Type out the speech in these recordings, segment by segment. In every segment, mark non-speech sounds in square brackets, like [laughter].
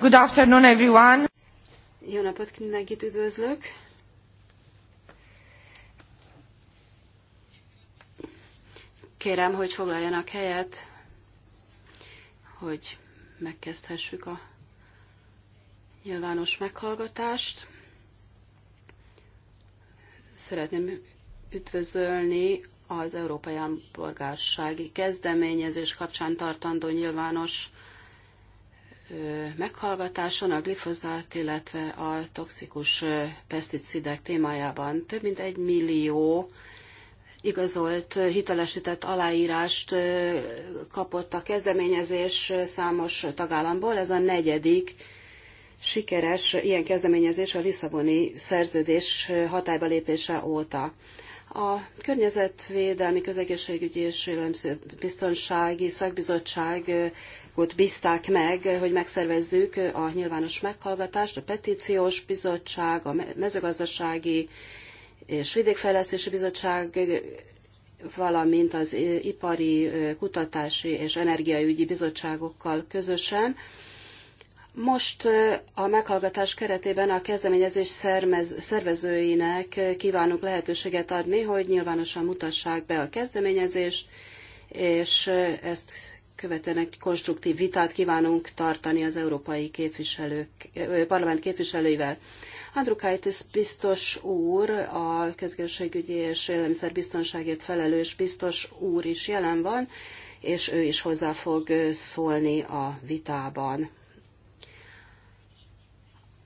Good afternoon, everyone. Jó napot mindenkit üdvözlök. Kérem, hogy foglaljanak helyet, hogy megkezdhessük a nyilvános meghallgatást. Szeretném üdvözölni az Európai Állampolgársági Kezdeményezés kapcsán tartandó nyilvános meghallgatáson a glifozát, illetve a toxikus peszticidek témájában több mint egy millió igazolt, hitelesített aláírást kapott a kezdeményezés számos tagállamból. Ez a negyedik sikeres ilyen kezdeményezés a Lisszaboni szerződés hatályba lépése óta. A Környezetvédelmi Közegészségügyi és Élelmiszerbiztonsági Szakbizottság Kut bízták meg, hogy megszervezzük a nyilvános meghallgatást, a petíciós bizottság, a mezőgazdasági és vidékfejlesztési bizottság, valamint az ipari kutatási és energiaügyi bizottságokkal közösen. Most a meghallgatás keretében a kezdeményezés szervezőinek kívánunk lehetőséget adni, hogy nyilvánosan mutassák be a kezdeményezést, és ezt követően konstruktív vitát kívánunk tartani az európai képviselők, parlament képviselőivel. Andrukaitis biztos úr, a közgazdaságügyi és élelmiszerbiztonságért felelős biztos úr is jelen van, és ő is hozzá fog szólni a vitában.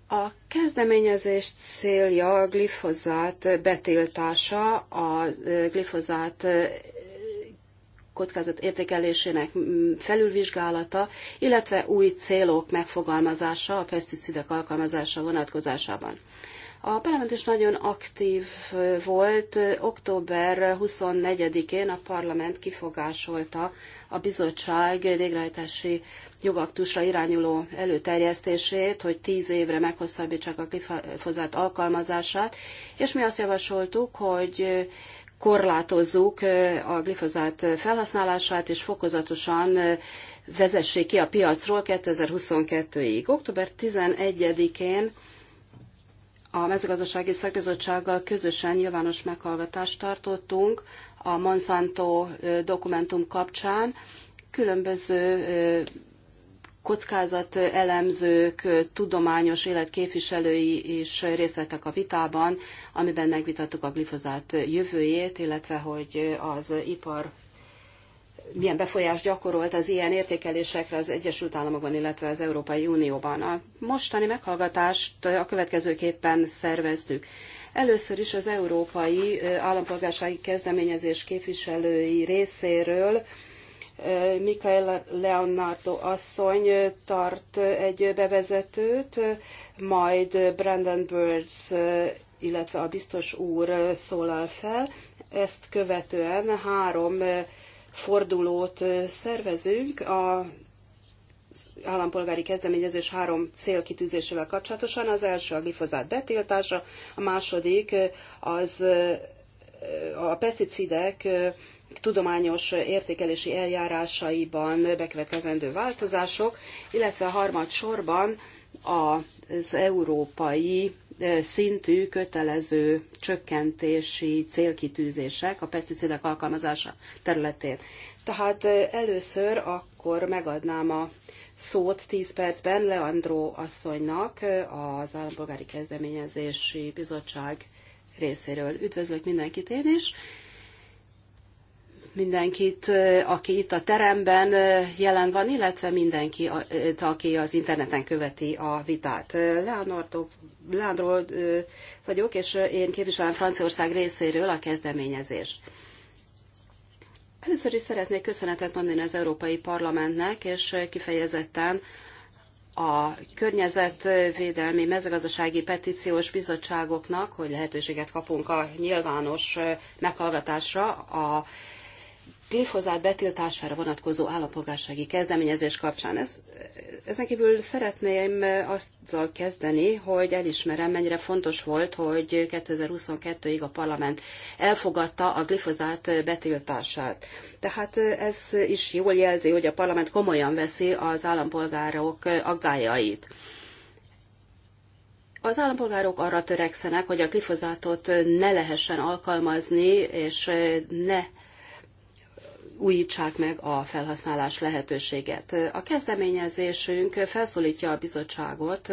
A kezdeményezés célja a glifozát betiltása, a glifozát kockázat értékelésének felülvizsgálata, illetve új célok megfogalmazása a peszticidek alkalmazása vonatkozásában. A parlament is nagyon aktív volt. Október 24-én a parlament kifogásolta a bizottság végrehajtási jogaktusra irányuló előterjesztését, hogy tíz évre meghosszabbítsák a glifozát alkalmazását, és mi azt javasoltuk, hogy korlátozzuk a glifozát felhasználását, és fokozatosan vezessék ki a piacról 2022-ig. Október 11-én a mezőgazdasági szakbizottsággal közösen nyilvános meghallgatást tartottunk a Monsanto dokumentum kapcsán. Különböző kockázat elemzők, tudományos életképviselői is részt vettek a vitában, amiben megvitattuk a glifozát jövőjét, illetve hogy az ipar milyen befolyást gyakorolt az ilyen értékelésekre az Egyesült Államokban, illetve az Európai Unióban. A mostani meghallgatást a következőképpen szerveztük. Először is az Európai Állampolgársági Kezdeményezés képviselői részéről Eh, Mikael Leonardo asszony eh, tart eh, egy bevezetőt, majd Brandon Birds, illetve a biztos úr szólal fel. Ezt követően három fordulót szervezünk a állampolgári kezdeményezés három célkitűzésével kapcsolatosan. Az első a glifozát betiltása, a második az a peszticidek tudományos értékelési eljárásaiban bekövetkezendő változások, illetve harmad sorban az európai e, szintű kötelező csökkentési célkitűzések a peszticidek alkalmazása területén. Tehát e, először akkor megadnám a szót 10 percben Leandro asszonynak e, az Állampolgári Kezdeményezési Bizottság részéről. Üdvözlök mindenkit én is, mindenkit, aki itt a teremben jelen van, illetve mindenki, aki az interneten követi a vitát. Leonardo, Leandro vagyok, és én képviselem Franciaország részéről a kezdeményezést. Először is szeretnék köszönetet mondani az Európai Parlamentnek, és kifejezetten a környezetvédelmi mezőgazdasági petíciós bizottságoknak, hogy lehetőséget kapunk a nyilvános meghallgatásra a glifozát betiltására vonatkozó állampolgársági kezdeményezés kapcsán. Ez, ezen kívül szeretném azzal kezdeni, hogy elismerem, mennyire fontos volt, hogy 2022-ig a parlament elfogadta a glifozát betiltását. Tehát ez is jól jelzi, hogy a parlament komolyan veszi az állampolgárok aggájait. Az állampolgárok arra törekszenek, hogy a glifozátot ne lehessen alkalmazni, és ne újítsák meg a felhasználás lehetőséget. A kezdeményezésünk felszólítja a bizottságot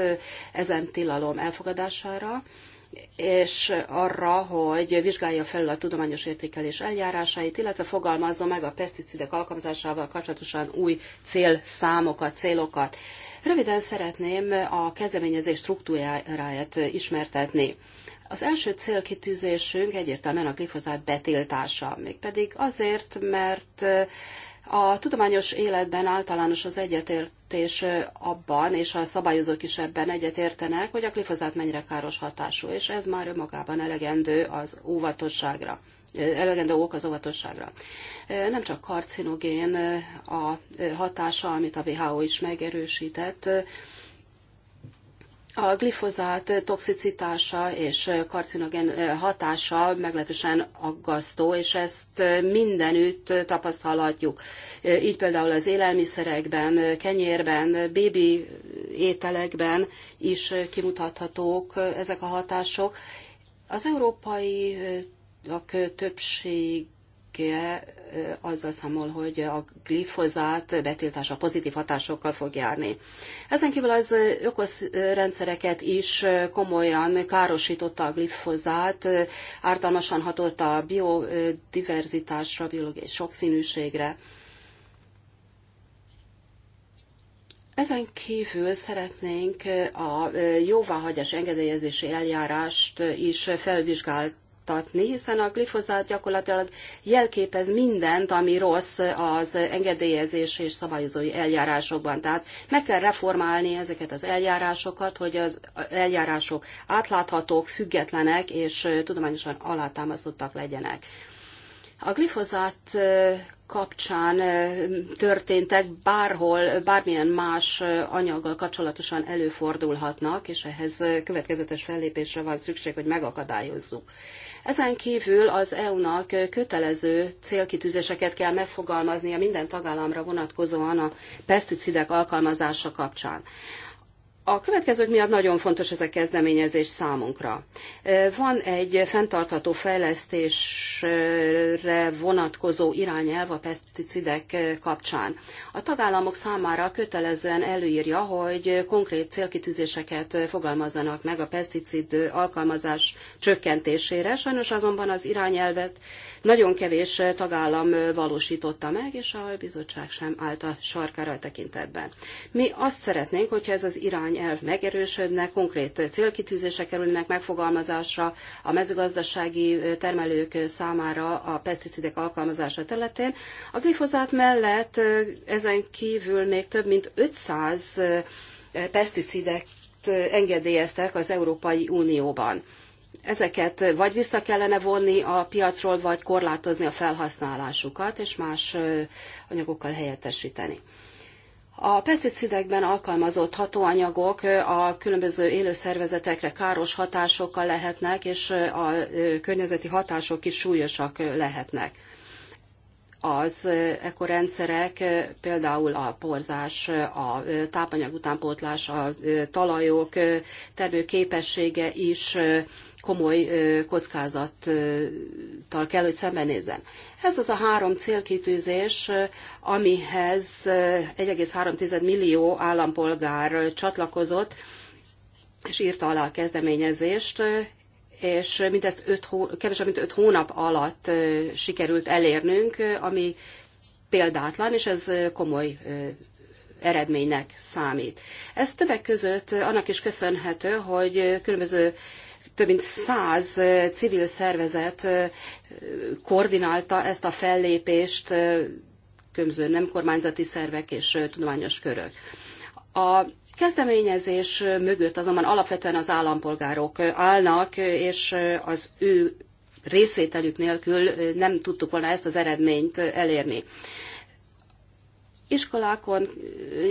ezen tilalom elfogadására, és arra, hogy vizsgálja felül a tudományos értékelés eljárásait, illetve fogalmazza meg a peszticidek alkalmazásával kapcsolatosan új célszámokat, célokat. Röviden szeretném a kezdeményezés struktúráját ismertetni. Az első célkitűzésünk egyértelműen a glifozát betiltása, mégpedig azért, mert a tudományos életben általános az egyetértés abban, és a szabályozók is ebben egyetértenek, hogy a glifozát mennyire káros hatású, és ez már önmagában elegendő az óvatosságra elegendő ok az óvatosságra. Nem csak karcinogén a hatása, amit a WHO is megerősített, a glifozát toxicitása és karcinogen hatása meglehetősen aggasztó, és ezt mindenütt tapasztalhatjuk. Így például az élelmiszerekben, kenyérben, bébi ételekben is kimutathatók ezek a hatások. Az a többség szakértője azzal számol, hogy a glifozát betiltása pozitív hatásokkal fog járni. Ezen kívül az ökoszrendszereket is komolyan károsította a glifozát, ártalmasan hatott a biodiverzitásra, biológiai sokszínűségre. Ezen kívül szeretnénk a jóváhagyás engedélyezési eljárást is felvizsgálni változtatni, hiszen a glifozát gyakorlatilag jelképez mindent, ami rossz az engedélyezés és szabályozói eljárásokban. Tehát meg kell reformálni ezeket az eljárásokat, hogy az eljárások átláthatók, függetlenek és tudományosan alátámasztottak legyenek. A glifozát kapcsán történtek bárhol, bármilyen más anyaggal kapcsolatosan előfordulhatnak, és ehhez következetes fellépésre van szükség, hogy megakadályozzuk. Ezen kívül az EU-nak kötelező célkitűzéseket kell megfogalmaznia minden tagállamra vonatkozóan a peszticidek alkalmazása kapcsán. A következők miatt nagyon fontos ez a kezdeményezés számunkra. Van egy fenntartható fejlesztésre vonatkozó irányelv a peszticidek kapcsán. A tagállamok számára kötelezően előírja, hogy konkrét célkitűzéseket fogalmazzanak meg a peszticid alkalmazás csökkentésére. Sajnos azonban az irányelvet nagyon kevés tagállam valósította meg, és a bizottság sem állt a sarkára a tekintetben. Mi azt szeretnénk, hogyha ez az irány irányelv megerősödne, konkrét célkitűzések kerülnek megfogalmazásra a mezőgazdasági termelők számára a peszticidek alkalmazása területén. A glifozát mellett ezen kívül még több mint 500 peszticidet engedélyeztek az Európai Unióban. Ezeket vagy vissza kellene vonni a piacról, vagy korlátozni a felhasználásukat, és más anyagokkal helyettesíteni. A peszticidekben alkalmazott hatóanyagok a különböző élőszervezetekre káros hatásokkal lehetnek, és a környezeti hatások is súlyosak lehetnek. Az ekorendszerek, például a porzás, a tápanyag utánpótlás, a talajok termőképessége is komoly kockázattal kell, hogy szembenézzen. Ez az a három célkitűzés, amihez 1,3 millió állampolgár csatlakozott, és írta alá a kezdeményezést, és mindezt öt hó, kevesebb, mint öt hónap alatt sikerült elérnünk, ami példátlan, és ez komoly eredménynek számít. Ez többek között annak is köszönhető, hogy különböző több mint száz civil szervezet koordinálta ezt a fellépést, különböző nem kormányzati szervek és tudományos körök. A kezdeményezés mögött azonban alapvetően az állampolgárok állnak, és az ő részvételük nélkül nem tudtuk volna ezt az eredményt elérni iskolákon,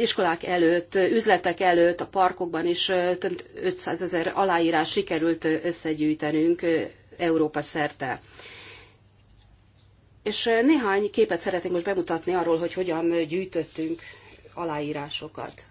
iskolák előtt, üzletek előtt, a parkokban is több 500 ezer aláírás sikerült összegyűjtenünk Európa szerte. És néhány képet szeretnék most bemutatni arról, hogy hogyan gyűjtöttünk aláírásokat.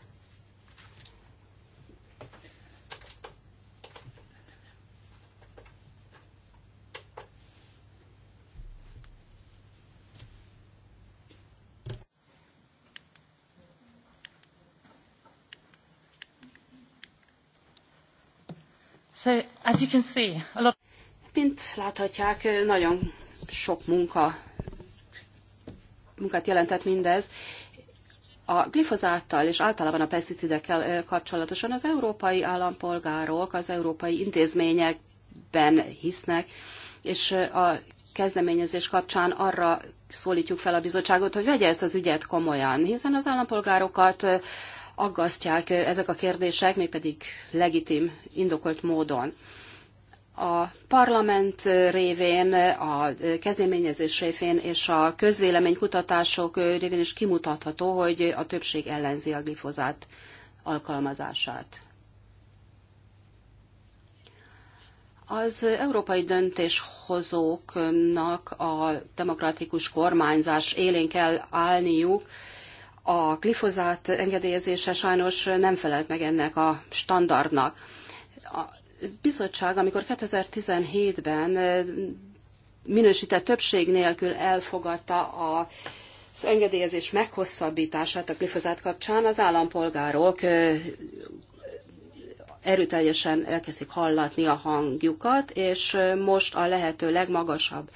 So, as you can see, a lot... Mint láthatják, nagyon sok munka, munkát jelentett mindez. A glifozáttal és általában a peszticidekkel kapcsolatosan az európai állampolgárok az európai intézményekben hisznek, és a kezdeményezés kapcsán arra szólítjuk fel a bizottságot, hogy vegye ezt az ügyet komolyan, hiszen az állampolgárokat aggasztják ezek a kérdések, mégpedig legitim, indokolt módon. A parlament révén, a kezdeményezés révén és a közvéleménykutatások révén is kimutatható, hogy a többség ellenzi a glifozát alkalmazását. Az európai döntéshozóknak a demokratikus kormányzás élén kell állniuk, a glifozát engedélyezése sajnos nem felelt meg ennek a standardnak. A bizottság, amikor 2017-ben minősített többség nélkül elfogadta a az engedélyezés meghosszabbítását a glifozát kapcsán az állampolgárok erőteljesen elkezdik hallatni a hangjukat, és most a lehető legmagasabb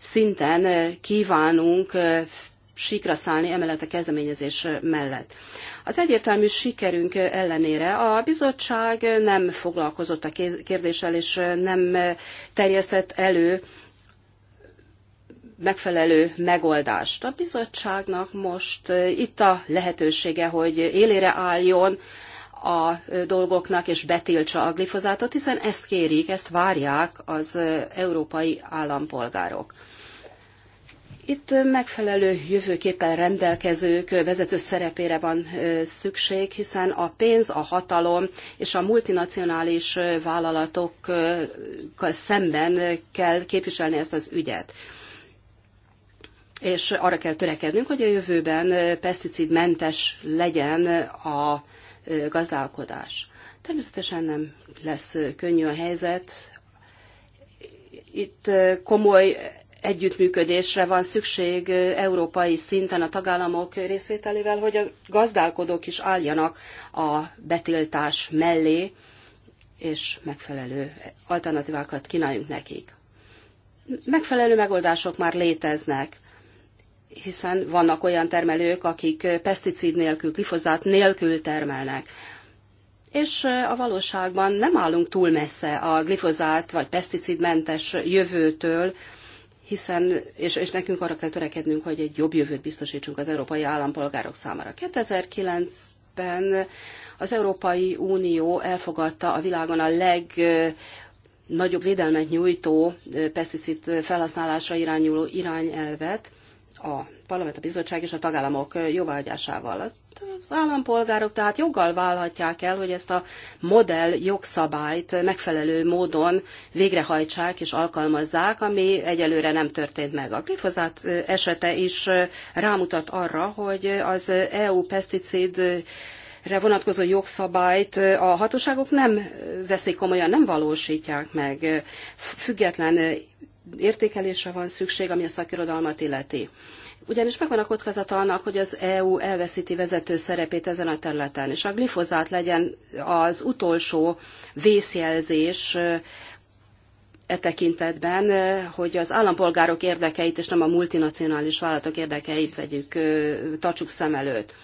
szinten kívánunk síkra szállni emellett a kezdeményezés mellett. Az egyértelmű sikerünk ellenére a bizottság nem foglalkozott a kérdéssel, és nem terjesztett elő megfelelő megoldást. A bizottságnak most itt a lehetősége, hogy élére álljon a dolgoknak, és betiltsa a glifozátot, hiszen ezt kérik, ezt várják az európai állampolgárok. Itt megfelelő jövőképpen rendelkezők vezető szerepére van szükség, hiszen a pénz, a hatalom és a multinacionális vállalatokkal szemben kell képviselni ezt az ügyet. És arra kell törekednünk, hogy a jövőben peszticidmentes legyen a gazdálkodás. Természetesen nem lesz könnyű a helyzet. Itt komoly együttműködésre van szükség európai szinten a tagállamok részvételével, hogy a gazdálkodók is álljanak a betiltás mellé, és megfelelő alternatívákat kínáljunk nekik. Megfelelő megoldások már léteznek, hiszen vannak olyan termelők, akik peszticid nélkül, glifozát nélkül termelnek. És a valóságban nem állunk túl messze a glifozát vagy peszticidmentes jövőtől, hiszen, és, és nekünk arra kell törekednünk, hogy egy jobb jövőt biztosítsunk az európai állampolgárok számára. 2009-ben az Európai Unió elfogadta a világon a legnagyobb védelmet nyújtó peszticid felhasználásra irányuló irányelvet a Parlament, a Bizottság és a tagállamok jóváhagyásával. Hát az állampolgárok tehát joggal válhatják el, hogy ezt a modell jogszabályt megfelelő módon végrehajtsák és alkalmazzák, ami egyelőre nem történt meg. A glifozát esete is rámutat arra, hogy az EU peszticid vonatkozó jogszabályt a hatóságok nem veszik komolyan, nem valósítják meg. Független értékelésre van szükség, ami a szakirodalmat illeti. Ugyanis megvan a kockázata annak, hogy az EU elveszíti vezető szerepét ezen a területen, és a glifozát legyen az utolsó vészjelzés e tekintetben, hogy az állampolgárok érdekeit és nem a multinacionális vállalatok érdekeit vegyük, tartsuk szem előtt.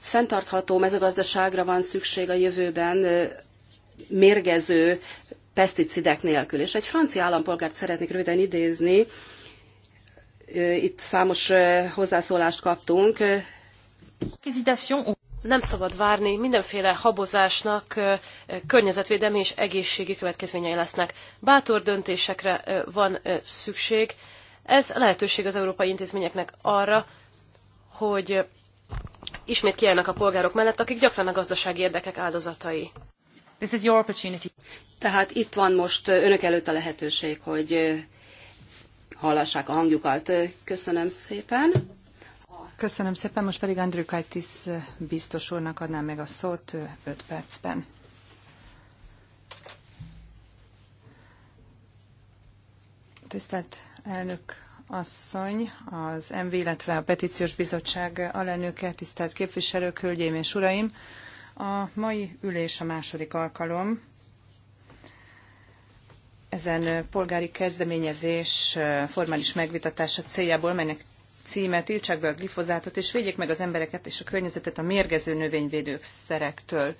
Fenntartható mezőgazdaságra van szükség a jövőben mérgező peszticidek nélkül. És egy francia állampolgárt szeretnék röviden idézni, itt számos hozzászólást kaptunk. Nem szabad várni, mindenféle habozásnak környezetvédelmi és egészségi következményei lesznek. Bátor döntésekre van szükség. Ez lehetőség az európai intézményeknek arra, hogy ismét kiállnak a polgárok mellett, akik gyakran a gazdasági érdekek áldozatai. This is your opportunity. Tehát itt van most önök előtt a lehetőség, hogy hallassák a hangjukat. Köszönöm szépen. Köszönöm szépen, most pedig Andrew Kajtis biztos úrnak adnám meg a szót 5 percben. Tisztelt elnök asszony, az MV, illetve a Petíciós Bizottság alelnöke, tisztelt képviselők, hölgyeim és uraim! A mai ülés a második alkalom, ezen polgári kezdeményezés formális megvitatása céljából, melynek címe Tiltsák be a glifozátot, és védjék meg az embereket és a környezetet a mérgező növényvédők szerektől.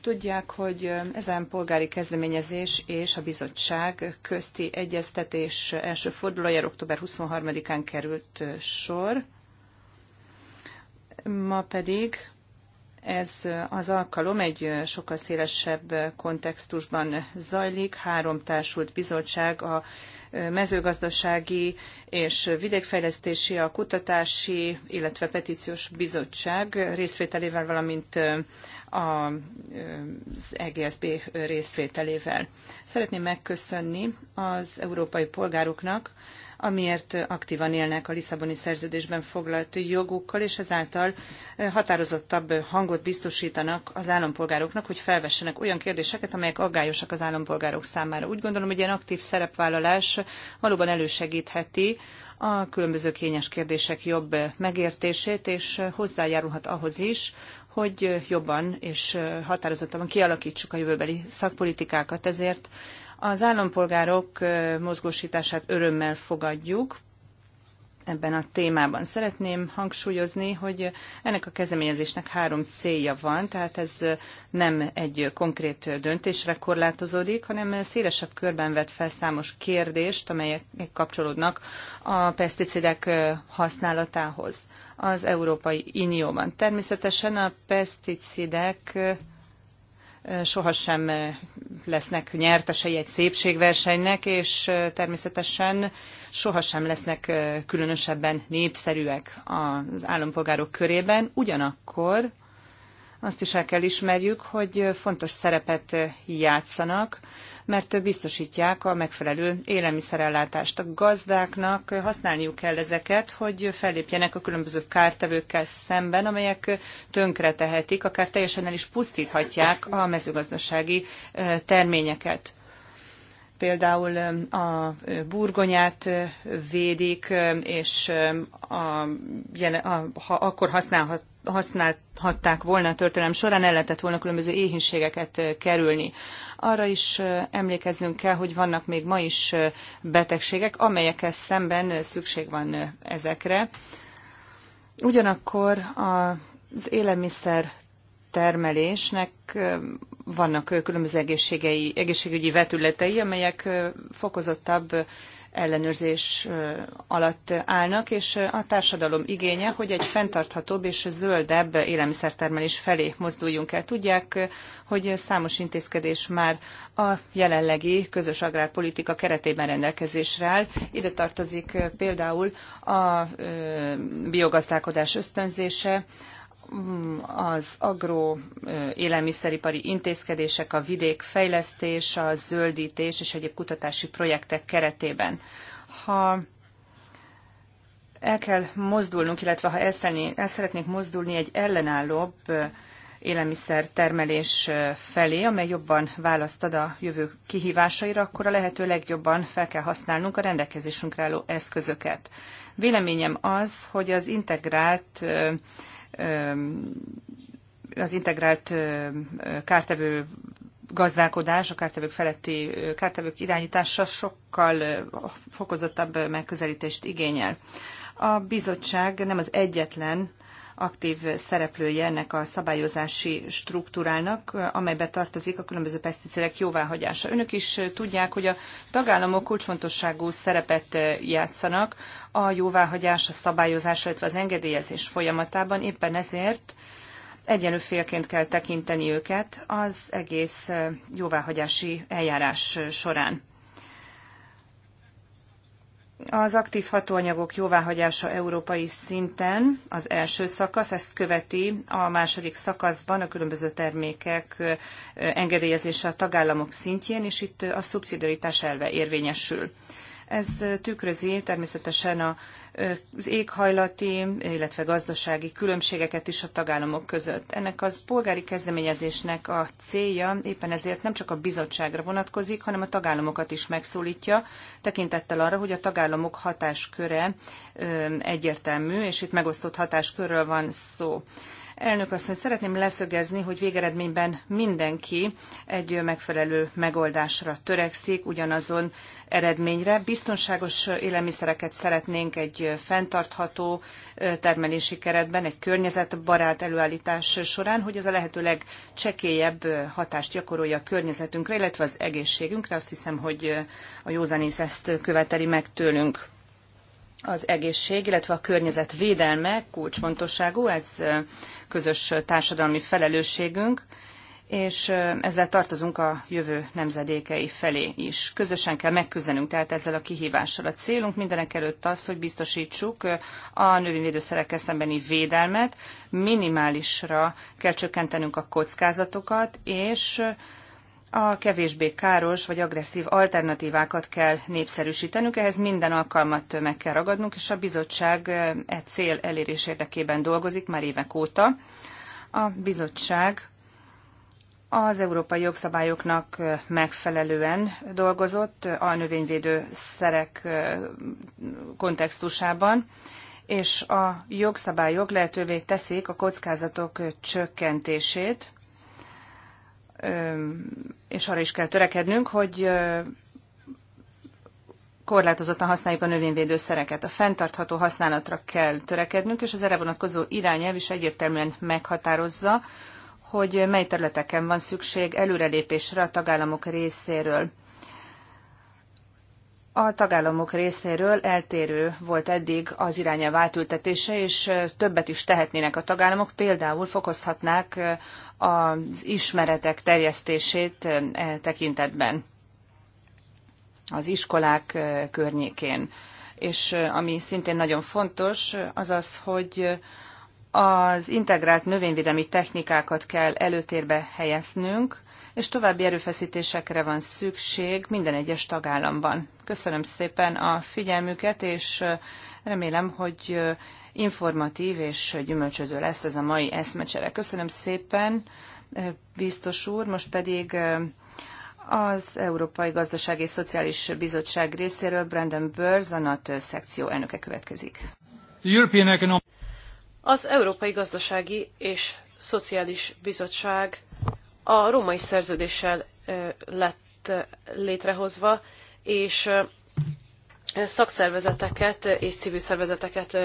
Tudják, hogy ezen polgári kezdeményezés és a bizottság közti egyeztetés első fordulójára október 23-án került sor. Ma pedig ez az alkalom egy sokkal szélesebb kontextusban zajlik. Három társult bizottság a mezőgazdasági és vidékfejlesztési, a kutatási, illetve petíciós bizottság részvételével, valamint az EGSB részvételével. Szeretném megköszönni az európai polgároknak, amiért aktívan élnek a Lisszaboni szerződésben foglalt jogukkal, és ezáltal határozottabb hangot biztosítanak az állampolgároknak, hogy felvessenek olyan kérdéseket, amelyek aggályosak az állampolgárok számára. Úgy gondolom, hogy ilyen aktív szerepvállalás valóban elősegítheti a különböző kényes kérdések jobb megértését, és hozzájárulhat ahhoz is, hogy jobban és határozottabban kialakítsuk a jövőbeli szakpolitikákat. Ezért az állampolgárok mozgósítását örömmel fogadjuk, ebben a témában. Szeretném hangsúlyozni, hogy ennek a kezdeményezésnek három célja van, tehát ez nem egy konkrét döntésre korlátozódik, hanem szélesebb körben vet fel számos kérdést, amelyek kapcsolódnak a peszticidek használatához az Európai Unióban. Természetesen a peszticidek sohasem lesznek nyertesei egy szépségversenynek, és természetesen sohasem lesznek különösebben népszerűek az állampolgárok körében. Ugyanakkor azt is el kell ismerjük, hogy fontos szerepet játszanak mert biztosítják a megfelelő élelmiszerellátást. A gazdáknak használniuk kell ezeket, hogy fellépjenek a különböző kártevőkkel szemben, amelyek tönkre tehetik, akár teljesen el is pusztíthatják a mezőgazdasági terményeket például a burgonyát védik, és a, a, akkor használhat, használhatták volna a történelem során, el lehetett volna különböző éhínségeket kerülni. Arra is emlékeznünk kell, hogy vannak még ma is betegségek, amelyekhez szemben szükség van ezekre. Ugyanakkor az élelmiszer termelésnek vannak különböző egészségei, egészségügyi vetületei, amelyek fokozottabb ellenőrzés alatt állnak, és a társadalom igénye, hogy egy fenntarthatóbb és zöldebb élelmiszertermelés felé mozduljunk el. Tudják, hogy számos intézkedés már a jelenlegi közös agrárpolitika keretében rendelkezésre áll. Ide tartozik például a biogazdálkodás ösztönzése, az agro élelmiszeripari intézkedések, a vidékfejlesztés, a zöldítés és egyéb kutatási projektek keretében. Ha el kell mozdulnunk, illetve ha el, el szeretnénk mozdulni egy ellenállóbb élelmiszertermelés felé, amely jobban választ ad a jövő kihívásaira, akkor a lehető legjobban fel kell használnunk a rendelkezésünkre álló eszközöket. Véleményem az, hogy az integrált az integrált kártevő gazdálkodás, a kártevők feletti kártevők irányítása sokkal fokozottabb megközelítést igényel. A bizottság nem az egyetlen aktív szereplője ennek a szabályozási struktúrának, amelybe tartozik a különböző peszticidek jóváhagyása. Önök is tudják, hogy a tagállamok kulcsfontosságú szerepet játszanak a jóváhagyás, a szabályozás, illetve az engedélyezés folyamatában. Éppen ezért egyenlő félként kell tekinteni őket az egész jóváhagyási eljárás során az aktív hatóanyagok jóváhagyása európai szinten az első szakasz, ezt követi a második szakaszban a különböző termékek engedélyezése a tagállamok szintjén, és itt a szubszidiaritás elve érvényesül. Ez tükrözi természetesen a az éghajlati, illetve gazdasági különbségeket is a tagállamok között. Ennek az polgári kezdeményezésnek a célja éppen ezért nem csak a bizottságra vonatkozik, hanem a tagállamokat is megszólítja, tekintettel arra, hogy a tagállamok hatásköre egyértelmű, és itt megosztott hatáskörről van szó. Elnök asszony, szeretném leszögezni, hogy végeredményben mindenki egy megfelelő megoldásra törekszik, ugyanazon eredményre. Biztonságos élelmiszereket szeretnénk egy fenntartható termelési keretben, egy környezetbarát előállítás során, hogy az a lehető legcsekélyebb hatást gyakorolja a környezetünkre, illetve az egészségünkre. Azt hiszem, hogy a józanész ezt követeli meg tőlünk az egészség, illetve a környezet védelme kulcsfontosságú, ez közös társadalmi felelősségünk, és ezzel tartozunk a jövő nemzedékei felé is. Közösen kell megküzdenünk tehát ezzel a kihívással. A célunk mindenek előtt az, hogy biztosítsuk a növényvédőszerekkel szembeni védelmet, minimálisra kell csökkentenünk a kockázatokat, és a kevésbé káros vagy agresszív alternatívákat kell népszerűsítenünk, ehhez minden alkalmat meg kell ragadnunk, és a bizottság e cél elérés érdekében dolgozik már évek óta. A bizottság az európai jogszabályoknak megfelelően dolgozott a növényvédő szerek kontextusában, és a jogszabályok lehetővé teszik a kockázatok csökkentését, és arra is kell törekednünk, hogy korlátozottan használjuk a növényvédőszereket. A fenntartható használatra kell törekednünk, és az erre vonatkozó irányelv is egyértelműen meghatározza, hogy mely területeken van szükség előrelépésre a tagállamok részéről. A tagállamok részéről eltérő volt eddig az irányelv átültetése, és többet is tehetnének a tagállamok, például fokozhatnák az ismeretek terjesztését eh, tekintetben az iskolák eh, környékén. És eh, ami szintén nagyon fontos, az az, hogy az integrált növényvédelmi technikákat kell előtérbe helyeznünk, és további erőfeszítésekre van szükség minden egyes tagállamban. Köszönöm szépen a figyelmüket, és remélem, hogy informatív és gyümölcsöző lesz ez a mai eszmecsere. Köszönöm szépen, eh, biztos úr, most pedig eh, az Európai Gazdasági és Szociális Bizottság részéről Brandon Burrs, a NAT eh, szekció elnöke következik. Az Európai Gazdasági és Szociális Bizottság a római szerződéssel lett létrehozva, és szakszervezeteket és civil szervezeteket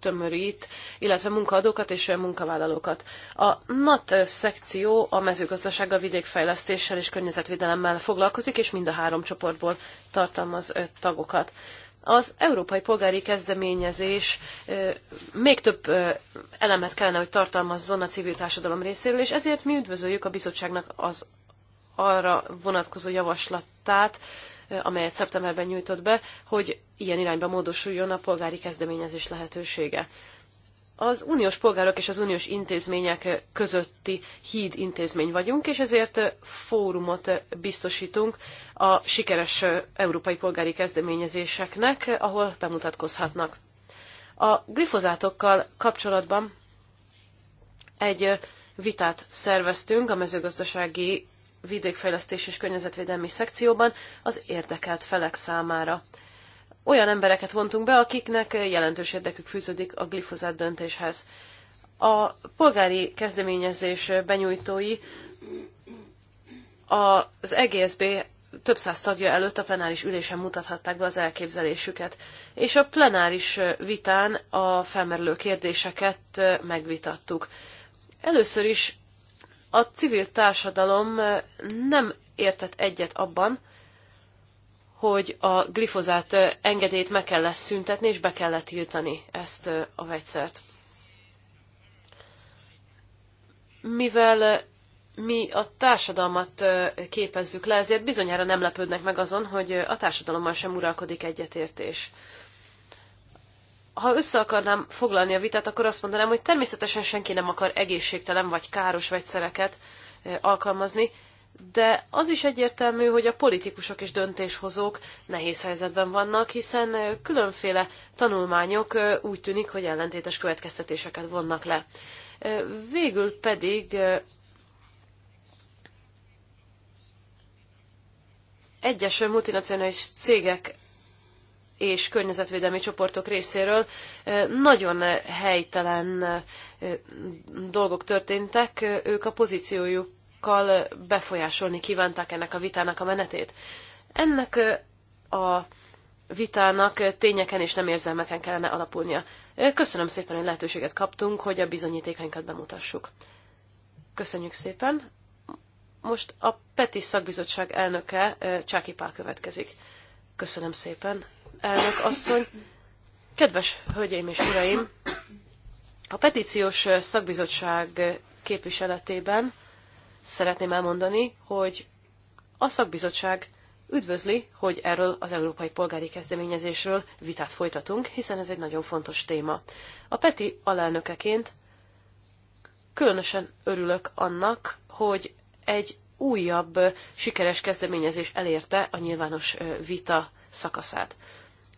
tömörít, illetve munkaadókat és munkavállalókat. A NAT szekció a mezőgazdasággal, vidékfejlesztéssel és környezetvédelemmel foglalkozik, és mind a három csoportból tartalmaz tagokat. Az európai polgári kezdeményezés még több elemet kellene, hogy tartalmazzon a civil társadalom részéről, és ezért mi üdvözöljük a bizottságnak az arra vonatkozó javaslatát, amelyet szeptemberben nyújtott be, hogy ilyen irányba módosuljon a polgári kezdeményezés lehetősége. Az uniós polgárok és az uniós intézmények közötti híd intézmény vagyunk, és ezért fórumot biztosítunk a sikeres európai polgári kezdeményezéseknek, ahol bemutatkozhatnak. A glifozátokkal kapcsolatban egy vitát szerveztünk a mezőgazdasági vidékfejlesztés és környezetvédelmi szekcióban az érdekelt felek számára. Olyan embereket vontunk be, akiknek jelentős érdekük fűződik a glifozát döntéshez. A polgári kezdeményezés benyújtói az EGSB több száz tagja előtt a plenáris ülésen mutathatták be az elképzelésüket, és a plenáris vitán a felmerülő kérdéseket megvitattuk. Először is a civil társadalom eh, nem értett egyet abban, hogy a glifozát eh, engedélyt meg kellett szüntetni, és be kellett tiltani ezt eh, a vegyszert. Mivel mi a társadalmat képezzük le, ezért bizonyára nem lepődnek meg azon, hogy a társadalommal sem uralkodik egyetértés ha össze akarnám foglalni a vitát, akkor azt mondanám, hogy természetesen senki nem akar egészségtelen vagy káros vegyszereket alkalmazni, de az is egyértelmű, hogy a politikusok és döntéshozók nehéz helyzetben vannak, hiszen különféle tanulmányok úgy tűnik, hogy ellentétes következtetéseket vonnak le. Végül pedig egyes multinacionális cégek és környezetvédelmi csoportok részéről nagyon helytelen dolgok történtek, ők a pozíciójukkal befolyásolni kívánták ennek a vitának a menetét. Ennek a vitának tényeken és nem érzelmeken kellene alapulnia. Köszönöm szépen, hogy lehetőséget kaptunk, hogy a bizonyítékainkat bemutassuk. Köszönjük szépen. Most a PETI szakbizottság elnöke Csáki Pál következik. Köszönöm szépen, elnök asszony. Kedves hölgyeim és uraim! A petíciós szakbizottság képviseletében szeretném elmondani, hogy a szakbizottság üdvözli, hogy erről az európai polgári kezdeményezésről vitát folytatunk, hiszen ez egy nagyon fontos téma. A Peti alelnökeként különösen örülök annak, hogy egy újabb sikeres kezdeményezés elérte a nyilvános vita szakaszát.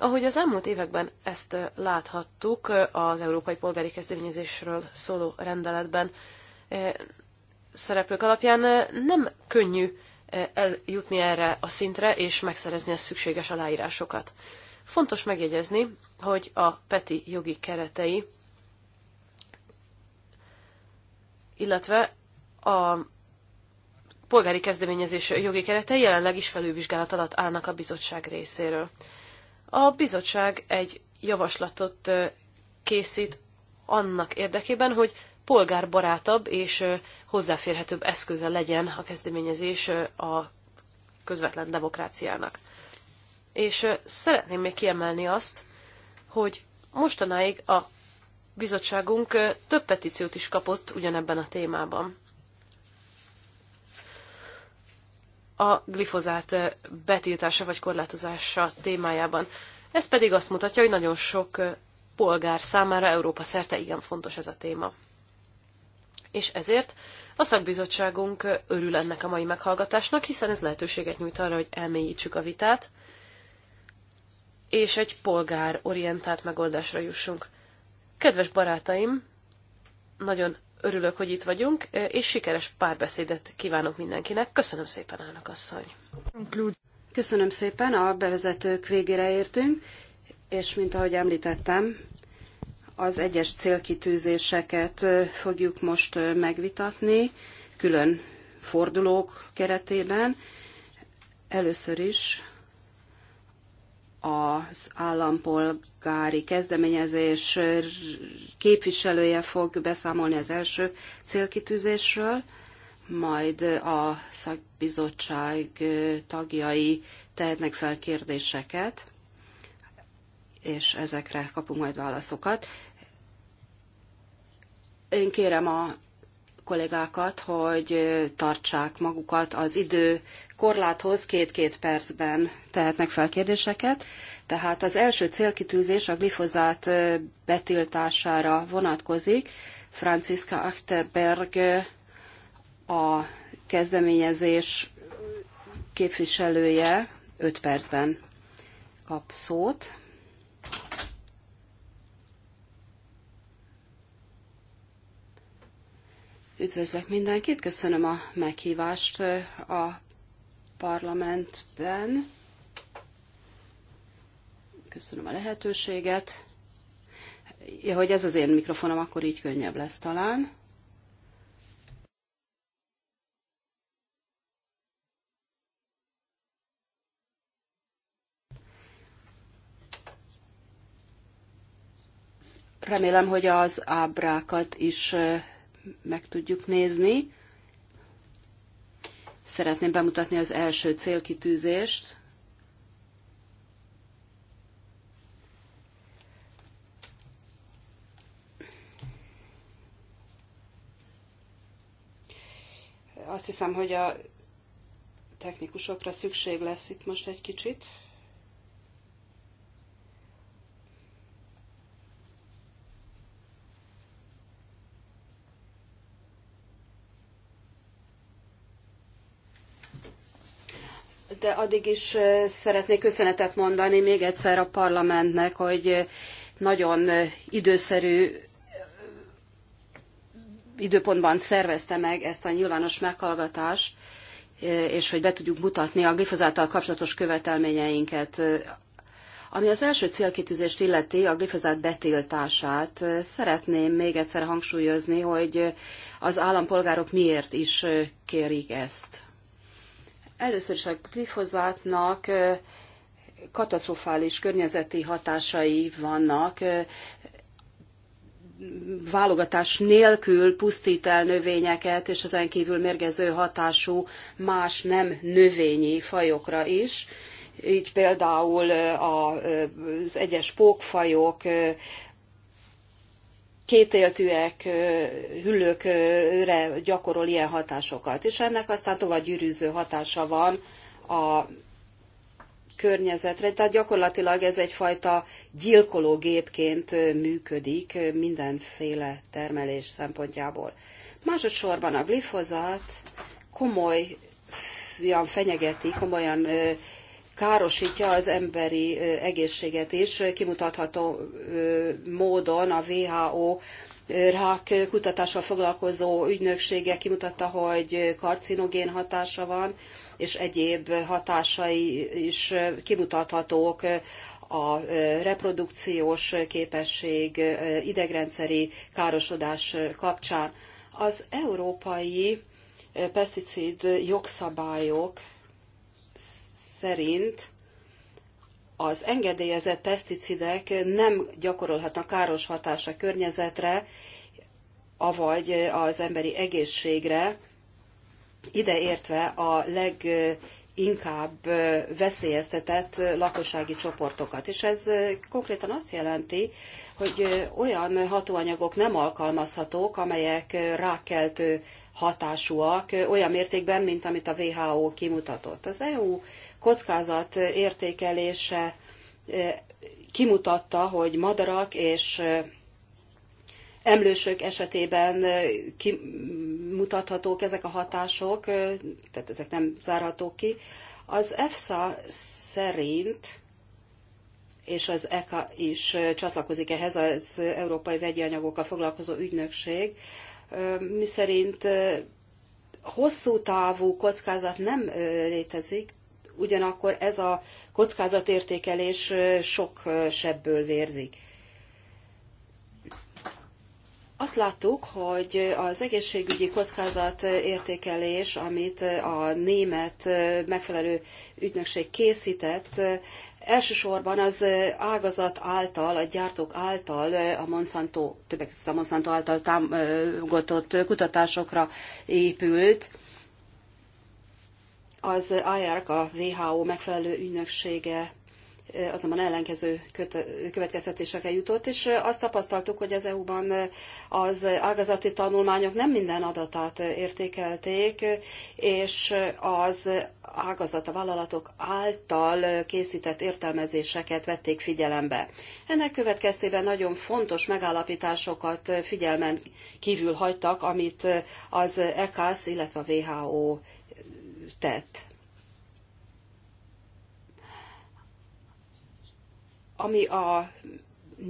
Ahogy az elmúlt években ezt láthattuk az Európai Polgári Kezdeményezésről szóló rendeletben szereplők alapján, nem könnyű eljutni erre a szintre és megszerezni a szükséges aláírásokat. Fontos megjegyezni, hogy a PETI jogi keretei, illetve a polgári kezdeményezés jogi keretei jelenleg is felülvizsgálat alatt állnak a bizottság részéről. A bizottság egy javaslatot készít annak érdekében, hogy polgárbarátabb és hozzáférhetőbb eszköze legyen a kezdeményezés a közvetlen demokráciának. És szeretném még kiemelni azt, hogy mostanáig a bizottságunk több petíciót is kapott ugyanebben a témában. a glifozát betiltása vagy korlátozása témájában. Ez pedig azt mutatja, hogy nagyon sok polgár számára Európa szerte igen fontos ez a téma. És ezért a szakbizottságunk örül ennek a mai meghallgatásnak, hiszen ez lehetőséget nyújt arra, hogy elmélyítsük a vitát, és egy polgár orientált megoldásra jussunk. Kedves barátaim, nagyon Örülök, hogy itt vagyunk, és sikeres párbeszédet kívánok mindenkinek. Köszönöm szépen, Ának asszony! Köszönöm szépen, a bevezetők végére értünk, és mint ahogy említettem, az egyes célkitűzéseket fogjuk most megvitatni külön fordulók keretében. Először is az állampolgári kezdeményezés képviselője fog beszámolni az első célkitűzésről, majd a szakbizottság tagjai tehetnek fel kérdéseket, és ezekre kapunk majd válaszokat. Én kérem a kollégákat, hogy tartsák magukat az idő korláthoz két-két percben tehetnek fel kérdéseket. Tehát az első célkitűzés a glifozát betiltására vonatkozik. Franciska Achterberg a kezdeményezés képviselője 5 percben kap szót. Üdvözlök mindenkit, köszönöm a meghívást a parlamentben. Köszönöm a lehetőséget. Ja, hogy ez az én mikrofonom, akkor így könnyebb lesz talán. Remélem, hogy az ábrákat is meg tudjuk nézni. Szeretném bemutatni az első célkitűzést. Azt hiszem, hogy a technikusokra szükség lesz itt most egy kicsit. de addig is szeretnék köszönetet mondani még egyszer a parlamentnek, hogy nagyon időszerű időpontban szervezte meg ezt a nyilvános meghallgatást, eh, és hogy be tudjuk mutatni a glifozáttal kapcsolatos követelményeinket. Eh, ami az első célkitűzést illeti, a glifozát betiltását, eh, szeretném még egyszer hangsúlyozni, hogy az állampolgárok miért is kérik ezt. Először is a glifozátnak katasztrofális környezeti hatásai vannak, válogatás nélkül pusztít el növényeket, és ezen kívül mérgező hatású más nem növényi fajokra is. Így például az egyes pókfajok, kétéltűek, hüllőkre gyakorol ilyen hatásokat, és ennek aztán tovább gyűrűző hatása van a környezetre, tehát gyakorlatilag ez egyfajta gyilkológépként működik mindenféle termelés szempontjából. Másodszorban a glifozát komolyan fenyegeti, komolyan károsítja az emberi egészséget is, kimutatható módon a WHO rák kutatással foglalkozó ügynöksége kimutatta, hogy karcinogén hatása van, és egyéb hatásai is kimutathatók a reprodukciós képesség, idegrendszeri károsodás kapcsán. Az európai peszticid jogszabályok szerint az engedélyezett peszticidek nem gyakorolhatnak káros a környezetre, avagy az emberi egészségre, ideértve a leginkább veszélyeztetett lakossági csoportokat. És ez konkrétan azt jelenti, hogy olyan hatóanyagok nem alkalmazhatók, amelyek rákkeltő hatásúak olyan mértékben, mint amit a WHO kimutatott. Az EU kockázat értékelése kimutatta, hogy madarak és emlősök esetében kimutathatók ezek a hatások, tehát ezek nem zárhatók ki. Az EFSA szerint, és az ECA is csatlakozik ehhez, az Európai Vegyi Anyagokkal foglalkozó ügynökség, miszerint hosszú távú kockázat nem létezik, ugyanakkor ez a kockázatértékelés sok sebből vérzik. Azt láttuk, hogy az egészségügyi kockázat értékelés, amit a német megfelelő ügynökség készített, elsősorban az ágazat által, a gyártók által, a Monsanto, többek között a Monsanto által támogatott kutatásokra épült. Az IARC, a WHO megfelelő ügynöksége Eh, azonban ellenkező következtetésekre jutott, és eh, azt tapasztaltuk, hogy az EU-ban eh, az ágazati tanulmányok nem minden adatát értékelték, és az ágazat a vállalatok által készített értelmezéseket vették figyelembe. Ennek következtében nagyon fontos megállapításokat figyelmen kívül hagytak, amit az ECAS, illetve a WHO tett. Ami a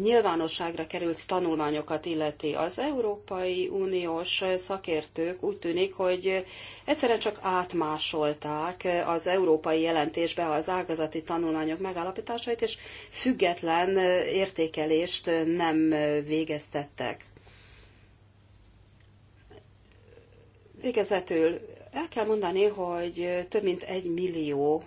nyilvánosságra került tanulmányokat illeti az Európai Uniós szakértők, úgy tűnik, hogy egyszerűen csak átmásolták az európai jelentésbe az ágazati tanulmányok megállapításait, és független értékelést nem végeztettek. Végezetül el kell mondani, hogy több mint egy millió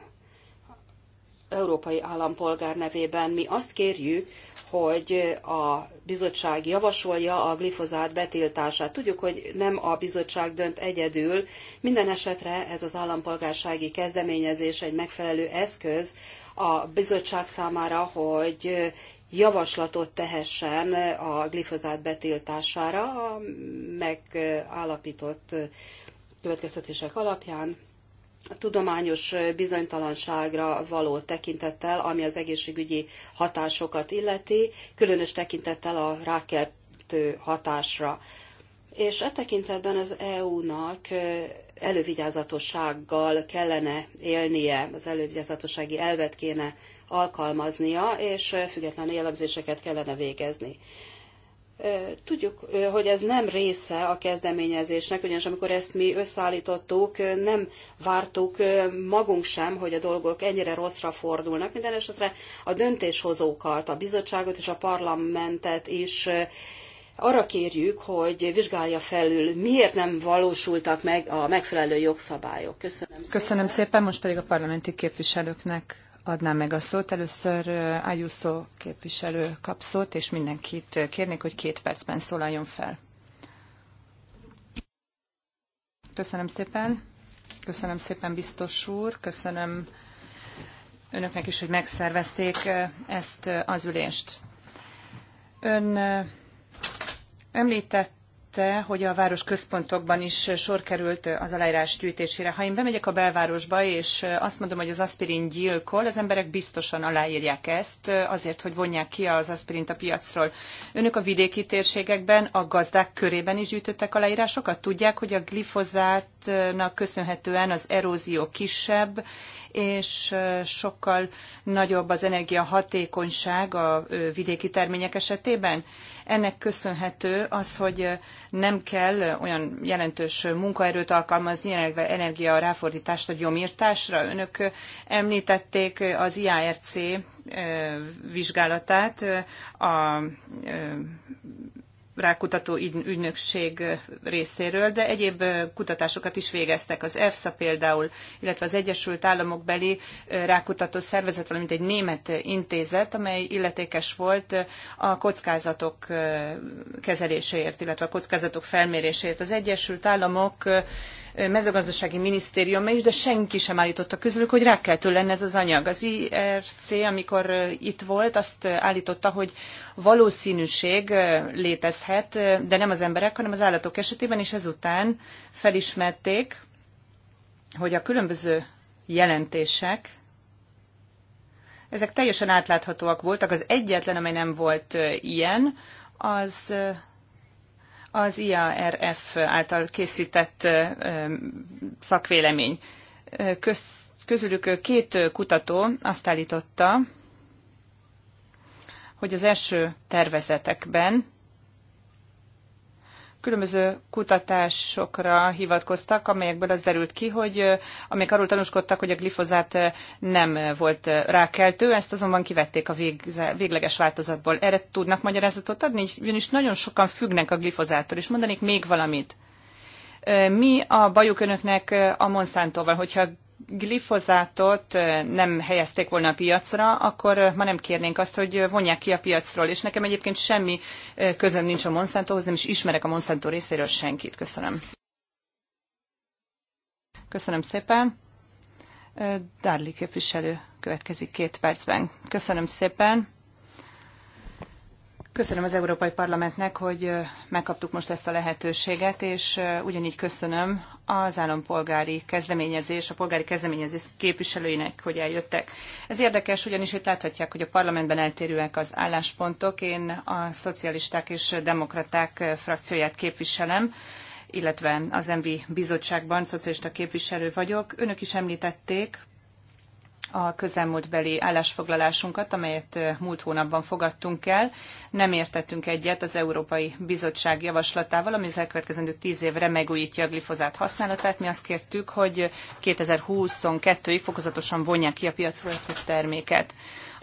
európai állampolgár nevében mi azt kérjük, hogy a bizottság javasolja a glifozát betiltását. Tudjuk, hogy nem a bizottság dönt egyedül, minden esetre ez az állampolgársági kezdeményezés egy megfelelő eszköz a bizottság számára, hogy javaslatot tehessen a glifozát betiltására a megállapított következtetések alapján tudományos bizonytalanságra való tekintettel, ami az egészségügyi hatásokat illeti, különös tekintettel a rákkeltő hatásra. És e tekintetben az EU-nak elővigyázatossággal kellene élnie, az elővigyázatossági elvet kéne alkalmaznia, és független elemzéseket kellene végezni. Tudjuk, hogy ez nem része a kezdeményezésnek, ugyanis amikor ezt mi összeállítottuk, nem vártuk magunk sem, hogy a dolgok ennyire rosszra fordulnak. Minden esetre a döntéshozókat, a bizottságot és a parlamentet is arra kérjük, hogy vizsgálja felül, miért nem valósultak meg a megfelelő jogszabályok. Köszönöm szépen. Köszönöm szépen, most pedig a parlamenti képviselőknek adnám meg a szót. Először Ayuso képviselő kap szót, és mindenkit kérnék, hogy két percben szólaljon fel. Köszönöm szépen. Köszönöm szépen, biztos úr. Köszönöm önöknek is, hogy megszervezték ezt az ülést. Ön említett említette, hogy a város központokban is sor került az aláírás gyűjtésére. Ha én bemegyek a belvárosba, és azt mondom, hogy az aspirin gyilkol, az emberek biztosan aláírják ezt, azért, hogy vonják ki az aspirint a piacról. Önök a vidéki térségekben, a gazdák körében is gyűjtöttek aláírásokat? Tudják, hogy a glifozátnak köszönhetően az erózió kisebb, és sokkal nagyobb az energiahatékonyság a vidéki termények esetében. Ennek köszönhető az, hogy nem kell olyan jelentős munkaerőt alkalmazni, energia ráfordítást a gyomírtásra. Önök említették az IARC vizsgálatát a rákutató ügynökség részéről, de egyéb kutatásokat is végeztek. Az EFSA például, illetve az Egyesült Államok beli rákutató szervezet, valamint egy német intézet, amely illetékes volt a kockázatok kezeléséért, illetve a kockázatok felméréséért. Az Egyesült Államok mezőgazdasági minisztériuma is, de senki sem állította közülük, hogy rákkeltő lenne ez az anyag. Az IRC, amikor itt volt, azt állította, hogy valószínűség létezhet, de nem az emberek, hanem az állatok esetében, és ezután felismerték, hogy a különböző jelentések, ezek teljesen átláthatóak voltak. Az egyetlen, amely nem volt ilyen, az az IARF által készített szakvélemény. közülük két kutató azt állította, hogy az első tervezetekben különböző kutatásokra hivatkoztak, amelyekből az derült ki, hogy amelyek arról tanúskodtak, hogy a glifozát nem volt rákeltő, ezt azonban kivették a végze, végleges változatból. Erre tudnak magyarázatot adni? Ugyanis nagyon sokan függnek a glifozától, és mondanék még valamit. Mi a bajuk önöknek a Monsantoval, hogyha glifozátot nem helyezték volna a piacra, akkor ma nem kérnénk azt, hogy vonják ki a piacról. És nekem egyébként semmi közöm nincs a Monsantohoz, nem is ismerek a Monsanto részéről senkit. Köszönöm. Köszönöm szépen. Darli képviselő következik két percben. Köszönöm szépen. Köszönöm az Európai Parlamentnek, hogy megkaptuk most ezt a lehetőséget, és ugyanígy köszönöm az állampolgári kezdeményezés, a polgári kezdeményezés képviselőinek, hogy eljöttek. Ez érdekes, ugyanis itt láthatják, hogy a parlamentben eltérőek az álláspontok. Én a szocialisták és demokraták frakcióját képviselem illetve az MV bizottságban szocialista képviselő vagyok. Önök is említették, a közelmúltbeli állásfoglalásunkat, amelyet eh, múlt hónapban fogadtunk el. Nem értettünk egyet az Európai Bizottság javaslatával, ami az elkövetkezendő tíz évre megújítja a glifozát használatát. Mi azt kértük, hogy 2022-ig eh, fokozatosan vonják ki a piacról a terméket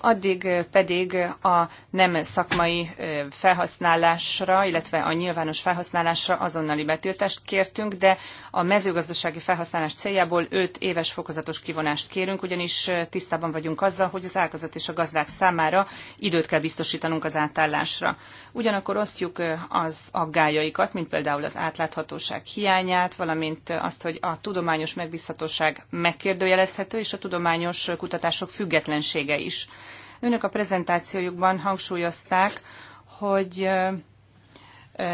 addig eh, pedig a nem szakmai eh, felhasználásra, illetve a nyilvános felhasználásra azonnali betiltást kértünk, de a mezőgazdasági felhasználás céljából 5 éves fokozatos kivonást kérünk, ugyanis eh, tisztában vagyunk azzal, hogy az ágazat és a gazdák számára időt kell biztosítanunk az átállásra. Ugyanakkor osztjuk az aggájaikat, mint például az átláthatóság hiányát, valamint azt, hogy a tudományos megbízhatóság megkérdőjelezhető, és a tudományos kutatások függetlensége is. Önök a prezentációjukban hangsúlyozták, hogy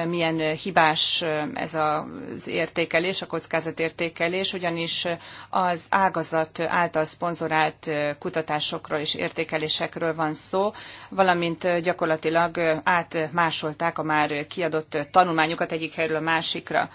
milyen hibás ez az értékelés, a kockázatértékelés, ugyanis az ágazat által szponzorált kutatásokról és értékelésekről van szó, valamint gyakorlatilag átmásolták a már kiadott tanulmányokat egyik helyről a másikra.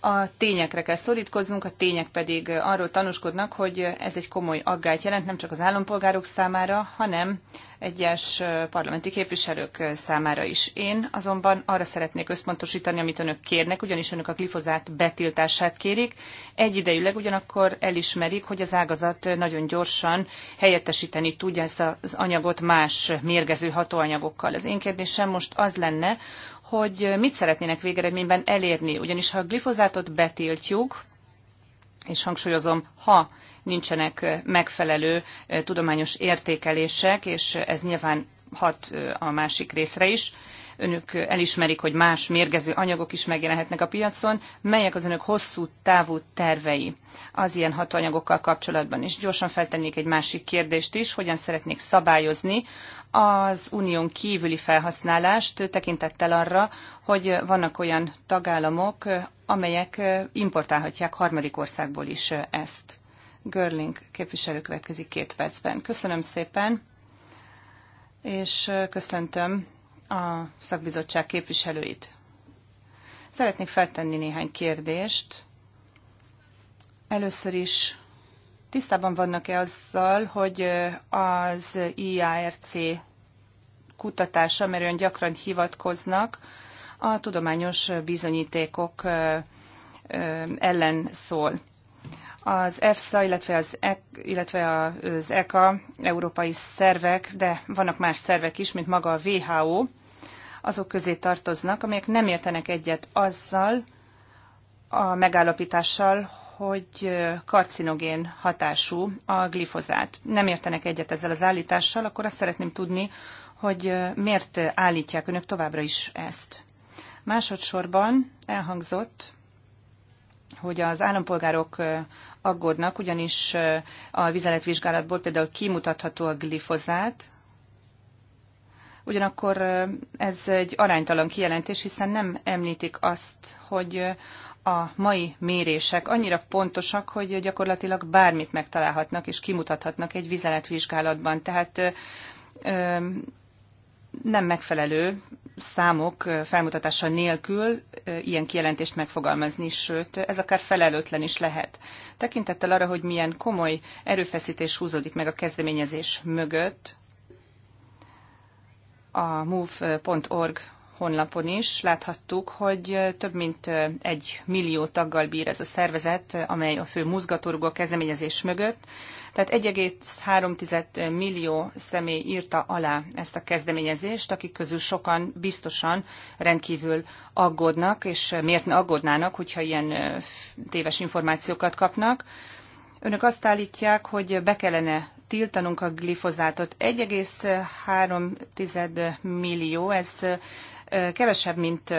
A tényekre kell szorítkoznunk, a tények pedig arról tanúskodnak, hogy ez egy komoly aggályt jelent nem csak az állampolgárok számára, hanem egyes parlamenti képviselők számára is. Én azonban arra szeretnék összpontosítani, amit önök kérnek, ugyanis önök a glifozát betiltását kérik. Egyidejűleg ugyanakkor elismerik, hogy az ágazat nagyon gyorsan helyettesíteni tudja ezt az anyagot más mérgező hatóanyagokkal. Az én kérdésem most az lenne, hogy mit szeretnének végeredményben elérni. Ugyanis ha a glifozátot betiltjuk, és hangsúlyozom, ha nincsenek megfelelő tudományos értékelések, és ez nyilván hat a másik részre is, önök elismerik, hogy más mérgező anyagok is megjelenhetnek a piacon. Melyek az önök hosszú távú tervei az ilyen hatóanyagokkal kapcsolatban? És gyorsan feltennék egy másik kérdést is, hogyan szeretnék szabályozni az unión kívüli felhasználást tekintettel arra, hogy vannak olyan tagállamok, amelyek importálhatják harmadik országból is ezt. Görling képviselő következik két percben. Köszönöm szépen, és köszöntöm a szakbizottság képviselőit. Szeretnék feltenni néhány kérdést. Először is tisztában vannak-e azzal, hogy az IARC kutatása, mert olyan gyakran hivatkoznak, a tudományos bizonyítékok ellen szól. Az EFSA, illetve az, e, illetve az ECA, európai szervek, de vannak más szervek is, mint maga a WHO, azok közé tartoznak, amelyek nem értenek egyet azzal a megállapítással, hogy karcinogén hatású a glifozát. Nem értenek egyet ezzel az állítással, akkor azt szeretném tudni, hogy miért állítják önök továbbra is ezt. Másodszorban elhangzott, hogy az állampolgárok aggódnak, ugyanis a vizeletvizsgálatból például kimutatható a glifozát, Ugyanakkor ez egy aránytalan kijelentés, hiszen nem említik azt, hogy a mai mérések annyira pontosak, hogy gyakorlatilag bármit megtalálhatnak és kimutathatnak egy vizeletvizsgálatban. Tehát nem megfelelő számok felmutatása nélkül ilyen kijelentést megfogalmazni, sőt, ez akár felelőtlen is lehet. Tekintettel arra, hogy milyen komoly erőfeszítés húzódik meg a kezdeményezés mögött, a move.org honlapon is láthattuk, hogy több mint egy millió taggal bír ez a szervezet, amely a fő mozgatórugó kezdeményezés mögött. Tehát 1,3 millió személy írta alá ezt a kezdeményezést, akik közül sokan biztosan rendkívül aggódnak, és miért ne aggódnának, hogyha ilyen téves információkat kapnak. Önök azt állítják, hogy be kellene tiltanunk a glifozátot. 1,3 millió, ez kevesebb, mint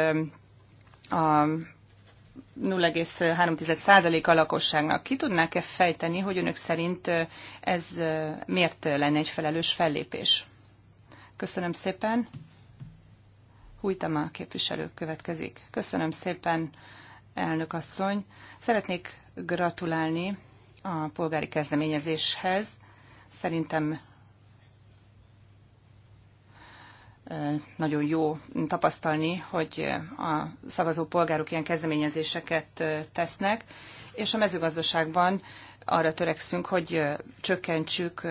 a 0,3% a lakosságnak. Ki tudnák-e fejteni, hogy önök szerint ez miért lenne egy felelős fellépés? Köszönöm szépen. Hújtama képviselő következik. Köszönöm szépen, elnök asszony. Szeretnék gratulálni a polgári kezdeményezéshez. Szerintem nagyon jó tapasztalni, hogy a szavazó polgárok ilyen kezdeményezéseket tesznek, és a mezőgazdaságban arra törekszünk, hogy csökkentsük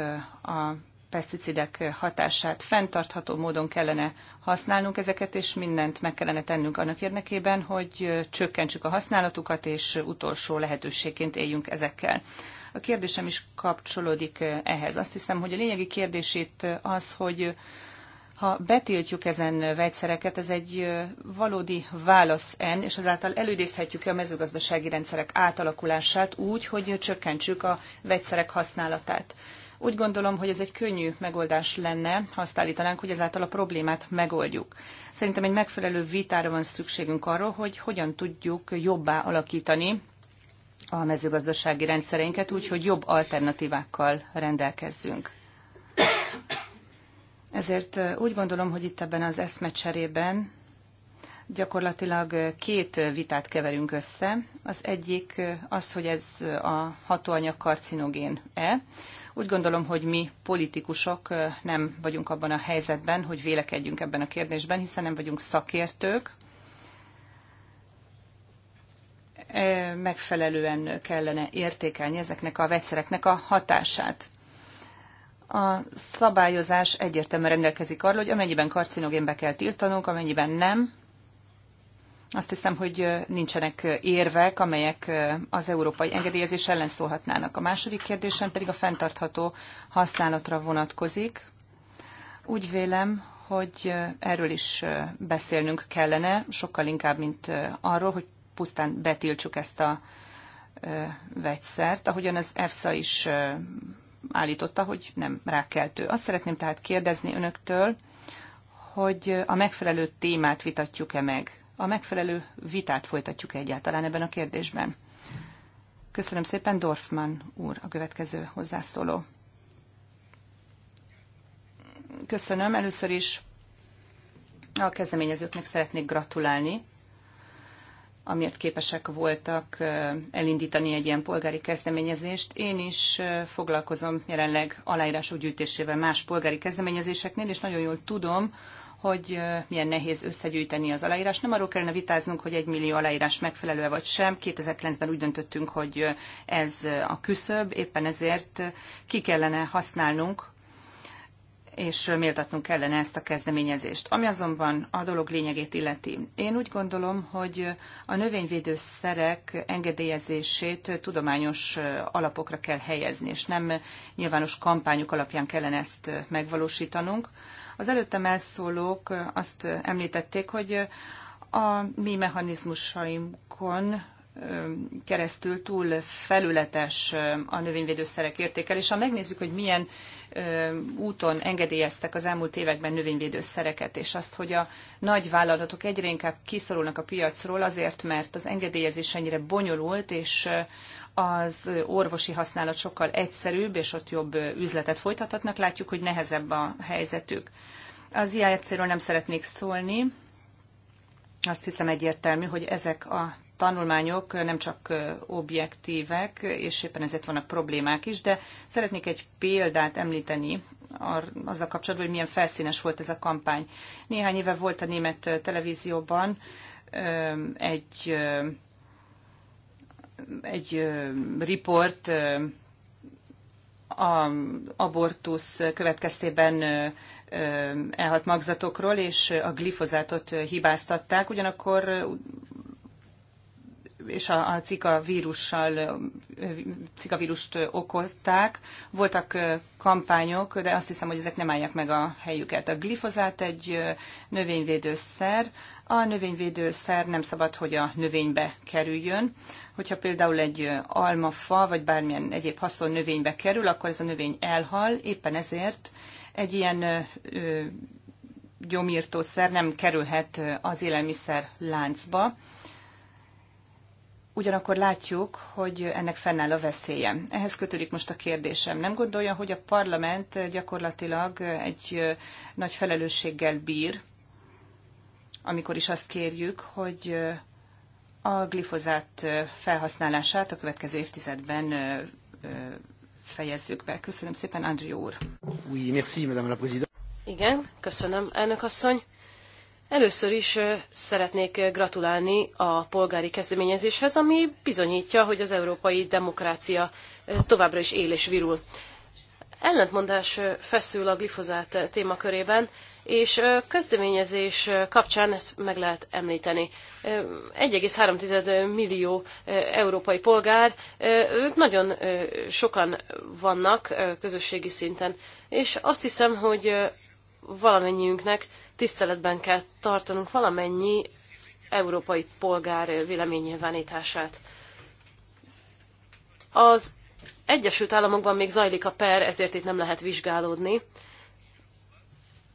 a peszticidek hatását. Fenntartható módon kellene használnunk ezeket, és mindent meg kellene tennünk annak érdekében, hogy csökkentsük a használatukat, és utolsó lehetőségként éljünk ezekkel. A kérdésem is kapcsolódik eh, ehhez. Azt hiszem, hogy a lényegi kérdés itt az, hogy eh, ha betiltjuk ezen vegyszereket, ez egy eh, valódi válasz en, és ezáltal elődészhetjük -e a mezőgazdasági rendszerek átalakulását úgy, hogy csökkentsük a vegyszerek használatát. Úgy gondolom, hogy ez egy könnyű megoldás lenne, ha azt állítanánk, hogy ezáltal a problémát megoldjuk. Szerintem egy megfelelő vitára van szükségünk arról, hogy hogyan tudjuk jobbá alakítani a mezőgazdasági rendszereinket úgy, hogy jobb alternatívákkal rendelkezzünk. Ezért úgy gondolom, hogy itt ebben az eszmecserében gyakorlatilag két vitát keverünk össze. Az egyik az, hogy ez a hatóanyag karcinogén-e. Úgy gondolom, hogy mi politikusok nem vagyunk abban a helyzetben, hogy vélekedjünk ebben a kérdésben, hiszen nem vagyunk szakértők, megfelelően kellene értékelni ezeknek a vegyszereknek a hatását. A szabályozás egyértelműen rendelkezik arról, hogy amennyiben karcinogénbe kell tiltanunk, amennyiben nem. Azt hiszem, hogy nincsenek érvek, amelyek az európai engedélyezés ellen szólhatnának. A második kérdésem pedig a fenntartható használatra vonatkozik. Úgy vélem, hogy erről is beszélnünk kellene, sokkal inkább, mint arról, hogy pusztán betiltsuk ezt a vegyszert, ahogyan az EFSA is állította, hogy nem rákeltő. Azt szeretném tehát kérdezni önöktől, hogy a megfelelő témát vitatjuk-e meg, a megfelelő vitát folytatjuk -e egyáltalán ebben a kérdésben. Köszönöm szépen, Dorfman úr, a következő hozzászóló. Köszönöm. Először is a kezdeményezőknek szeretnék gratulálni amiért képesek voltak elindítani egy ilyen polgári kezdeményezést. Én is foglalkozom jelenleg aláírású gyűjtésével más polgári kezdeményezéseknél, és nagyon jól tudom, hogy milyen nehéz összegyűjteni az aláírás. Nem arról kellene vitáznunk, hogy egy millió aláírás megfelelő vagy sem. 2009-ben úgy döntöttünk, hogy ez a küszöb, éppen ezért ki kellene használnunk és méltatnunk kellene ezt a kezdeményezést. Ami azonban a dolog lényegét illeti. Én úgy gondolom, hogy a növényvédőszerek engedélyezését tudományos alapokra kell helyezni, és nem nyilvános kampányok alapján kellene ezt megvalósítanunk. Az előttem elszólók azt említették, hogy a mi mechanizmusainkon keresztül túl felületes a növényvédőszerek értékelés. Ha megnézzük, hogy milyen úton engedélyeztek az elmúlt években növényvédőszereket, és azt, hogy a nagy vállalatok egyre inkább kiszorulnak a piacról azért, mert az engedélyezés ennyire bonyolult, és az orvosi használat sokkal egyszerűbb, és ott jobb üzletet folytathatnak. Látjuk, hogy nehezebb a helyzetük. Az IAEC-ről nem szeretnék szólni. Azt hiszem egyértelmű, hogy ezek a tanulmányok nem csak objektívek, és éppen ezért vannak problémák is, de szeretnék egy példát említeni azzal kapcsolatban, hogy milyen felszínes volt ez a kampány. Néhány éve volt a német televízióban egy, egy riport a abortusz következtében elhat magzatokról, és a glifozátot hibáztatták, ugyanakkor és a, a cika vírussal, cika vírust okolták. Voltak kampányok, de azt hiszem, hogy ezek nem állják meg a helyüket. A glifozát egy növényvédőszer. A növényvédőszer nem szabad, hogy a növénybe kerüljön. Hogyha például egy almafa, vagy bármilyen egyéb haszon növénybe kerül, akkor ez a növény elhal. Éppen ezért egy ilyen gyomírtószer nem kerülhet az élelmiszer láncba ugyanakkor látjuk, hogy ennek fennáll a veszélye. Ehhez kötődik most a kérdésem. Nem gondolja, hogy a parlament gyakorlatilag egy nagy felelősséggel bír, amikor is azt kérjük, hogy a glifozát felhasználását a következő évtizedben fejezzük be. Köszönöm szépen, Andrew úr. Oui, merci, madame la présidente. Igen, köszönöm, elnök asszony. Először is szeretnék gratulálni a polgári kezdeményezéshez, ami bizonyítja, hogy az európai demokrácia továbbra is él és virul. Ellentmondás feszül a glifozát témakörében, és kezdeményezés kapcsán ezt meg lehet említeni. 1,3 millió európai polgár, ők nagyon sokan vannak közösségi szinten, és azt hiszem, hogy valamennyiünknek tiszteletben kell tartanunk valamennyi európai polgár véleménynyilvánítását. Az Egyesült Államokban még zajlik a per, ezért itt nem lehet vizsgálódni,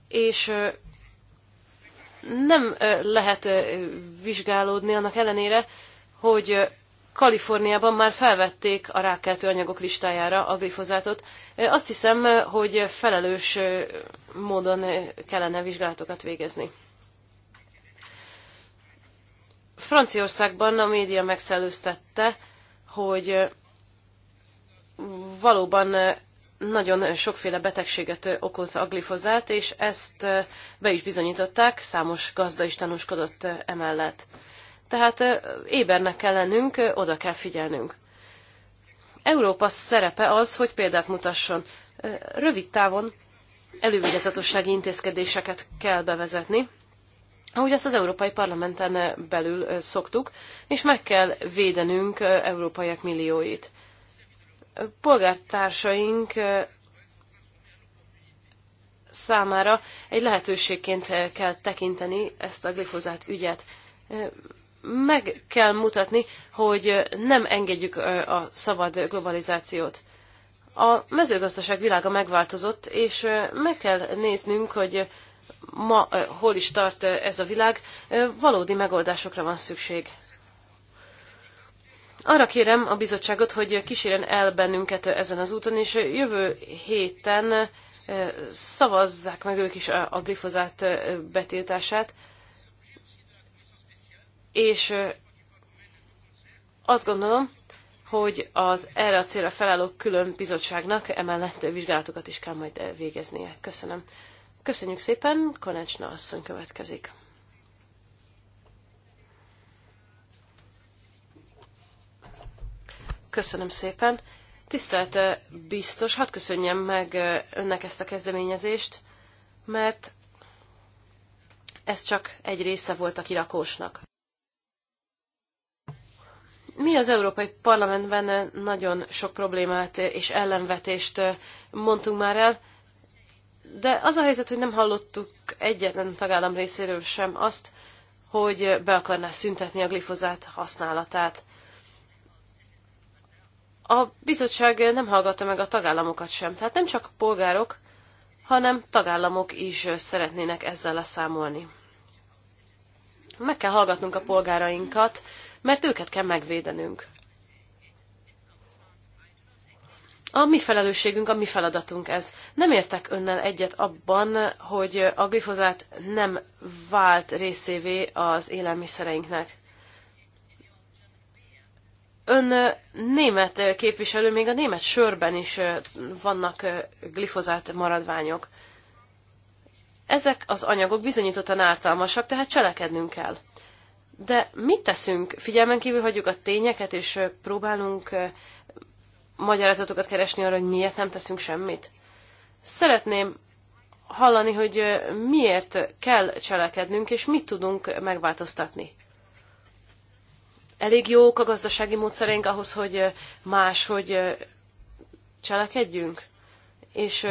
és nem lehet vizsgálódni annak ellenére, hogy Kaliforniában már felvették a rákeltő anyagok listájára a glifozátot. Azt hiszem, hogy felelős módon kellene vizsgálatokat végezni. Franciaországban a média megszellőztette, hogy valóban nagyon sokféle betegséget okoz a glifozát, és ezt be is bizonyították, számos gazda is tanúskodott emellett. Tehát ébernek kell lennünk, oda kell figyelnünk. Európa szerepe az, hogy példát mutasson. Rövid távon elővigyázatossági intézkedéseket kell bevezetni, ahogy ezt az Európai Parlamenten belül szoktuk, és meg kell védenünk európaiak millióit. Polgártársaink számára egy lehetőségként kell tekinteni ezt a glifozát ügyet meg kell mutatni, hogy nem engedjük a szabad globalizációt. A mezőgazdaság világa megváltozott, és meg kell néznünk, hogy ma hol is tart ez a világ, valódi megoldásokra van szükség. Arra kérem a bizottságot, hogy kísérjen el bennünket ezen az úton, és jövő héten szavazzák meg ők is a glifozát betiltását, és azt gondolom, hogy az erre a célra felálló külön bizottságnak emellett vizsgálatokat is kell majd végeznie. Köszönöm. Köszönjük szépen, Konecsna asszony következik. Köszönöm szépen. Tisztelt biztos, hadd köszönjem meg önnek ezt a kezdeményezést, mert ez csak egy része volt a kirakósnak. Mi az Európai Parlamentben nagyon sok problémát és ellenvetést mondtunk már el, de az a helyzet, hogy nem hallottuk egyetlen tagállam részéről sem azt, hogy be akarná szüntetni a glifozát használatát. A bizottság nem hallgatta meg a tagállamokat sem, tehát nem csak polgárok, hanem tagállamok is szeretnének ezzel leszámolni. Meg kell hallgatnunk a polgárainkat, mert őket kell megvédenünk. A mi felelősségünk, a mi feladatunk ez. Nem értek önnel egyet abban, hogy a glifozát nem vált részévé az élelmiszereinknek. Ön német képviselő, még a német sörben is vannak glifozát maradványok. Ezek az anyagok bizonyítottan ártalmasak, tehát cselekednünk kell. De mit teszünk? Figyelmen kívül hagyjuk a tényeket, és próbálunk magyarázatokat keresni arra, hogy miért nem teszünk semmit? Szeretném hallani, hogy miért kell cselekednünk, és mit tudunk megváltoztatni. Elég jók a gazdasági módszereink ahhoz, hogy más, hogy cselekedjünk? És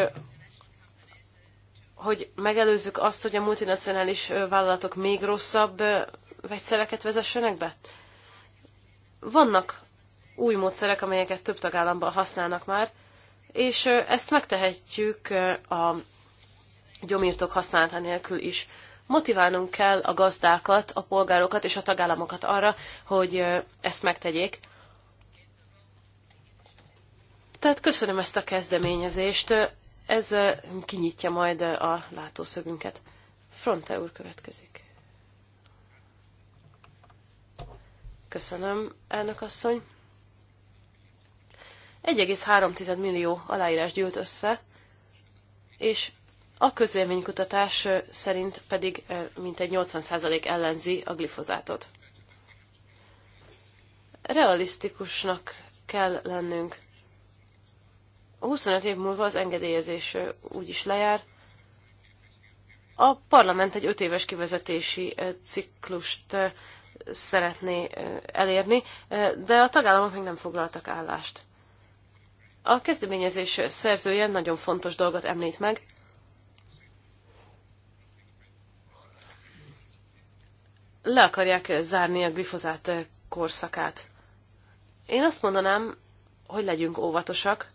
hogy megelőzzük azt, hogy a multinacionális vállalatok még rosszabb vegyszereket vezessenek be? Vannak új módszerek, amelyeket több tagállamban használnak már, és ezt megtehetjük a gyomírtók használata nélkül is. Motiválnunk kell a gazdákat, a polgárokat és a tagállamokat arra, hogy ezt megtegyék. Tehát köszönöm ezt a kezdeményezést, ez kinyitja majd a látószögünket. Fronte úr következik. Köszönöm, elnök asszony. 1,3 millió aláírás gyűlt össze, és a közélménykutatás szerint pedig mintegy 80% ellenzi a glifozátot. Realisztikusnak kell lennünk. 25 év múlva az engedélyezés úgy is lejár. A parlament egy 5 éves kivezetési ciklust szeretné elérni, de a tagállamok még nem foglaltak állást. A kezdeményezés szerzője nagyon fontos dolgot említ meg. Le akarják zárni a glifozát korszakát. Én azt mondanám, hogy legyünk óvatosak,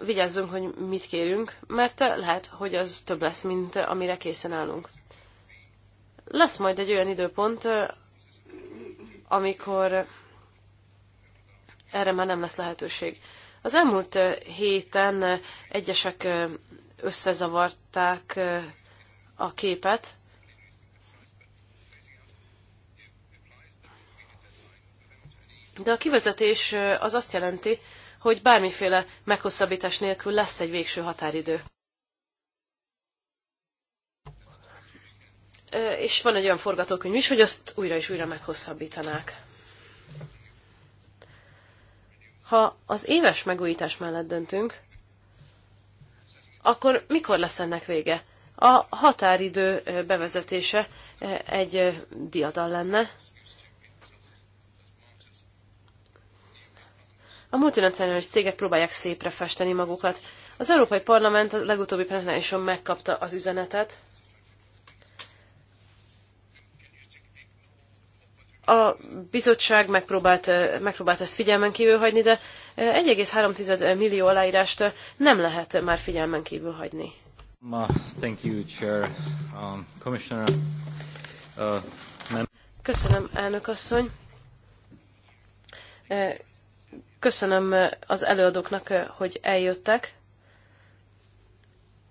vigyázzunk, hogy mit kérünk, mert lehet, hogy az több lesz, mint amire készen állunk lesz majd egy olyan időpont, amikor erre már nem lesz lehetőség. Az elmúlt héten egyesek összezavarták a képet, de a kivezetés az azt jelenti, hogy bármiféle meghosszabbítás nélkül lesz egy végső határidő. és van egy olyan forgatókönyv is, hogy azt újra és újra meghosszabbítanák. Ha az éves megújítás mellett döntünk, akkor mikor lesz ennek vége? A határidő bevezetése egy diadal lenne. A multinacionális cégek próbálják szépre festeni magukat. Az Európai Parlament a legutóbbi plenárison megkapta az üzenetet, A bizottság megpróbált, megpróbált ezt figyelmen kívül hagyni, de 1,3 millió aláírást nem lehet már figyelmen kívül hagyni. Ma, thank you, Chair. Um, Commissioner, uh, Köszönöm, elnök asszony. Köszönöm az előadóknak, hogy eljöttek.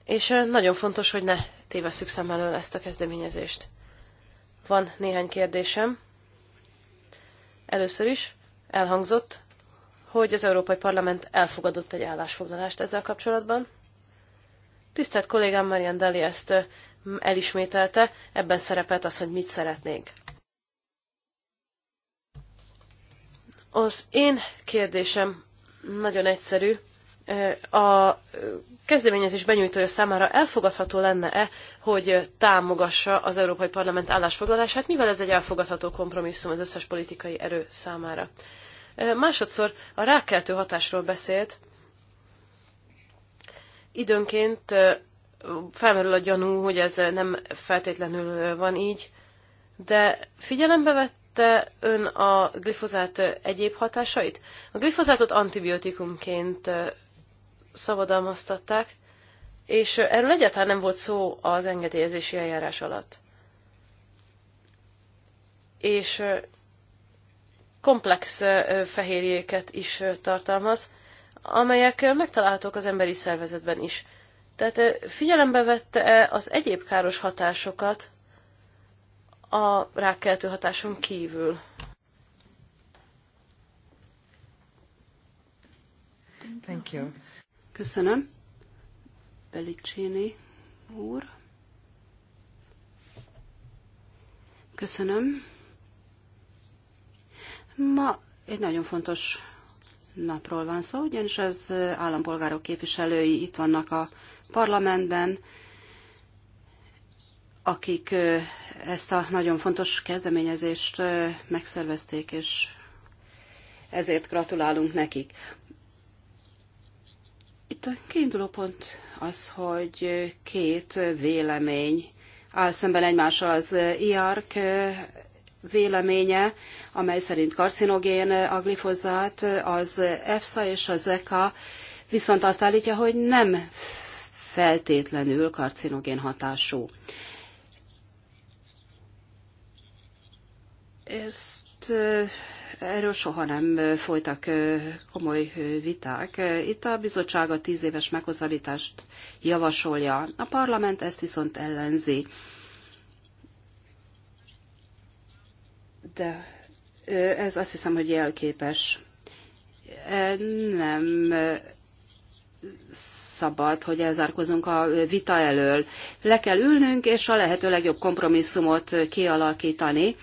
És nagyon fontos, hogy ne tévesszük szem elől ezt a kezdeményezést. Van néhány kérdésem. Először is elhangzott, hogy az Európai Parlament elfogadott egy állásfoglalást ezzel kapcsolatban. Tisztelt kollégám Marian Dali ezt elismételte, ebben szerepelt az, hogy mit szeretnénk. Az én kérdésem nagyon egyszerű, a kezdeményezés benyújtója számára elfogadható lenne-e, hogy támogassa az Európai Parlament állásfoglalását, mivel ez egy elfogadható kompromisszum az összes politikai erő számára. Másodszor a rákeltő hatásról beszélt. Időnként felmerül a gyanú, hogy ez nem feltétlenül van így, de figyelembe vette ön a glifozát egyéb hatásait? A glifozátot antibiotikumként szabadalmaztatták, és erről egyáltalán nem volt szó az engedélyezési eljárás alatt. És komplex fehérjéket is tartalmaz, amelyek megtalálhatók az emberi szervezetben is. Tehát figyelembe vette-e az egyéb káros hatásokat a rákkeltő hatáson kívül? Thank you. Köszönöm. Belicsini úr. Köszönöm. Ma egy nagyon fontos napról van szó, ugyanis az állampolgárok képviselői itt vannak a parlamentben, akik ezt a nagyon fontos kezdeményezést megszervezték, és ezért gratulálunk nekik. A kiinduló pont az, hogy két vélemény áll szemben egymással az IARC véleménye, amely szerint karcinogén a glifozát, az EFSA és az ECA viszont azt állítja, hogy nem feltétlenül karcinogén hatású. Ezt erről soha nem folytak komoly viták. Itt a bizottság a tíz éves meghosszabbítást javasolja. A parlament ezt viszont ellenzi. De ez azt hiszem, hogy jelképes. Nem szabad, hogy elzárkozunk a vita elől. Le kell ülnünk, és a lehető legjobb kompromisszumot kialakítani,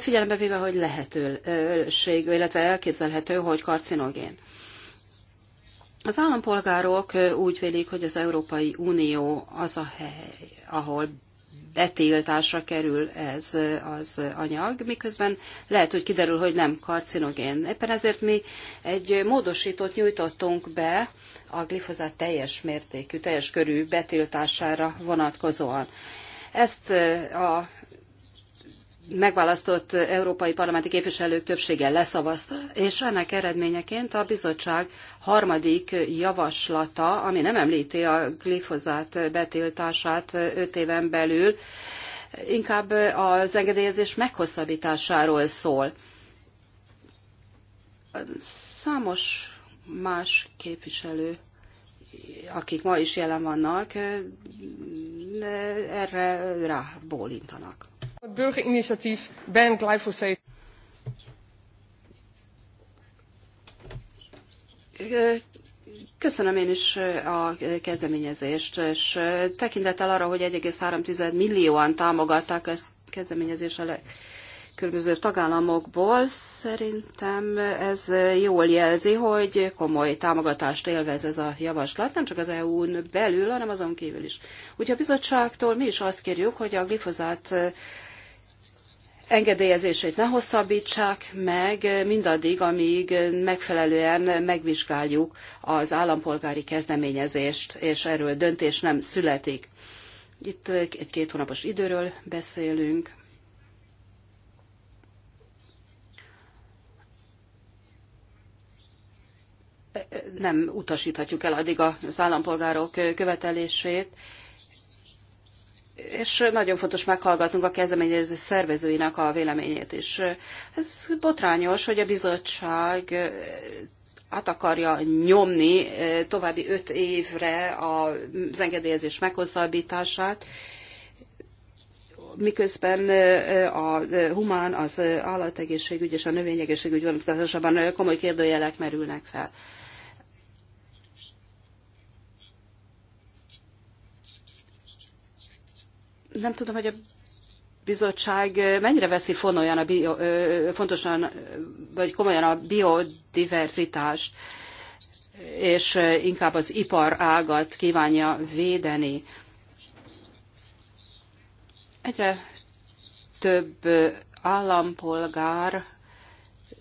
figyelembe véve, hogy lehetőség, illetve elképzelhető, hogy karcinogén. Az állampolgárok úgy vélik, hogy az Európai Unió az a hely, ahol betiltásra kerül ez az anyag, miközben lehet, hogy kiderül, hogy nem karcinogén. Éppen ezért mi egy módosítót nyújtottunk be a glifozát teljes mértékű, teljes körű betiltására vonatkozóan. Ezt eh, a megválasztott európai parlamenti képviselők többsége leszavazta, és ennek eredményeként a bizottság harmadik javaslata, ami nem említi a glifozát betiltását öt éven belül, inkább az engedélyezés meghosszabbításáról szól. Számos más képviselő, akik ma is jelen vannak, erre rábólintanak. A burgerinitiatief ban glyphosate. Köszönöm én is eh, a kezdeményezést, és eh, tekintettel arra, hogy 1,3 millióan támogatták ezt a kezdeményezést a legkülönbözőbb tagállamokból, szerintem ez eh, jól jelzi, hogy komoly támogatást élvez ez a javaslat, nem csak az EU-n belül, hanem azon kívül is. Úgyhogy a bizottságtól mi is azt kérjük, hogy a glifozát engedélyezését ne hosszabbítsák meg, mindaddig, amíg megfelelően megvizsgáljuk az állampolgári kezdeményezést, és erről döntés nem születik. Itt egy két hónapos időről beszélünk. Nem utasíthatjuk el addig az állampolgárok követelését, és nagyon fontos meghallgatnunk a kezdeményezés szervezőinek a véleményét is. Ez botrányos, hogy a bizottság eh, át akarja nyomni eh, további öt évre az engedélyezés meghosszabbítását, miközben eh, a humán, az állategészségügy és a növényegészségügy vonatkozásában komoly kérdőjelek merülnek fel. nem tudom, hogy a bizottság mennyire veszi fonolyan a bio, fontosan, vagy komolyan a biodiverzitást, és inkább az iparágat kívánja védeni. Egyre több állampolgár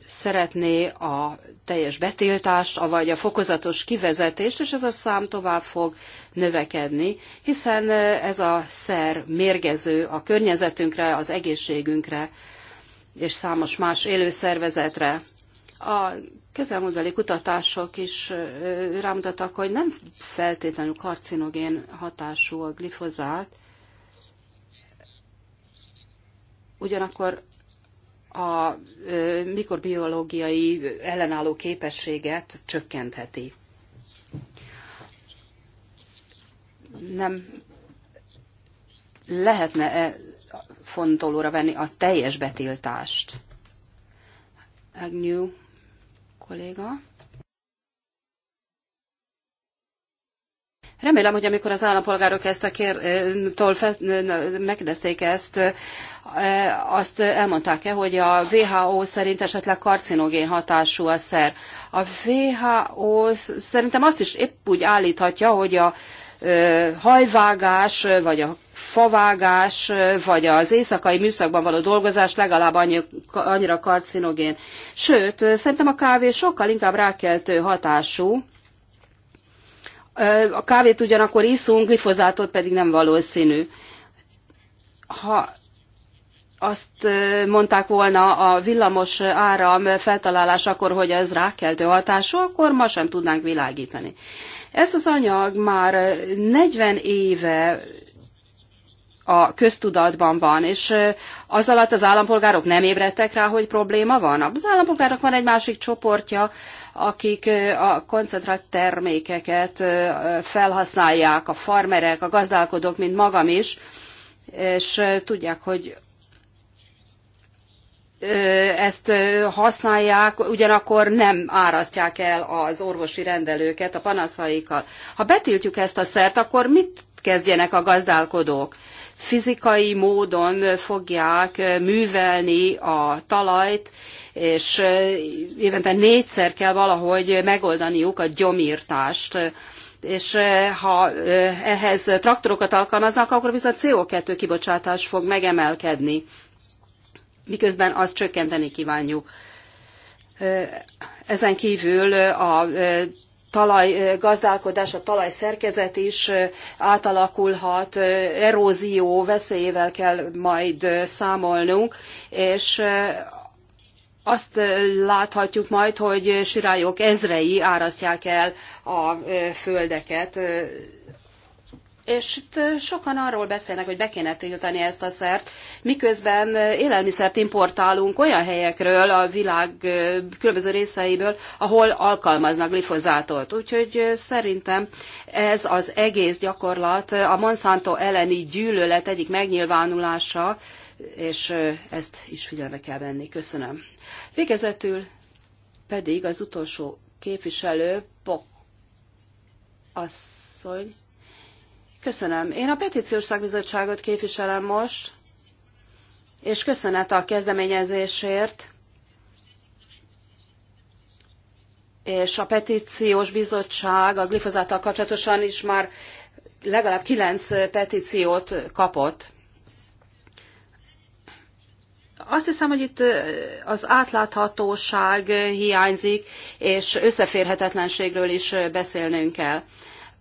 szeretné a teljes betiltást, vagy a fokozatos kivezetést, és ez a szám tovább fog növekedni, hiszen ez a szer mérgező a környezetünkre, az egészségünkre és számos más élőszervezetre. A közelmúltbeli kutatások is rámutattak, hogy nem feltétlenül karcinogén hatású a glifozát, ugyanakkor a mikrobiológiai ellenálló képességet csökkentheti. Nem lehetne -e fontolóra venni a teljes betiltást? Agnew kolléga. Remélem, hogy amikor az állampolgárok ezt a kértől megkérdezték ezt, azt elmondták-e, hogy a WHO szerint esetleg karcinogén hatású a szer. A WHO szerintem azt is épp úgy állíthatja, hogy a hajvágás, vagy a favágás, vagy az éjszakai műszakban való dolgozás legalább annyi, annyira karcinogén. Sőt, szerintem a kávé sokkal inkább rákeltő hatású, a kávét ugyanakkor iszunk, glifozátot pedig nem valószínű. Ha azt mondták volna a villamos áram feltalálás akkor, hogy ez rákkeltő hatású, akkor ma sem tudnánk világítani. Ez az anyag már 40 éve a köztudatban van, és az alatt az állampolgárok nem ébredtek rá, hogy probléma van. Az állampolgárok van egy másik csoportja, akik a koncentrált termékeket felhasználják, a farmerek, a gazdálkodók, mint magam is, és tudják, hogy ezt használják, ugyanakkor nem árasztják el az orvosi rendelőket a panaszaikkal. Ha betiltjuk ezt a szert, akkor mit kezdjenek a gazdálkodók? fizikai módon fogják művelni a talajt, és évente négyszer kell valahogy megoldaniuk a gyomírtást és eh, ha eh, ehhez traktorokat alkalmaznak, akkor viszont CO2 kibocsátás fog megemelkedni, miközben azt csökkenteni kívánjuk. Eh, ezen kívül a talajgazdálkodás, a talajszerkezet is átalakulhat, erózió veszélyével kell majd számolnunk, és azt láthatjuk majd, hogy sirályok ezrei árasztják el a földeket és itt sokan arról beszélnek, hogy be kéne tiltani ezt a szert, miközben élelmiszert importálunk olyan helyekről a világ különböző részeiből, ahol alkalmaznak glifozátot. Úgyhogy szerintem ez az egész gyakorlat a Monsanto elleni gyűlölet egyik megnyilvánulása, és ezt is figyelme kell venni. Köszönöm. Végezetül pedig az utolsó képviselő, Pok asszony, Köszönöm. Én a petíciós szakbizottságot képviselem most, és köszönet a kezdeményezésért. És a petíciós bizottság a glifozáttal kapcsolatosan is már legalább kilenc petíciót kapott. Azt hiszem, hogy itt az átláthatóság hiányzik, és összeférhetetlenségről is beszélnünk kell.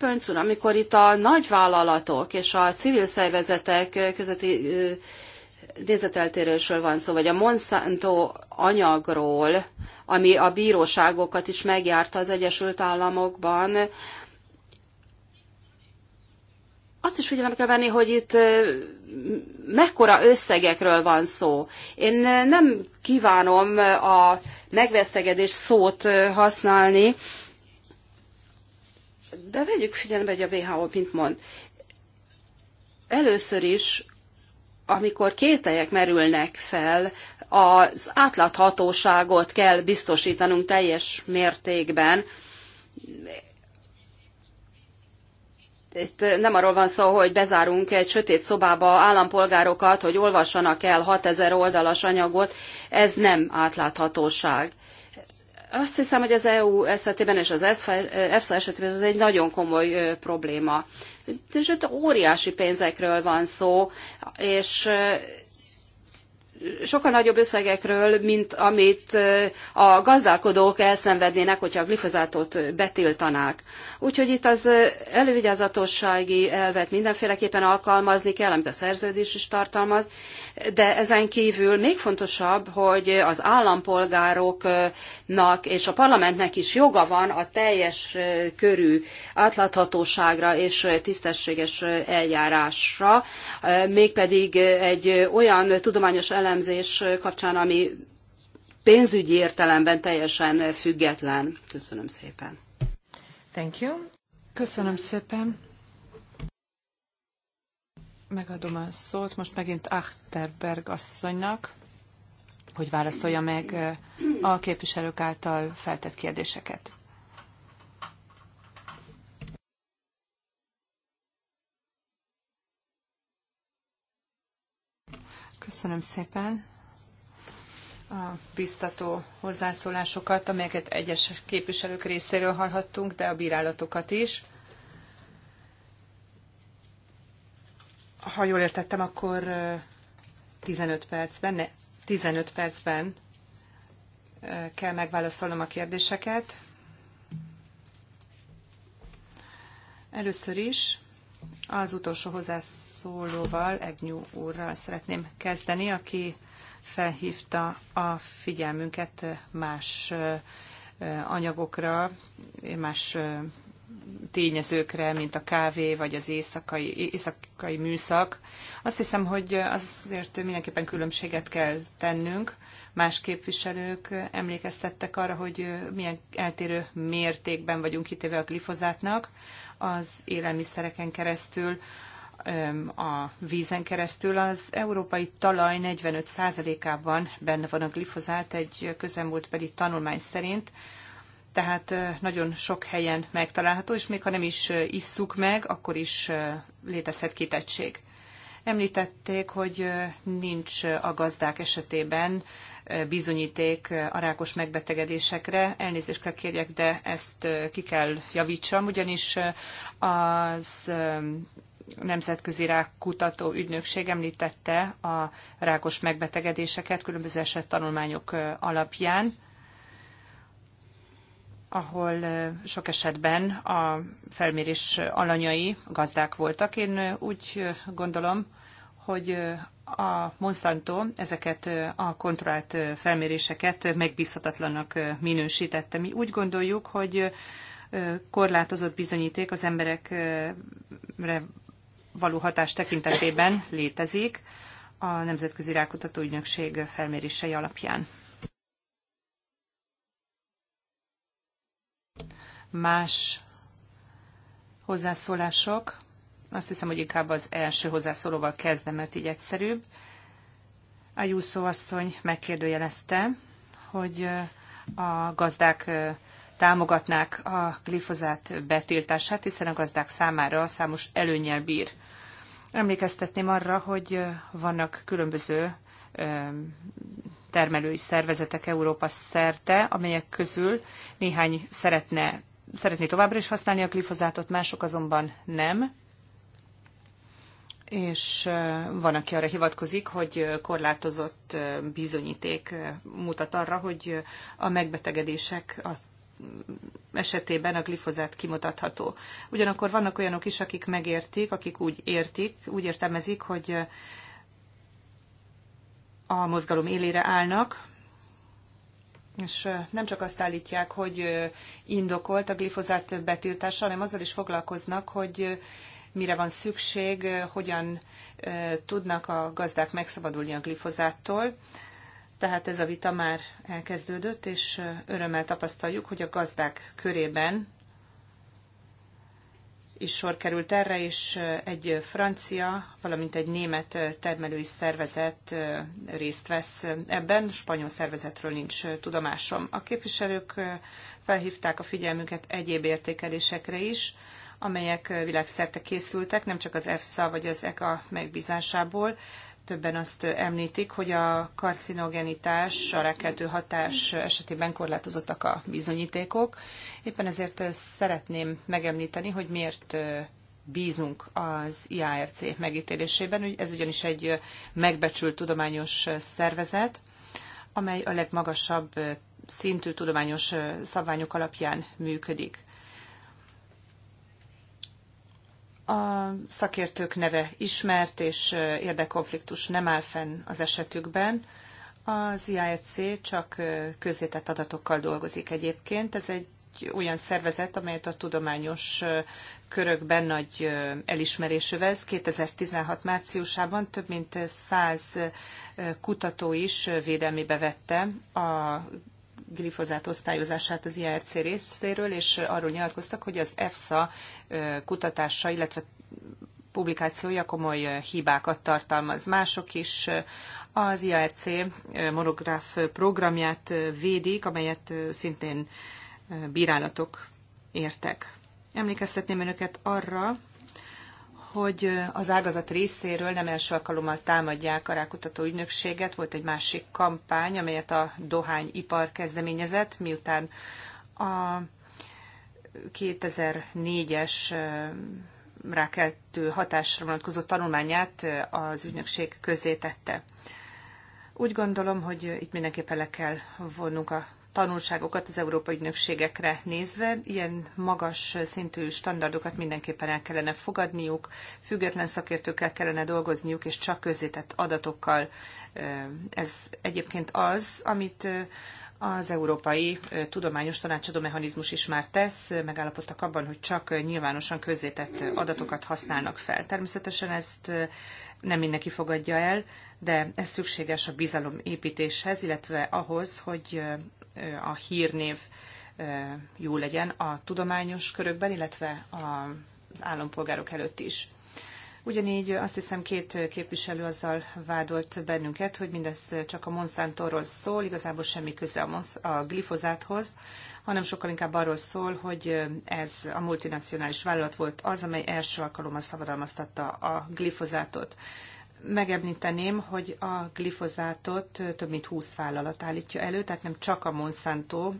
Pönc úr, amikor itt a nagyvállalatok és a civil szervezetek közötti nézeteltérésről van szó, vagy a Monsanto anyagról, ami a bíróságokat is megjárta az Egyesült Államokban, azt is figyelembe kell venni, hogy itt mekkora összegekről van szó. Én nem kívánom a megvesztegedés szót használni, de vegyük figyelembe, hogy a WHO mint mond. Először is, amikor kételyek merülnek fel, az átláthatóságot kell biztosítanunk teljes mértékben. Itt nem arról van szó, hogy bezárunk egy sötét szobába állampolgárokat, hogy olvassanak el 6000 oldalas anyagot, ez nem átláthatóság. Azt hiszem, hogy az EU esetében és az EFSA e esetében ez egy nagyon komoly probléma. Sőt, óriási pénzekről van szó, és sokkal nagyobb összegekről, mint amit a gazdálkodók elszenvednének, hogyha a glifozátot betiltanák. Úgyhogy itt az elővigyázatossági elvet mindenféleképpen alkalmazni kell, amit a szerződés is tartalmaz, de ezen kívül még fontosabb, hogy az állampolgároknak és a parlamentnek is joga van a teljes körű átláthatóságra és tisztességes eljárásra, mégpedig egy olyan tudományos elemzés kapcsán, ami pénzügyi értelemben teljesen független. Köszönöm szépen. Thank you. Köszönöm szépen. Megadom a szót most megint Achterberg asszonynak, hogy válaszolja meg a képviselők által feltett kérdéseket. Köszönöm szépen a biztató hozzászólásokat, amelyeket egyes képviselők részéről hallhattunk, de a bírálatokat is. Ha jól értettem, akkor 15 percben, ne, 15 percben kell megválaszolnom a kérdéseket. Először is az utolsó hozzászólóval, Egnyú úrral szeretném kezdeni, aki felhívta a figyelmünket más anyagokra, más tényezőkre, mint a kávé vagy az éjszakai, éjszakai műszak. Azt hiszem, hogy azért mindenképpen különbséget kell tennünk. Más képviselők emlékeztettek arra, hogy milyen eltérő mértékben vagyunk kitéve a glifozátnak az élelmiszereken keresztül a vízen keresztül. Az európai talaj 45%-ában benne van a glifozát egy közelmúltbeli tanulmány szerint, tehát nagyon sok helyen megtalálható, és még ha nem is isszuk meg, akkor is létezhet kitettség. Említették, hogy nincs a gazdák esetében bizonyíték a rákos megbetegedésekre. Elnézést kérjek, de ezt ki kell javítsam, ugyanis az Nemzetközi Rákkutató Ügynökség említette a rákos megbetegedéseket különböző esettanulmányok alapján ahol sok esetben a felmérés alanyai gazdák voltak. Én úgy gondolom, hogy a Monsanto ezeket a kontrollált felméréseket megbízhatatlanak minősítette. Mi úgy gondoljuk, hogy korlátozott bizonyíték az emberekre való hatás tekintetében létezik a Nemzetközi Rákutató Ügynökség felmérései alapján. más hozzászólások. Azt hiszem, hogy inkább az első hozzászólóval kezdem, mert így egyszerűbb. A Júszó asszony megkérdőjelezte, hogy a gazdák támogatnák a glifozát betiltását, hiszen a gazdák számára számos előnyel bír. Emlékeztetném arra, hogy vannak különböző termelői szervezetek Európa szerte, amelyek közül néhány szeretne szeretné továbbra is használni a glifozátot, mások azonban nem. És van, aki arra hivatkozik, hogy korlátozott bizonyíték mutat arra, hogy a megbetegedések a esetében a glifozát kimutatható. Ugyanakkor vannak olyanok is, akik megértik, akik úgy értik, úgy értelmezik, hogy a mozgalom élére állnak, és nem csak azt állítják, hogy indokolt a glifozát betiltása, hanem azzal is foglalkoznak, hogy mire van szükség, hogyan tudnak a gazdák megszabadulni a glifozáttól. Tehát ez a vita már elkezdődött, és örömmel tapasztaljuk, hogy a gazdák körében is sor került erre, és egy francia, valamint egy német termelői szervezet részt vesz ebben, spanyol szervezetről nincs tudomásom. A képviselők felhívták a figyelmüket egyéb értékelésekre is, amelyek világszerte készültek, nem csak az EFSA vagy az ECA megbízásából, többen azt említik, hogy a karcinogenitás, a rákkeltő hatás esetében korlátozottak a bizonyítékok. Éppen ezért szeretném megemlíteni, hogy miért bízunk az IARC megítélésében. Ez ugyanis egy megbecsült tudományos szervezet, amely a legmagasabb szintű tudományos szabványok alapján működik. A szakértők neve ismert, és érdekkonfliktus nem áll fenn az esetükben. Az IAEC csak közzétett adatokkal dolgozik egyébként. Ez egy olyan szervezet, amelyet a tudományos körökben nagy elismerés övez. 2016 márciusában több mint 100 kutató is védelmébe vette a glifozát osztályozását az IRC részéről, és arról nyilatkoztak, hogy az EFSA kutatása, illetve publikációja komoly hibákat tartalmaz. Mások is az IRC monográf programját védik, amelyet szintén bírálatok értek. Emlékeztetném önöket arra, hogy az ágazat részéről nem első alkalommal támadják a rákutató ügynökséget. Volt egy másik kampány, amelyet a dohányipar kezdeményezett, miután a 2004-es rákeltő hatásra vonatkozó tanulmányát az ügynökség közzétette. Úgy gondolom, hogy itt mindenképpen le kell vonnunk a tanulságokat az európai ügynökségekre nézve. Ilyen magas szintű standardokat mindenképpen el kellene fogadniuk, független szakértőkkel kellene dolgozniuk, és csak közzétett adatokkal. Ez egyébként az, amit az Európai Tudományos Tanácsadó Mechanizmus is már tesz, megállapodtak abban, hogy csak nyilvánosan közzétett adatokat használnak fel. Természetesen ezt nem mindenki fogadja el, de ez szükséges a bizalom építéshez, illetve ahhoz, hogy a hírnév jó legyen a tudományos körökben, illetve az állampolgárok előtt is. Ugyanígy azt hiszem két képviselő azzal vádolt bennünket, hogy mindez csak a Monsantorról szól, igazából semmi köze a, a glifozáthoz, hanem sokkal inkább arról szól, hogy ez a multinacionális vállalat volt az, amely első alkalommal szabadalmaztatta a glifozátot. Megemlíteném, hogy a glifozátot több mint 20 vállalat állítja elő, tehát nem csak a Monsanto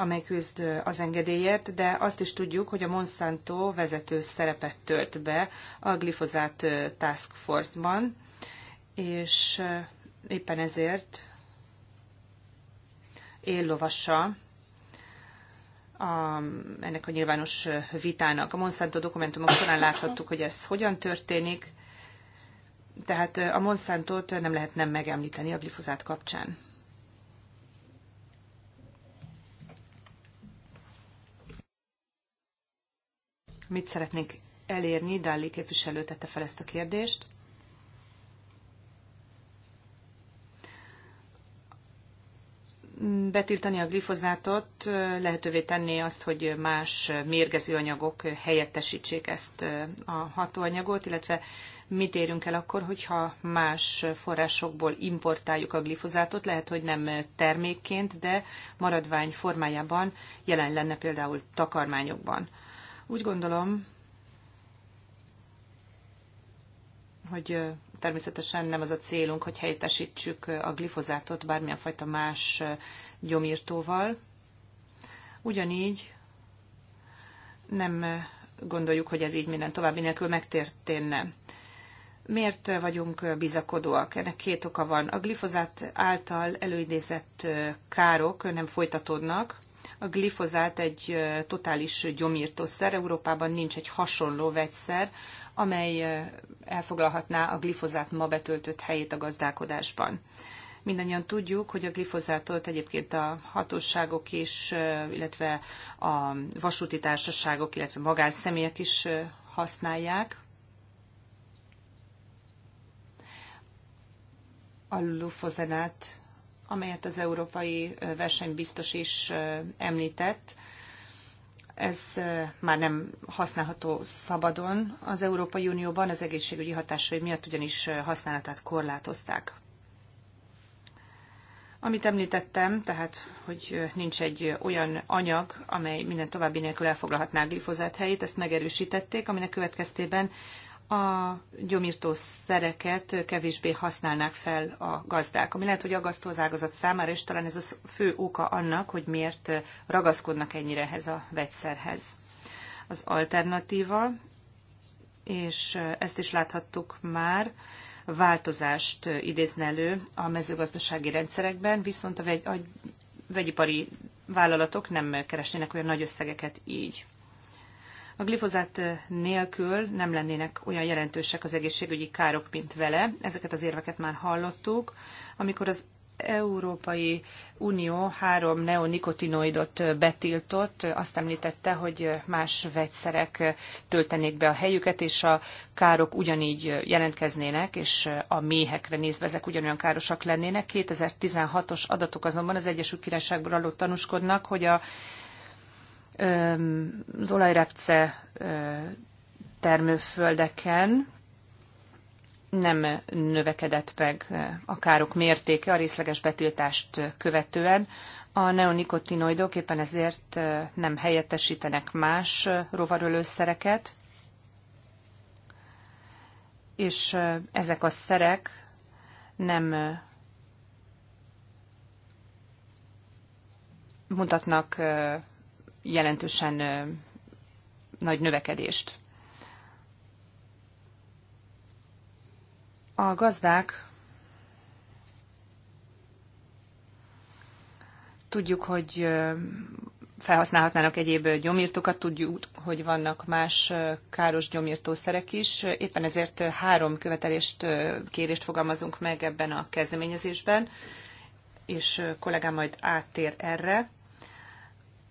amely küzd az engedélyért, de azt is tudjuk, hogy a Monsanto vezető szerepet tölt be a glifozát Task Force-ban, és éppen ezért éllovasa a, ennek a nyilvános vitának. A Monsanto dokumentumok során láthattuk, hogy ez hogyan történik, tehát a Monsantot nem lehet nem megemlíteni a glifozát kapcsán. mit szeretnénk elérni, Dalli képviselő tette fel ezt a kérdést. Betiltani a glifozátot, lehetővé tenni azt, hogy más mérgező anyagok helyettesítsék ezt a hatóanyagot, illetve mit érünk el akkor, hogyha más forrásokból importáljuk a glifozátot, lehet, hogy nem termékként, de maradvány formájában jelen lenne például takarmányokban. Úgy gondolom, hogy természetesen nem az a célunk, hogy helyettesítsük a glifozátot bármilyen fajta más gyomírtóval. Ugyanígy nem gondoljuk, hogy ez így minden további nélkül megtérténne. Miért vagyunk bizakodóak? Ennek két oka van. A glifozát által előidézett károk nem folytatódnak, a glifozát egy totális gyomírtószer, Európában nincs egy hasonló vegyszer, amely elfoglalhatná a glifozát ma betöltött helyét a gazdálkodásban. Mindannyian tudjuk, hogy a glifozátot egyébként a hatóságok is, illetve a vasúti társaságok, illetve magánszemélyek is használják. A lufozenát amelyet az európai versenybiztos is említett, ez már nem használható szabadon az Európai Unióban, az egészségügyi hatásai miatt ugyanis használatát korlátozták. Amit említettem, tehát, hogy nincs egy olyan anyag, amely minden további nélkül elfoglalhatná a glifozát helyét, ezt megerősítették, aminek következtében a gyomírtószereket kevésbé használnák fel a gazdák, ami lehet, hogy agasztó az ágazat számára, és talán ez a fő oka annak, hogy miért ragaszkodnak ennyire ehhez a vegyszerhez. Az alternatíva, és ezt is láthattuk már, változást idézne elő a mezőgazdasági rendszerekben, viszont a, vegy, a vegyipari vállalatok nem keresnének olyan nagy összegeket így. A glifozát nélkül nem lennének olyan jelentősek az egészségügyi károk, mint vele. Ezeket az érveket már hallottuk. Amikor az Európai Unió három neonikotinoidot betiltott, azt említette, hogy más vegyszerek töltenék be a helyüket, és a károk ugyanígy jelentkeznének, és a méhekre nézve ezek ugyanolyan károsak lennének. 2016-os adatok azonban az Egyesült Királyságból adott tanúskodnak, hogy a az olajrepce termőföldeken nem növekedett meg a károk mértéke a részleges betiltást követően. A neonikotinoidok éppen ezért nem helyettesítenek más rovarölőszereket, és ezek a szerek nem mutatnak jelentősen nagy növekedést. A gazdák tudjuk, hogy felhasználhatnának egyéb gyomírtókat, tudjuk, hogy vannak más káros gyomírtószerek is. Éppen ezért három követelést, kérést fogalmazunk meg ebben a kezdeményezésben, és kollégám majd áttér erre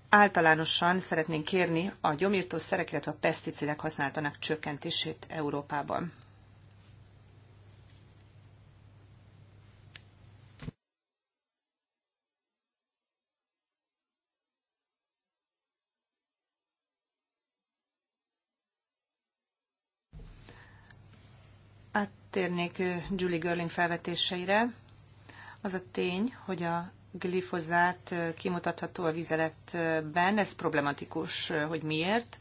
általánosan szeretnénk kérni a gyomírtószerek, illetve a peszticidek használatának csökkentését Európában. Térnék Julie Görling felvetéseire. Az a tény, hogy a glifozát kimutatható a vizeletben, ez problematikus, hogy miért.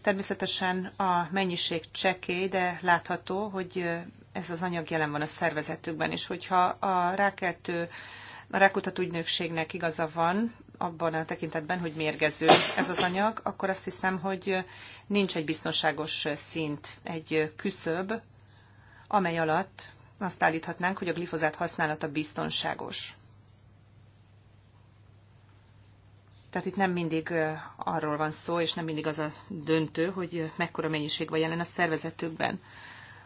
Természetesen a mennyiség csekély, de látható, hogy ez az anyag jelen van a szervezetükben, és hogyha a rákeltő a rákutató ügynökségnek igaza van abban a tekintetben, hogy mérgező ez az anyag, akkor azt hiszem, hogy nincs egy biztonságos szint, egy küszöb, amely alatt azt állíthatnánk, hogy a glifozát használata biztonságos. Tehát itt nem mindig arról van szó, és nem mindig az a döntő, hogy mekkora mennyiség van jelen a szervezetükben.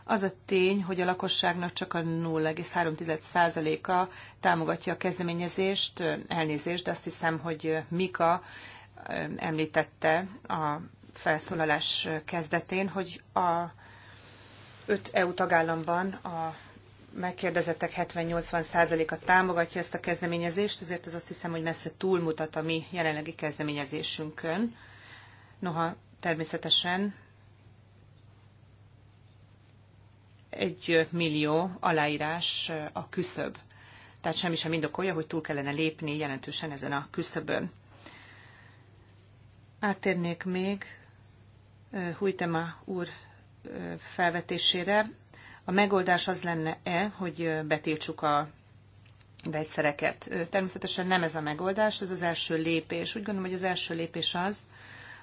Az a tény, hogy a lakosságnak csak a 0,3%-a támogatja a kezdeményezést, elnézést, de azt hiszem, hogy Mika említette a felszólalás kezdetén, hogy a öt EU tagállamban a megkérdezettek 70-80%-a támogatja ezt a kezdeményezést, ezért ez azt hiszem, hogy messze túlmutat a mi jelenlegi kezdeményezésünkön. Noha természetesen egy millió aláírás a küszöb. Tehát semmi sem indokolja, hogy túl kellene lépni jelentősen ezen a küszöbön. Átérnék még Hújtema úr felvetésére. A megoldás az lenne-e, hogy betiltsuk a vegyszereket. Természetesen nem ez a megoldás, ez az első lépés. Úgy gondolom, hogy az első lépés az,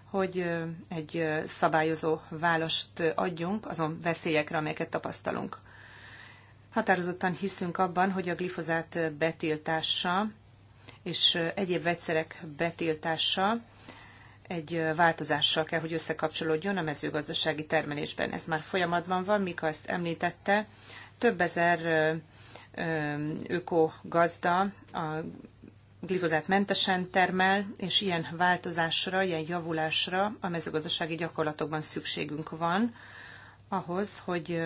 hogy egy szabályozó választ adjunk azon veszélyekre, amelyeket tapasztalunk. Határozottan hiszünk abban, hogy a glifozát betiltása és egyéb vegyszerek betiltása egy változással kell, hogy összekapcsolódjon a mezőgazdasági termelésben. Ez már folyamatban van, Mika azt említette. Több ezer ökogazda a glifozát mentesen termel, és ilyen változásra, ilyen javulásra a mezőgazdasági gyakorlatokban szükségünk van ahhoz, hogy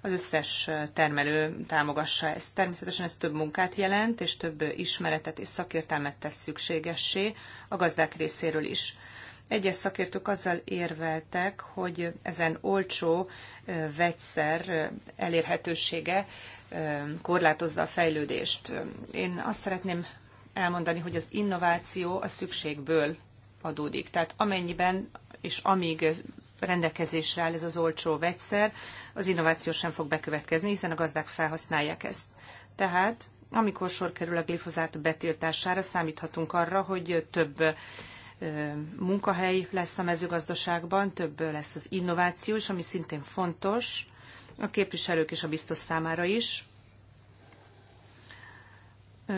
az összes termelő támogassa ezt. Természetesen ez több munkát jelent, és több ismeretet és szakértelmet tesz szükségessé a gazdák részéről is. Egyes szakértők azzal érveltek, hogy ezen olcsó vegyszer elérhetősége korlátozza a fejlődést. Én azt szeretném elmondani, hogy az innováció a szükségből adódik. Tehát amennyiben és amíg rendelkezésre áll ez az olcsó vegyszer, az innováció sem fog bekövetkezni, hiszen a gazdák felhasználják ezt. Tehát, amikor sor kerül a glifozát betiltására, számíthatunk arra, hogy több munkahely lesz a mezőgazdaságban, több lesz az innováció is, ami szintén fontos a képviselők és a biztos számára is.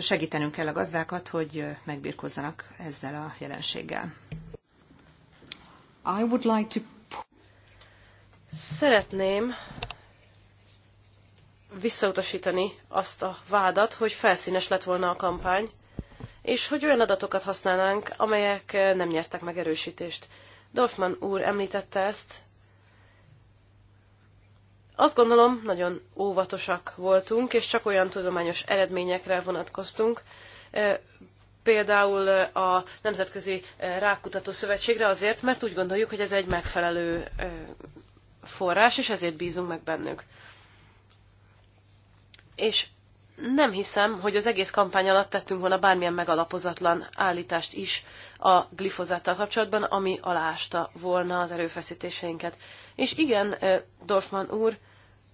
Segítenünk kell a gazdákat, hogy megbírkozzanak ezzel a jelenséggel. I would like to Szeretném visszautasítani azt a vádat, hogy felszínes lett volna a kampány, és hogy olyan adatokat használnánk, amelyek nem nyertek meg erősítést. Dorfman úr említette ezt. Azt gondolom, nagyon óvatosak voltunk, és csak olyan tudományos eredményekre vonatkoztunk. E, például a Nemzetközi Rákutató Szövetségre azért, mert úgy gondoljuk, hogy ez egy megfelelő e, forrás, és ezért bízunk meg bennük. És nem hiszem, hogy az egész kampány alatt tettünk volna bármilyen megalapozatlan állítást is a glifozáttal kapcsolatban, ami aláásta volna az erőfeszítéseinket. És igen, Dorfman úr,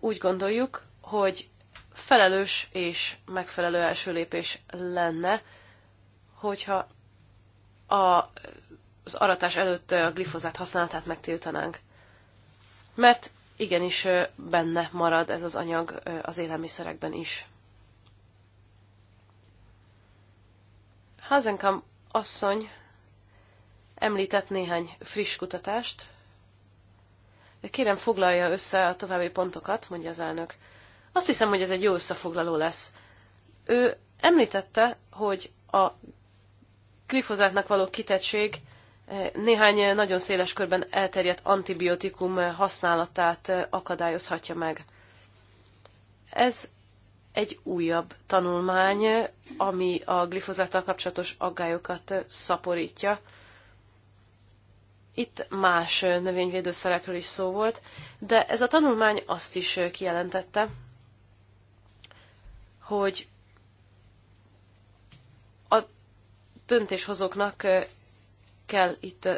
úgy gondoljuk, hogy felelős és megfelelő első lépés lenne, hogyha a, az aratás előtt a glifozát használatát megtiltanánk mert igenis benne marad ez az anyag az élelmiszerekben is. Hazenkam asszony említett néhány friss kutatást. Kérem, foglalja össze a további pontokat, mondja az elnök. Azt hiszem, hogy ez egy jó összefoglaló lesz. Ő említette, hogy a glifozátnak való kitettség néhány nagyon széles körben elterjedt antibiotikum használatát akadályozhatja meg. Ez egy újabb tanulmány, ami a glifozáttal kapcsolatos aggályokat szaporítja. Itt más növényvédőszerekről is szó volt, de ez a tanulmány azt is kijelentette, hogy a döntéshozóknak kell itt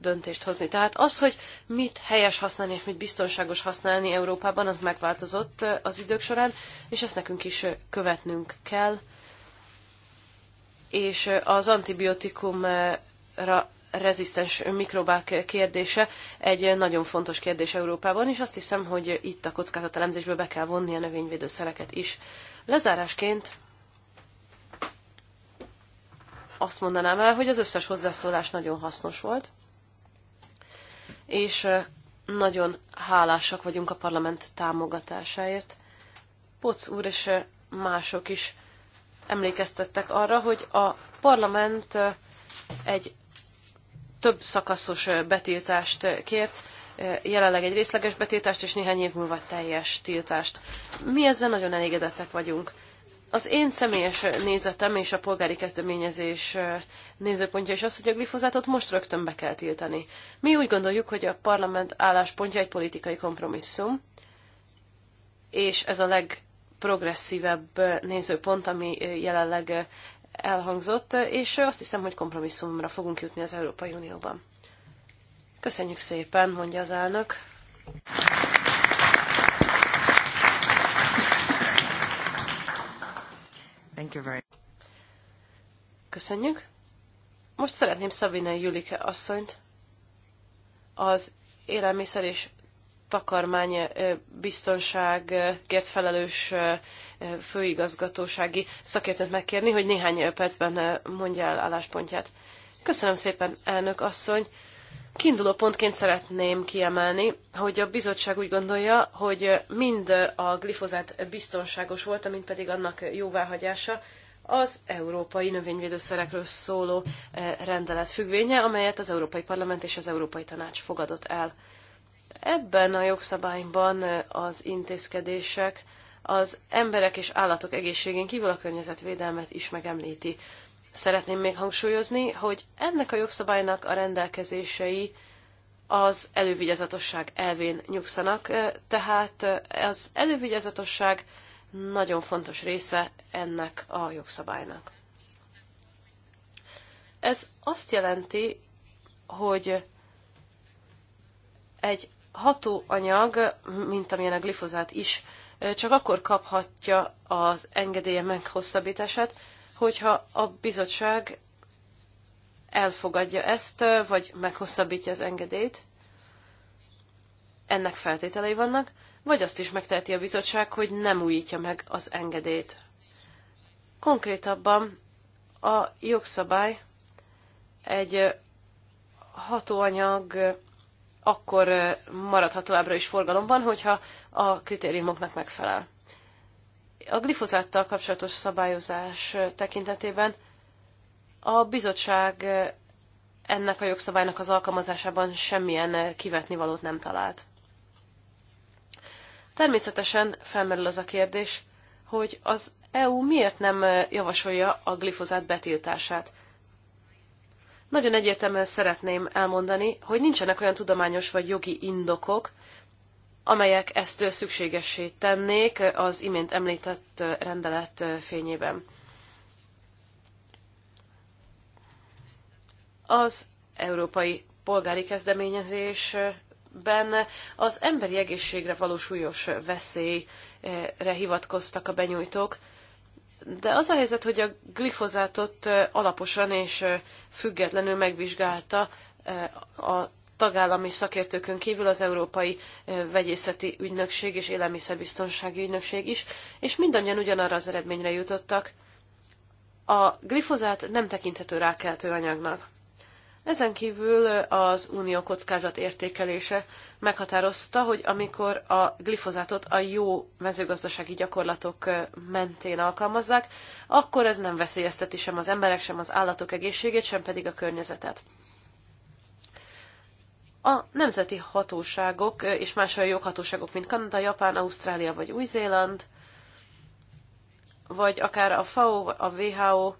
döntést hozni. Tehát az, hogy mit helyes használni és mit biztonságos használni Európában, az megváltozott az idők során, és ezt nekünk is követnünk kell. És az antibiotikumra rezisztens mikrobák kérdése egy nagyon fontos kérdés Európában, és azt hiszem, hogy itt a kockázatelemzésbe be kell vonni a növényvédőszereket is. Lezárásként azt mondanám el, hogy az összes hozzászólás nagyon hasznos volt, és nagyon hálásak vagyunk a parlament támogatásáért. Poc úr és mások is emlékeztettek arra, hogy a parlament egy több szakaszos betiltást kért, jelenleg egy részleges betiltást és néhány év múlva teljes tiltást. Mi ezzel nagyon elégedettek vagyunk. Az én személyes nézetem és a polgári kezdeményezés nézőpontja is az, hogy a glifozátot most rögtön be kell tiltani. Mi úgy gondoljuk, hogy a parlament álláspontja egy politikai kompromisszum, és ez a legprogresszívebb nézőpont, ami jelenleg elhangzott, és azt hiszem, hogy kompromisszumra fogunk jutni az Európai Unióban. Köszönjük szépen, mondja az elnök. Thank you very Köszönjük. Most szeretném Szabina Julike asszonyt, az élelmiszer és takarmány biztonságért felelős főigazgatósági szakértőt megkérni, hogy néhány percben mondja el álláspontját. Köszönöm szépen, elnök asszony! Kiinduló pontként szeretném kiemelni, hogy a bizottság úgy gondolja, hogy mind a glifozát biztonságos volt, mint pedig annak jóváhagyása az európai növényvédőszerekről szóló eh, rendelet függvénye, amelyet az Európai Parlament és az Európai Tanács fogadott el. Ebben a jogszabályban eh, az intézkedések az emberek és állatok egészségén kívül a környezetvédelmet is megemlíti szeretném még hangsúlyozni, hogy ennek a jogszabálynak a rendelkezései az elővigyázatosság elvén nyugszanak, tehát az elővigyázatosság nagyon fontos része ennek a jogszabálynak. Ez azt jelenti, hogy egy hatóanyag, mint amilyen a glifozát is, csak akkor kaphatja az engedélye meghosszabbítását, hogyha a bizottság elfogadja ezt, vagy meghosszabbítja az engedélyt. Ennek feltételei vannak, vagy azt is megteheti a bizottság, hogy nem újítja meg az engedélyt. Konkrétabban a jogszabály egy hatóanyag akkor maradhat továbbra is forgalomban, hogyha a kritériumoknak megfelel. A glifozáttal kapcsolatos szabályozás tekintetében a bizottság ennek a jogszabálynak az alkalmazásában semmilyen kivetnivalót nem talált. Természetesen felmerül az a kérdés, hogy az EU miért nem javasolja a glifozát betiltását. Nagyon egyértelműen szeretném elmondani, hogy nincsenek olyan tudományos vagy jogi indokok, amelyek ezt szükségessé tennék az imént említett rendelet fényében. Az európai polgári kezdeményezésben az emberi egészségre való súlyos veszélyre hivatkoztak a benyújtók, de az a helyzet, hogy a glifozátot alaposan és függetlenül megvizsgálta eh, a tagállami szakértőkön kívül az Európai Vegyészeti Ügynökség és Élelmiszerbiztonsági Ügynökség is, és mindannyian ugyanarra az eredményre jutottak. A glifozát nem tekinthető rákeltő anyagnak. Ezen kívül az unió kockázat értékelése meghatározta, hogy amikor a glifozátot a jó mezőgazdasági gyakorlatok mentén alkalmazzák, akkor ez nem veszélyezteti sem az emberek, sem az állatok egészségét, sem pedig a környezetet. A nemzeti hatóságok és más olyan joghatóságok, mint Kanada, Japán, Ausztrália vagy Új-Zéland, vagy akár a FAO, a WHO,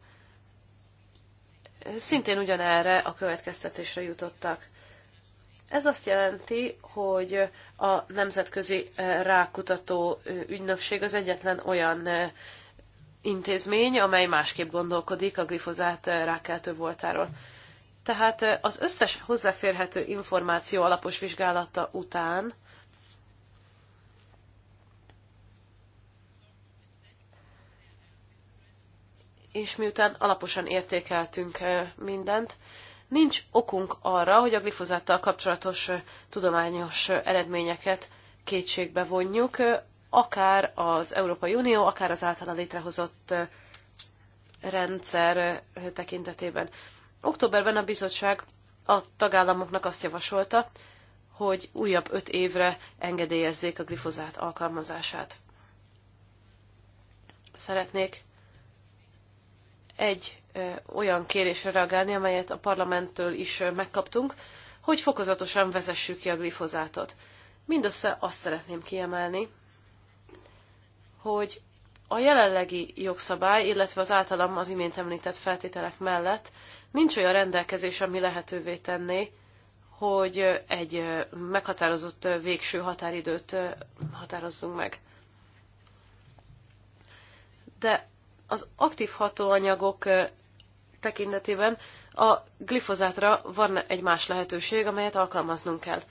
szintén ugyanerre a következtetésre jutottak. Ez azt jelenti, hogy a Nemzetközi Rákutató Ügynökség az egyetlen olyan intézmény, amely másképp gondolkodik a glifozát rákeltő voltáról. Tehát az összes hozzáférhető információ alapos vizsgálata után és miután alaposan értékeltünk mindent, nincs okunk arra, hogy a glifozáttal kapcsolatos tudományos eredményeket kétségbe vonjuk, akár az Európai Unió, akár az általa létrehozott rendszer tekintetében. Októberben a bizottság a tagállamoknak azt javasolta, hogy újabb öt évre engedélyezzék a glifozát alkalmazását. Szeretnék egy olyan kérésre reagálni, amelyet a parlamenttől is megkaptunk, hogy fokozatosan vezessük ki a glifozátot. Mindössze azt szeretném kiemelni, hogy a jelenlegi jogszabály, illetve az általam az imént említett feltételek mellett Nincs olyan rendelkezés, ami lehetővé tenné, hogy egy meghatározott végső határidőt határozzunk meg. De az aktív hatóanyagok tekintetében a glifozátra van egy más lehetőség, amelyet alkalmaznunk kell.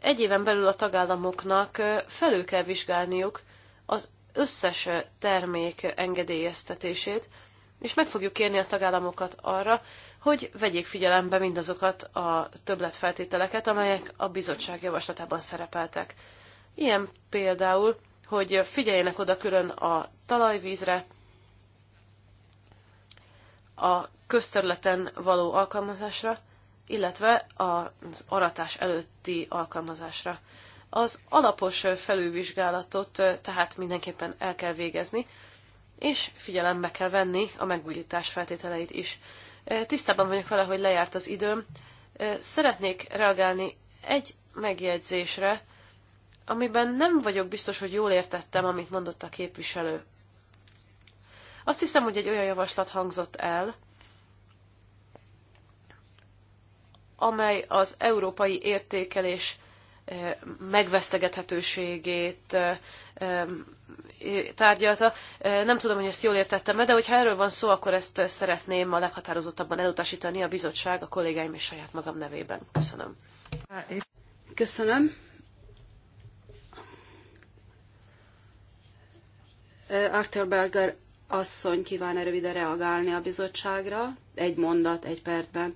Egy éven belül a tagállamoknak felül kell vizsgálniuk az összes termék engedélyeztetését, és meg fogjuk kérni a tagállamokat arra, hogy vegyék figyelembe mindazokat a többletfeltételeket, amelyek a bizottság javaslatában szerepeltek. Ilyen például, hogy figyeljenek oda külön a talajvízre, a közterületen való alkalmazásra, illetve az aratás előtti alkalmazásra. Az alapos felülvizsgálatot tehát mindenképpen el kell végezni, és figyelembe kell venni a megújítás feltételeit is. Tisztában vagyok vele, hogy lejárt az időm. Szeretnék reagálni egy megjegyzésre, amiben nem vagyok biztos, hogy jól értettem, amit mondott a képviselő. Azt hiszem, hogy egy olyan javaslat hangzott el, amely az európai értékelés megvesztegethetőségét tárgyalta. Nem tudom, hogy ezt jól értettem de hogyha erről van szó, akkor ezt szeretném a leghatározottabban elutasítani a bizottság a kollégáim és saját magam nevében. Köszönöm. Köszönöm. Arthur Berger asszony kíván -e röviden reagálni a bizottságra? Egy mondat, egy percben.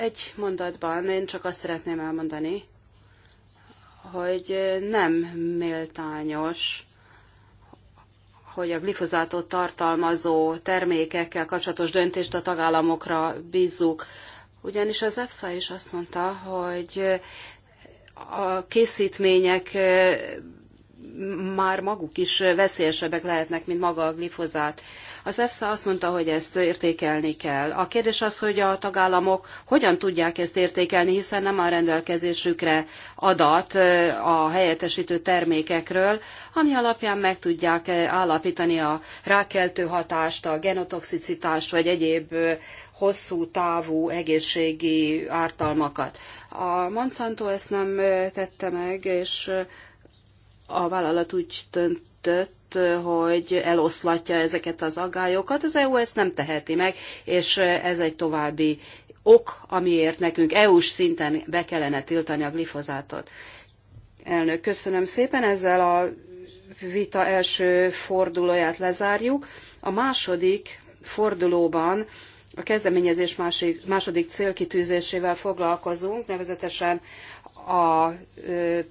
Egy mondatban én csak azt szeretném elmondani, hogy nem méltányos, hogy a glifozátot tartalmazó termékekkel kapcsolatos döntést a tagállamokra bízzuk. Ugyanis az EFSA is azt mondta, hogy a készítmények eh, már maguk is veszélyesebbek lehetnek, mint maga a glifozát. Az EFSA azt mondta, hogy ezt értékelni kell. A kérdés az, hogy a tagállamok hogyan tudják ezt értékelni, hiszen nem áll rendelkezésükre adat a helyettesítő termékekről, ami alapján meg tudják állapítani a rákeltő hatást, a genotoxicitást vagy egyéb hosszú távú egészségi ártalmakat. A Monsanto ezt nem tette meg, és a vállalat úgy döntött, döntött, hogy eloszlatja ezeket az agályokat. Az EU ezt nem teheti meg, és ez egy további ok, amiért nekünk EU-s szinten be kellene tiltani a glifozátot. Elnök, köszönöm szépen, ezzel a vita első fordulóját lezárjuk. A második fordulóban a kezdeményezés másik, második célkitűzésével foglalkozunk, nevezetesen a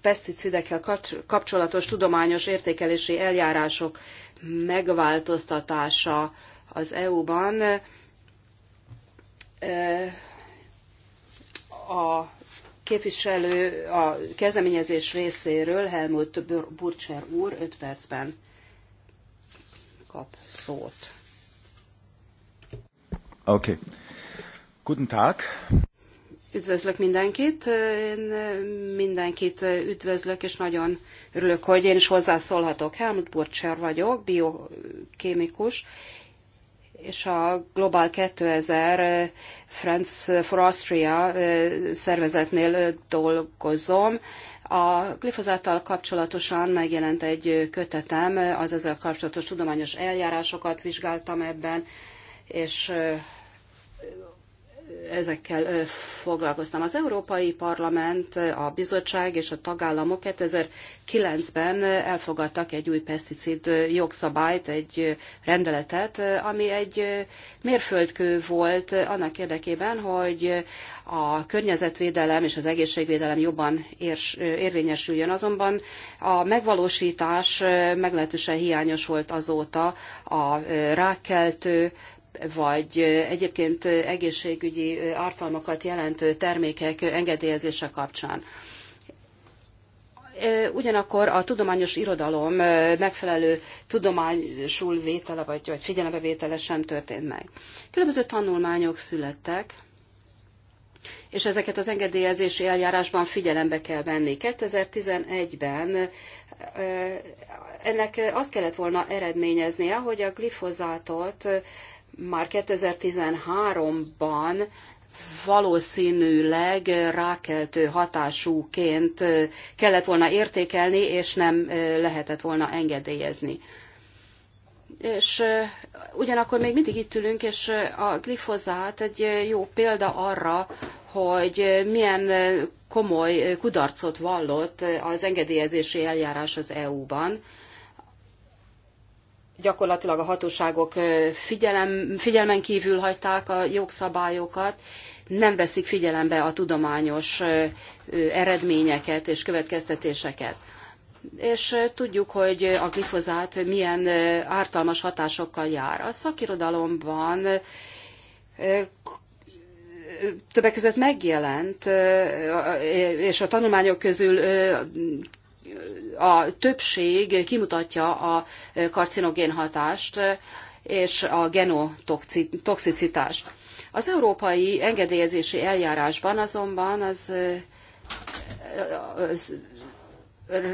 peszticidekkel kapcsolatos tudományos értékelési eljárások megváltoztatása az EU-ban a képviselő a kezdeményezés részéről Helmut Burcser úr 5 percben kap szót. Oké. Okay. Guten Tag. Üdvözlök mindenkit, én mindenkit üdvözlök, és nagyon örülök, hogy én is hozzászólhatok. Helmut Burcser vagyok, biokémikus, és a Global 2000 Friends for Austria szervezetnél dolgozom. A glifozáttal kapcsolatosan megjelent egy kötetem, az ezzel kapcsolatos tudományos eljárásokat vizsgáltam ebben, és ezekkel foglalkoztam. Az Európai Parlament, a bizottság és a tagállamok 2009-ben elfogadtak egy új peszticid jogszabályt, egy rendeletet, ami egy mérföldkő volt annak érdekében, hogy a környezetvédelem és az egészségvédelem jobban érvényesüljön. Azonban a megvalósítás meglehetősen hiányos volt azóta a rákkeltő vagy egyébként egészségügyi ártalmakat jelentő termékek engedélyezése kapcsán. Ugyanakkor a tudományos irodalom megfelelő tudományosul vétele vagy, vagy figyelembevétele sem történt meg. Különböző tanulmányok születtek, és ezeket az engedélyezési eljárásban figyelembe kell venni. 2011-ben ennek azt kellett volna eredményeznie, hogy a glifozátot már 2013-ban valószínűleg rákeltő hatásúként kellett volna értékelni, és nem lehetett volna engedélyezni. És ugyanakkor még mindig itt ülünk, és a glifozát egy jó példa arra, hogy milyen komoly kudarcot vallott az engedélyezési eljárás az EU-ban, gyakorlatilag a hatóságok figyelem, figyelmen kívül hagyták a jogszabályokat, nem veszik figyelembe a tudományos eredményeket és következtetéseket. És tudjuk, hogy a glifozát milyen ártalmas hatásokkal jár. A szakirodalomban többek között megjelent, és a tanulmányok közül a többség kimutatja a karcinogén hatást és a genotoxicitást. Az európai engedélyezési eljárásban azonban az,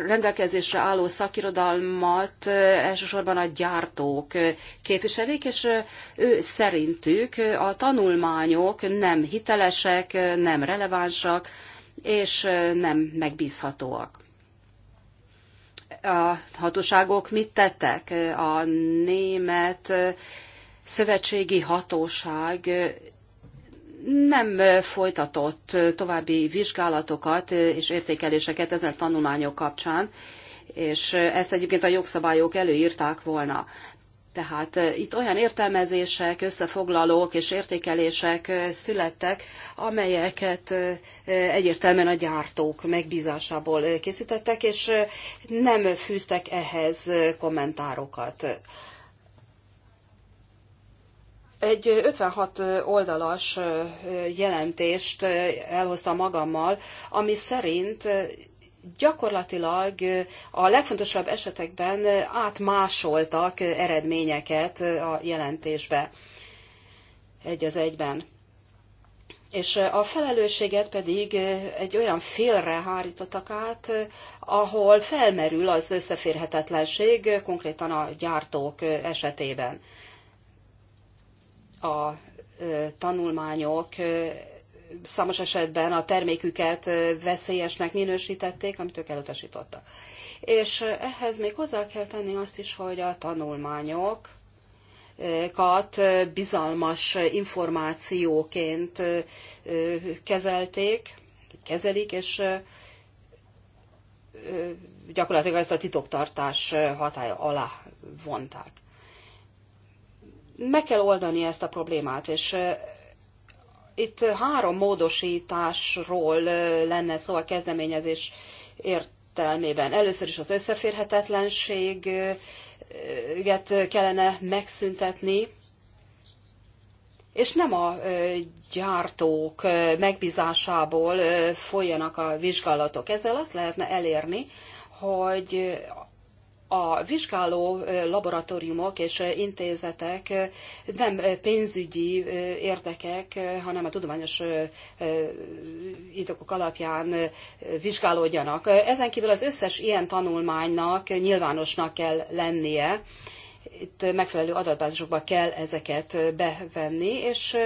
rendelkezésre álló szakirodalmat elsősorban a gyártók képviselik, és ő szerintük a tanulmányok nem hitelesek, nem relevánsak, és nem megbízhatóak a hatóságok mit tettek? A német szövetségi hatóság nem folytatott további vizsgálatokat és értékeléseket ezen tanulmányok kapcsán, és ezt egyébként a jogszabályok előírták volna. Tehát eh, itt olyan értelmezések, összefoglalók és értékelések eh, születtek, amelyeket eh, egyértelműen a gyártók megbízásából készítettek, és nem fűztek ehhez kommentárokat. Egy 56 oldalas jelentést elhoztam magammal, ami szerint gyakorlatilag a legfontosabb esetekben átmásoltak eredményeket a jelentésbe egy az egyben. És a felelősséget pedig egy olyan félre hárítottak át, ahol felmerül az összeférhetetlenség, konkrétan a gyártók esetében. A tanulmányok számos esetben a terméküket veszélyesnek minősítették, amit ők elutasítottak. És ehhez még hozzá kell tenni azt is, hogy a tanulmányok bizalmas információként kezelték, kezelik, és gyakorlatilag ezt a titoktartás hatája alá vonták. Meg kell oldani ezt a problémát, és itt három módosításról lenne szó a kezdeményezés értelmében. Először is az összeférhetetlenséget kellene megszüntetni, és nem a gyártók megbízásából folyjanak a vizsgálatok. Ezzel azt lehetne elérni, hogy a vizsgáló laboratóriumok és intézetek nem pénzügyi érdekek, hanem a tudományos indokok alapján vizsgálódjanak. Ezen kívül az összes ilyen tanulmánynak nyilvánosnak kell lennie, itt megfelelő adatbázisokba kell ezeket bevenni, és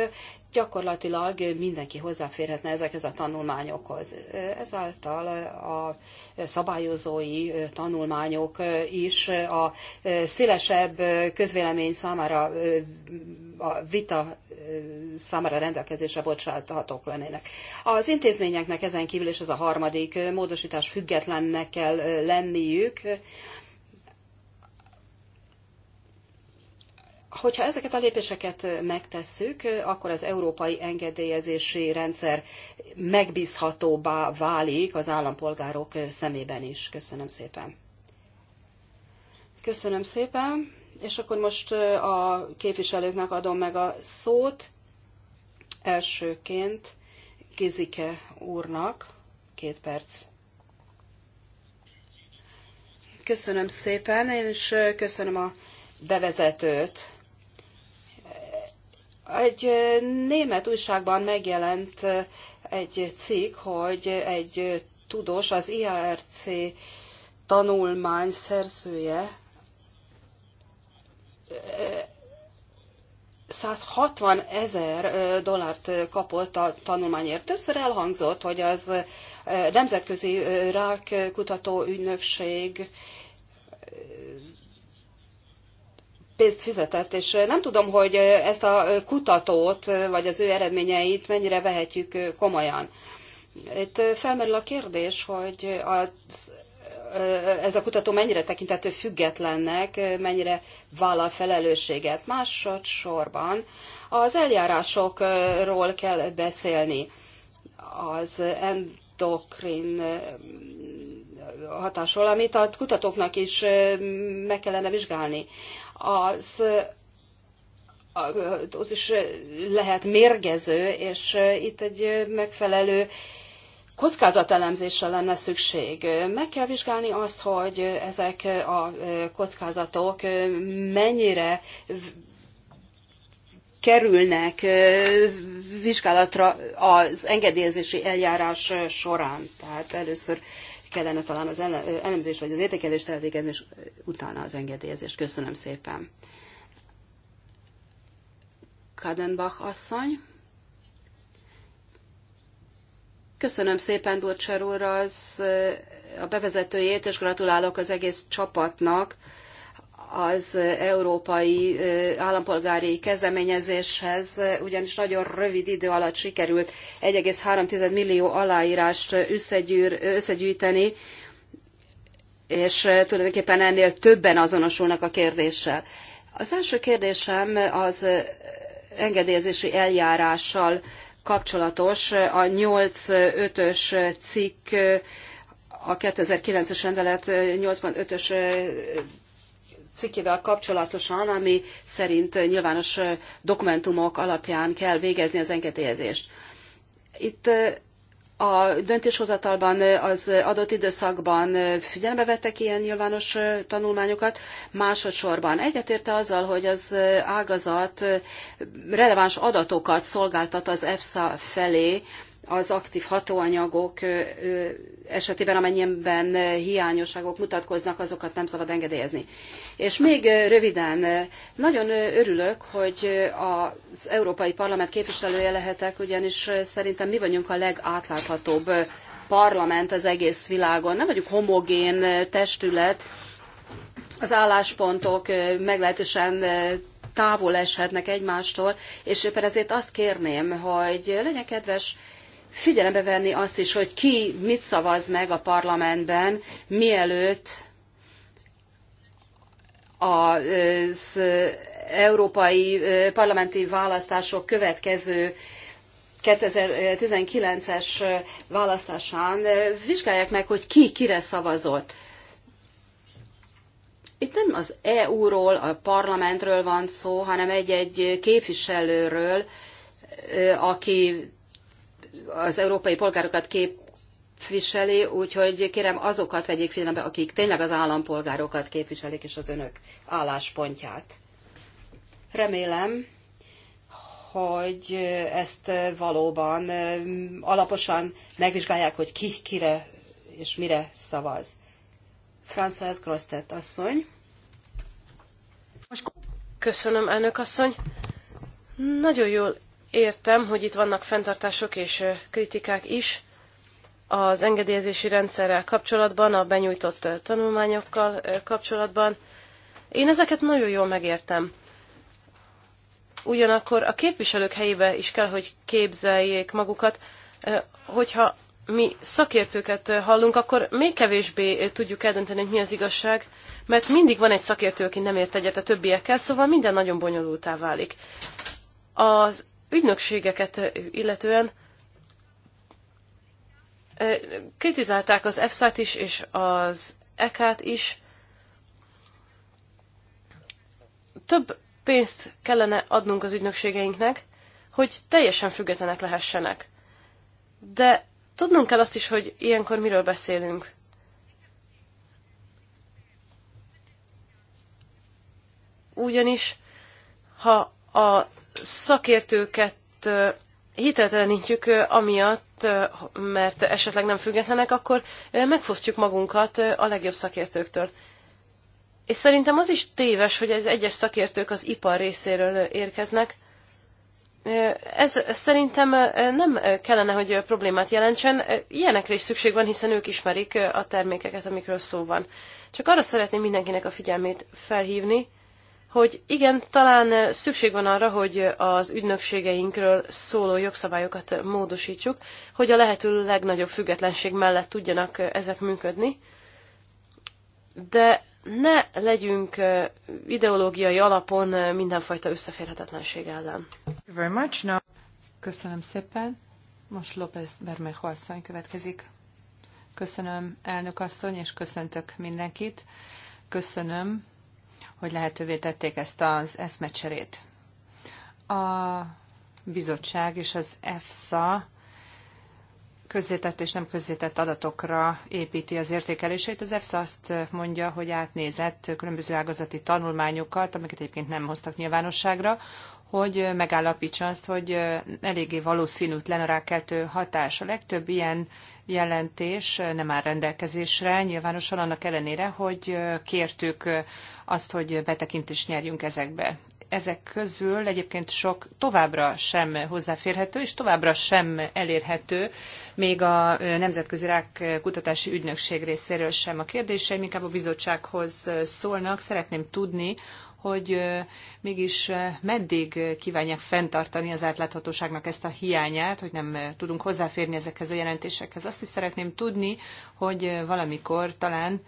gyakorlatilag mindenki hozzáférhetne ezekhez a tanulmányokhoz. Ezáltal a szabályozói tanulmányok is a szélesebb közvélemény számára a vita számára rendelkezésre bocsáthatók lennének. Az intézményeknek ezen kívül, és ez a harmadik módosítás függetlennek kell lenniük, Hogyha ezeket a lépéseket megtesszük, akkor az európai engedélyezési rendszer megbízhatóbbá válik az állampolgárok szemében is. Köszönöm szépen. Köszönöm szépen, és akkor most a képviselőknek adom meg a szót. Elsőként Gizike úrnak két perc. Köszönöm szépen, és köszönöm a bevezetőt. Egy német újságban megjelent egy cikk, hogy egy tudós, az IARC tanulmány szerzője 160 ezer dollárt kapott a tanulmányért. Többször elhangzott, hogy az Nemzetközi Rákkutató Ügynökség pénzt fizetett, és nem tudom, hogy ezt a kutatót, vagy az ő eredményeit mennyire vehetjük komolyan. Itt felmerül a kérdés, hogy az, ez a kutató mennyire tekintető függetlennek, mennyire vállal felelősséget. Másodszorban az eljárásokról kell beszélni. Az endokrin hatásról, amit a kutatóknak is meg kellene vizsgálni az az is lehet mérgező, és itt egy megfelelő kockázatelemzésre lenne szükség. Meg kell vizsgálni azt, hogy ezek a kockázatok mennyire kerülnek vizsgálatra az engedélyezési eljárás során. Tehát először kellene talán az elemzés vagy az értékelést elvégezni, és utána az engedélyezést. Köszönöm szépen. Kadenbach asszony. Köszönöm szépen Burcser úr az, a bevezetőjét, és gratulálok az egész csapatnak az európai állampolgári kezdeményezéshez, ugyanis nagyon rövid idő alatt sikerült 1,3 millió aláírást összegyűr, összegyűjteni, és tulajdonképpen ennél többen azonosulnak a kérdéssel. Az első kérdésem az engedélyezési eljárással kapcsolatos. A 8.5-ös cikk, a 2009-es rendelet 85-ös cikkével kapcsolatosan, ami szerint nyilvános dokumentumok alapján kell végezni az engedélyezést. Itt a döntéshozatalban az adott időszakban figyelembe vettek ilyen nyilvános tanulmányokat, másodszorban egyetérte azzal, hogy az ágazat releváns adatokat szolgáltat az EFSA felé, az aktív hatóanyagok esetében, amennyiben hiányosságok mutatkoznak, azokat nem szabad engedélyezni. És még röviden, nagyon örülök, hogy az Európai Parlament képviselője lehetek, ugyanis szerintem mi vagyunk a legátláthatóbb parlament az egész világon. Nem vagyunk homogén testület, az álláspontok meglehetősen távol eshetnek egymástól, és éppen ezért azt kérném, hogy legyen kedves figyelembe venni azt is, hogy ki mit szavaz meg a parlamentben, mielőtt az eh, európai eh, parlamenti választások következő 2019-es eh, választásán vizsgálják meg, hogy ki kire szavazott. Itt nem az EU-ról, a parlamentről van szó, hanem egy-egy képviselőről, aki az európai polgárokat képviseli, úgyhogy kérem azokat vegyék figyelembe, akik tényleg az állampolgárokat képviselik és az önök álláspontját. Remélem, hogy ezt valóban alaposan megvizsgálják, hogy ki, kire és mire szavaz. François Grosztett asszony. Köszönöm, elnök asszony. Nagyon jól értem, hogy itt vannak fenntartások és kritikák is az engedélyezési rendszerrel kapcsolatban, a benyújtott tanulmányokkal kapcsolatban. Én ezeket nagyon jól megértem. Ugyanakkor a képviselők helyébe is kell, hogy képzeljék magukat, hogyha mi szakértőket hallunk, akkor még kevésbé tudjuk eldönteni, hogy mi az igazság, mert mindig van egy szakértő, aki nem ért egyet a többiekkel, szóval minden nagyon bonyolultá válik. Az ügynökségeket illetően kritizálták az EFSA-t is, és az EK-t is. Több pénzt kellene adnunk az ügynökségeinknek, hogy teljesen függetlenek lehessenek. De tudnunk kell azt is, hogy ilyenkor miről beszélünk. Ugyanis, ha a szakértőket hiteltelenítjük amiatt, mert esetleg nem függetlenek, akkor megfosztjuk magunkat a legjobb szakértőktől. És szerintem az is téves, hogy az egyes szakértők az ipar részéről érkeznek. Ez szerintem nem kellene, hogy problémát jelentsen. Ilyenekre is szükség van, hiszen ők ismerik a termékeket, amikről szó van. Csak arra szeretném mindenkinek a figyelmét felhívni, hogy igen, talán szükség van arra, hogy az ügynökségeinkről szóló jogszabályokat módosítsuk, hogy a lehető legnagyobb függetlenség mellett tudjanak ezek működni, de ne legyünk ideológiai alapon mindenfajta összeférhetetlenség ellen. Very much now. Köszönöm szépen. Most López Bermejo asszony következik. Köszönöm, elnök asszony, és köszöntök mindenkit. Köszönöm hogy lehetővé tették ezt az eszmecserét. A bizottság és az EFSA közzétett és nem közzétett adatokra építi az értékelését. Az EFSA azt mondja, hogy átnézett különböző ágazati tanulmányokat, amiket egyébként nem hoztak nyilvánosságra, hogy megállapítsa azt, hogy eléggé valószínűtlen a rákeltő hatás. A legtöbb ilyen jelentés nem áll rendelkezésre, nyilvánosan annak ellenére, hogy kértük azt, hogy betekintést nyerjünk ezekbe. Ezek közül egyébként sok továbbra sem hozzáférhető, és továbbra sem elérhető, még a Nemzetközi Rák Kutatási Ügynökség részéről sem. A kérdéseim inkább a bizottsághoz szólnak. Szeretném tudni, hogy mégis meddig kívánják fenntartani az átláthatóságnak ezt a hiányát, hogy nem tudunk hozzáférni ezekhez a jelentésekhez. Azt is szeretném tudni, hogy valamikor talán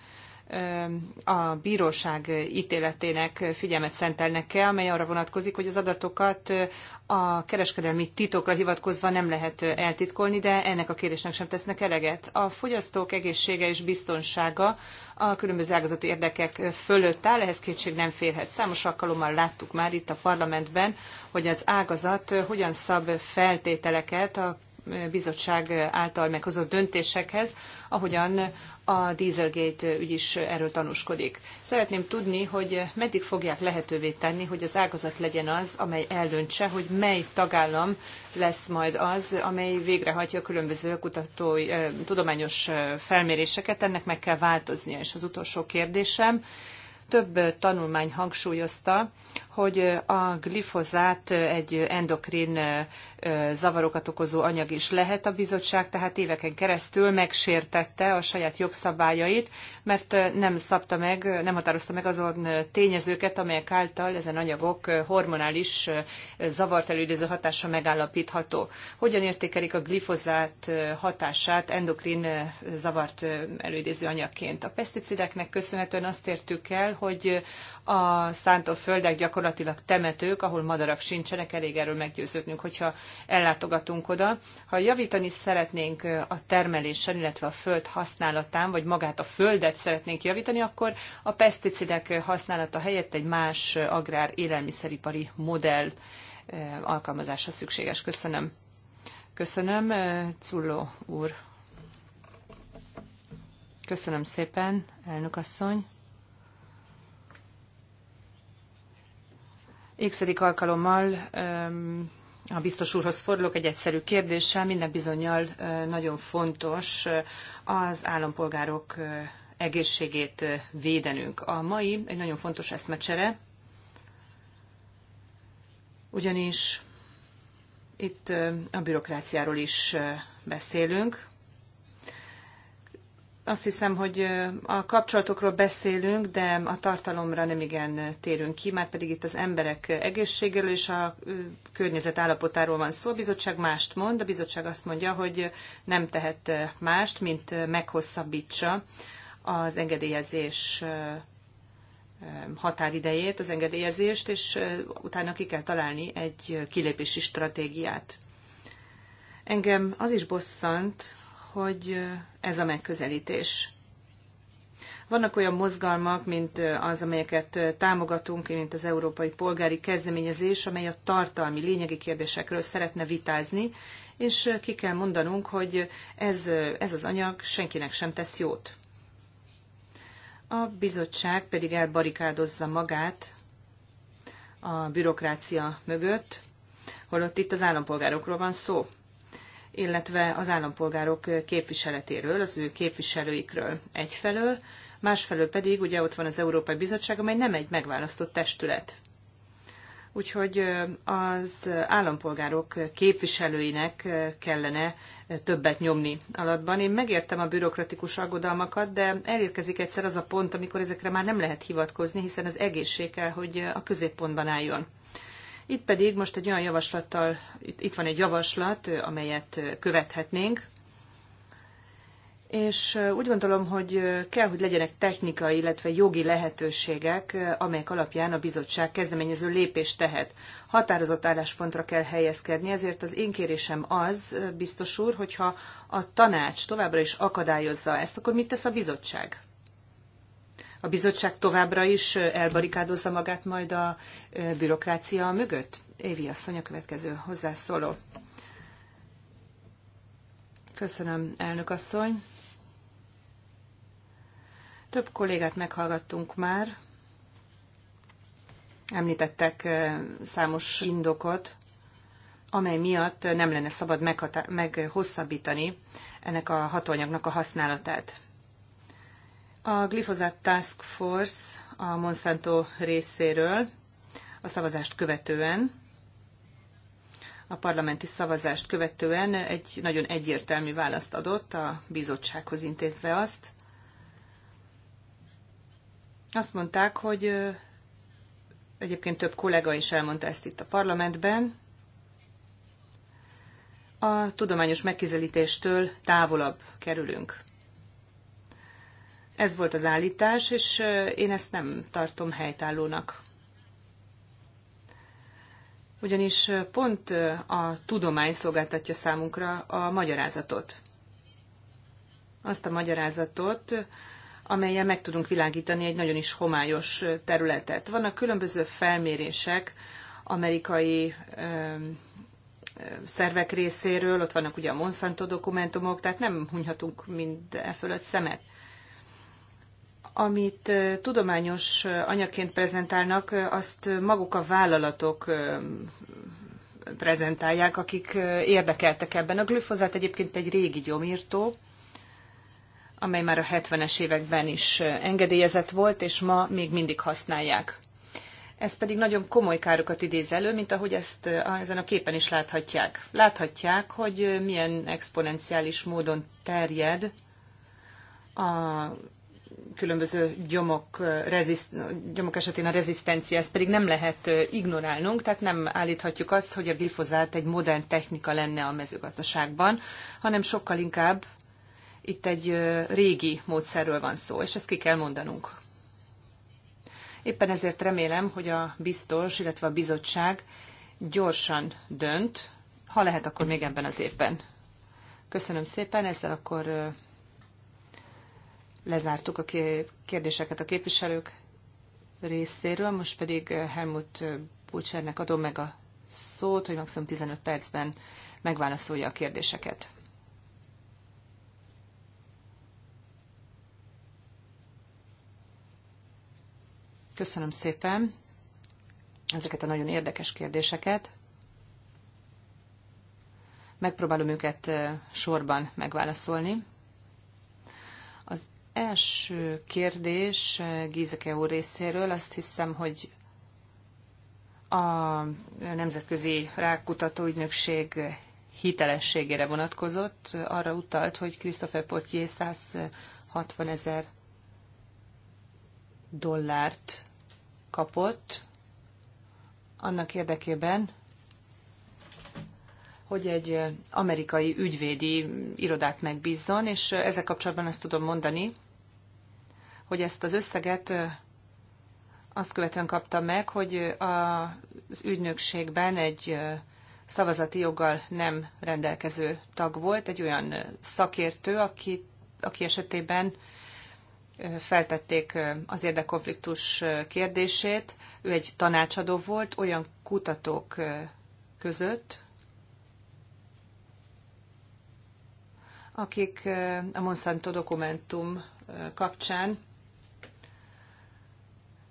a bíróság ítéletének figyelmet szentelnek-e, amely arra vonatkozik, hogy az adatokat a kereskedelmi titokra hivatkozva nem lehet eltitkolni, de ennek a kérésnek sem tesznek eleget. A fogyasztók egészsége és biztonsága a különböző ágazati érdekek fölött áll, ehhez kétség nem férhet. Számos alkalommal láttuk már itt a parlamentben, hogy az ágazat hogyan szab feltételeket a bizottság által meghozott döntésekhez, ahogyan a Dieselgate ügy is erről tanúskodik. Szeretném tudni, hogy meddig fogják lehetővé tenni, hogy az ágazat legyen az, amely eldöntse, hogy mely tagállam lesz majd az, amely végrehajtja a különböző kutatói, tudományos felméréseket, ennek meg kell változnia. És az utolsó kérdésem, több tanulmány hangsúlyozta, hogy a glifozát egy endokrin zavarokat okozó anyag is lehet a bizottság, tehát éveken keresztül megsértette a saját jogszabályait, mert nem szabta meg, nem határozta meg azon tényezőket, amelyek által ezen anyagok hormonális zavart előidéző hatása megállapítható. Hogyan értékelik a glifozát hatását endokrin zavart előidéző anyagként? A peszticideknek köszönhetően azt értük el, hogy a szántóföldek gyakorlatilag gyakorlatilag temetők, ahol madarak sincsenek, elég erről meggyőződnünk, hogyha ellátogatunk oda. Ha javítani szeretnénk a termelésen, illetve a föld használatán, vagy magát a földet szeretnénk javítani, akkor a peszticidek használata helyett egy más agrár élelmiszeripari modell alkalmazása szükséges. Köszönöm. Köszönöm, Cullo úr. Köszönöm szépen, elnök asszony. Ékszerik alkalommal a biztos úrhoz fordulok egy egyszerű kérdéssel, minden bizonyal nagyon fontos az állampolgárok egészségét védenünk. A mai egy nagyon fontos eszmecsere, ugyanis itt a bürokráciáról is beszélünk, azt hiszem, hogy a kapcsolatokról beszélünk, de a tartalomra nem igen térünk ki, már pedig itt az emberek egészségéről és a környezet állapotáról van szó. A bizottság mást mond, a bizottság azt mondja, hogy nem tehet mást, mint meghosszabbítsa az engedélyezés határidejét, az engedélyezést, és utána ki kell találni egy kilépési stratégiát. Engem az is bosszant, hogy ez a megközelítés. Vannak olyan mozgalmak, mint az, amelyeket támogatunk, mint az Európai Polgári Kezdeményezés, amely a tartalmi, lényegi kérdésekről szeretne vitázni, és ki kell mondanunk, hogy ez, ez az anyag senkinek sem tesz jót. A bizottság pedig elbarikádozza magát a bürokrácia mögött, holott itt az állampolgárokról van szó illetve az állampolgárok képviseletéről, az ő képviselőikről egyfelől, másfelől pedig ugye ott van az Európai Bizottság, amely nem egy megválasztott testület. Úgyhogy az állampolgárok képviselőinek kellene többet nyomni alatban. Én megértem a bürokratikus aggodalmakat, de elérkezik egyszer az a pont, amikor ezekre már nem lehet hivatkozni, hiszen az egészség kell, hogy a középpontban álljon. Itt pedig most egy olyan javaslattal, itt van egy javaslat, amelyet követhetnénk, és úgy gondolom, hogy kell, hogy legyenek technikai, illetve jogi lehetőségek, amelyek alapján a bizottság kezdeményező lépést tehet. Határozott álláspontra kell helyezkedni, ezért az én kérésem az, biztos úr, hogyha a tanács továbbra is akadályozza ezt, akkor mit tesz a bizottság? A bizottság továbbra is elbarikádozza magát majd a bürokrácia mögött? Évi asszony a következő hozzászóló. Köszönöm, elnök asszony. Több kollégát meghallgattunk már. Említettek számos indokot, amely miatt nem lenne szabad meghosszabbítani ennek a hatóanyagnak a használatát. A Glyphosat Task Force a Monsanto részéről a szavazást követően, a parlamenti szavazást követően egy nagyon egyértelmű választ adott a bizottsághoz intézve azt. Azt mondták, hogy egyébként több kollega is elmondta ezt itt a parlamentben, a tudományos megközelítéstől távolabb kerülünk. Ez volt az állítás, és én ezt nem tartom helytállónak. Ugyanis pont a tudomány szolgáltatja számunkra a magyarázatot. Azt a magyarázatot, amelyen meg tudunk világítani egy nagyon is homályos területet. Vannak különböző felmérések amerikai szervek részéről, ott vannak ugye a Monsanto dokumentumok, tehát nem hunyhatunk mind e fölött szemet amit tudományos anyagként prezentálnak, azt maguk a vállalatok prezentálják, akik érdekeltek ebben. A glüfozát egyébként egy régi gyomírtó, amely már a 70-es években is engedélyezett volt, és ma még mindig használják. Ez pedig nagyon komoly károkat idéz elő, mint ahogy ezt ezen a képen is láthatják. Láthatják, hogy milyen exponenciális módon terjed a különböző gyomok, reziszt, gyomok esetén a rezisztencia, ezt pedig nem lehet ignorálnunk, tehát nem állíthatjuk azt, hogy a glifozát egy modern technika lenne a mezőgazdaságban, hanem sokkal inkább itt egy régi módszerről van szó, és ezt ki kell mondanunk. Éppen ezért remélem, hogy a biztos, illetve a bizottság gyorsan dönt, ha lehet, akkor még ebben az évben. Köszönöm szépen, ezzel akkor lezártuk a kérdéseket a képviselők részéről, most pedig eh, Helmut eh, Bulcsernek adom meg a szót, hogy maximum 15 percben megválaszolja a kérdéseket. Köszönöm szépen ezeket a nagyon érdekes kérdéseket. Megpróbálom őket eh, sorban megválaszolni első kérdés eh, Gizeke úr részéről azt hiszem, hogy a Nemzetközi Rákutató Ügynökség hitelességére vonatkozott. Arra utalt, hogy Christopher Potier 160 ezer dollárt kapott annak érdekében, hogy egy amerikai ügyvédi irodát megbízzon, és ezzel kapcsolatban azt tudom mondani, hogy ezt az összeget azt követően kaptam meg, hogy az ügynökségben egy szavazati joggal nem rendelkező tag volt, egy olyan szakértő, aki, aki esetében feltették az érdekkonfliktus kérdését. Ő egy tanácsadó volt olyan kutatók között, akik a Monsanto dokumentum kapcsán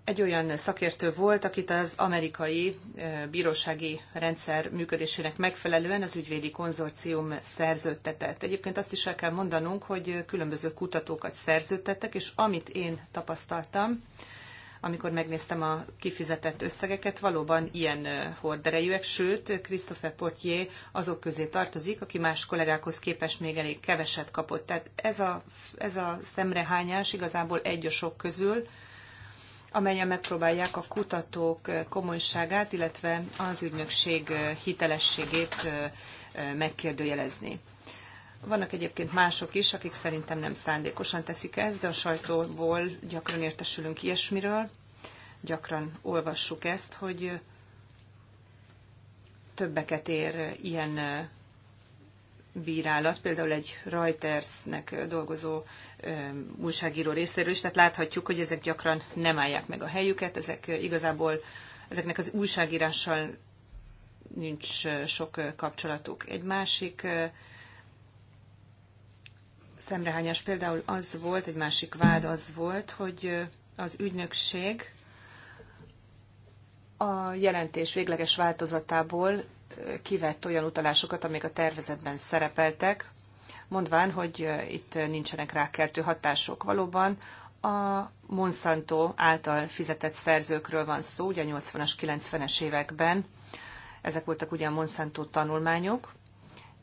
egy olyan szakértő volt, akit az amerikai bírósági rendszer működésének megfelelően az ügyvédi konzorcium szerződtetett. Egyébként azt is el kell mondanunk, hogy különböző kutatókat szerződtettek, és amit én tapasztaltam, amikor megnéztem a kifizetett összegeket, valóban ilyen horderejűek, sőt, Christopher Portier azok közé tartozik, aki más kollégákhoz képest még elég keveset kapott. Tehát ez a, ez a szemrehányás igazából egy a sok közül, amelyen megpróbálják a kutatók komolyságát, illetve az ügynökség hitelességét megkérdőjelezni. Vannak egyébként mások is, akik szerintem nem szándékosan teszik ezt, de a sajtóból gyakran értesülünk ilyesmiről, gyakran olvassuk ezt, hogy többeket ér ilyen bírálat, például egy Reutersnek dolgozó újságíró részéről is, tehát láthatjuk, hogy ezek gyakran nem állják meg a helyüket, ezek igazából ezeknek az újságírással nincs sok kapcsolatuk. Egy másik szemrehányás például az volt, egy másik vád az volt, hogy az ügynökség a jelentés végleges változatából kivett olyan utalásokat, amik a tervezetben szerepeltek, mondván, hogy itt nincsenek rákeltő hatások. Valóban a Monsanto által fizetett szerzőkről van szó, ugye a 80-as, 90-es években. Ezek voltak ugye a Monsanto tanulmányok,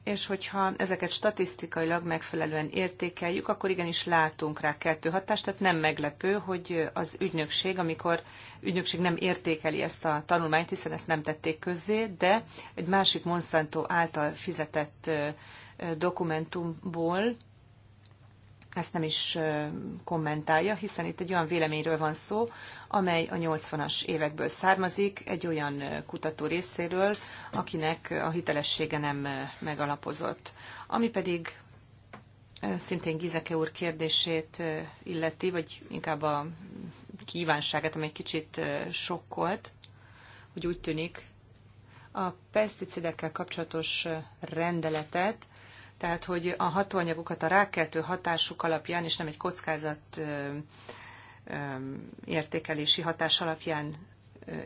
és hogyha ezeket statisztikailag megfelelően értékeljük, akkor igenis látunk rá kettő hatást, tehát nem meglepő, hogy az ügynökség, amikor ügynökség nem értékeli ezt a tanulmányt, hiszen ezt nem tették közzé, de egy másik Monsanto által fizetett dokumentumból ezt nem is kommentálja, hiszen itt egy olyan véleményről van szó, amely a 80-as évekből származik, egy olyan kutató részéről, akinek a hitelessége nem megalapozott. Ami pedig szintén Gizeke úr kérdését illeti, vagy inkább a kívánságát, amely kicsit sokkolt, hogy úgy tűnik, a peszticidekkel kapcsolatos rendeletet tehát hogy a hatóanyagokat a rákkeltő hatásuk alapján, és nem egy kockázat értékelési hatás alapján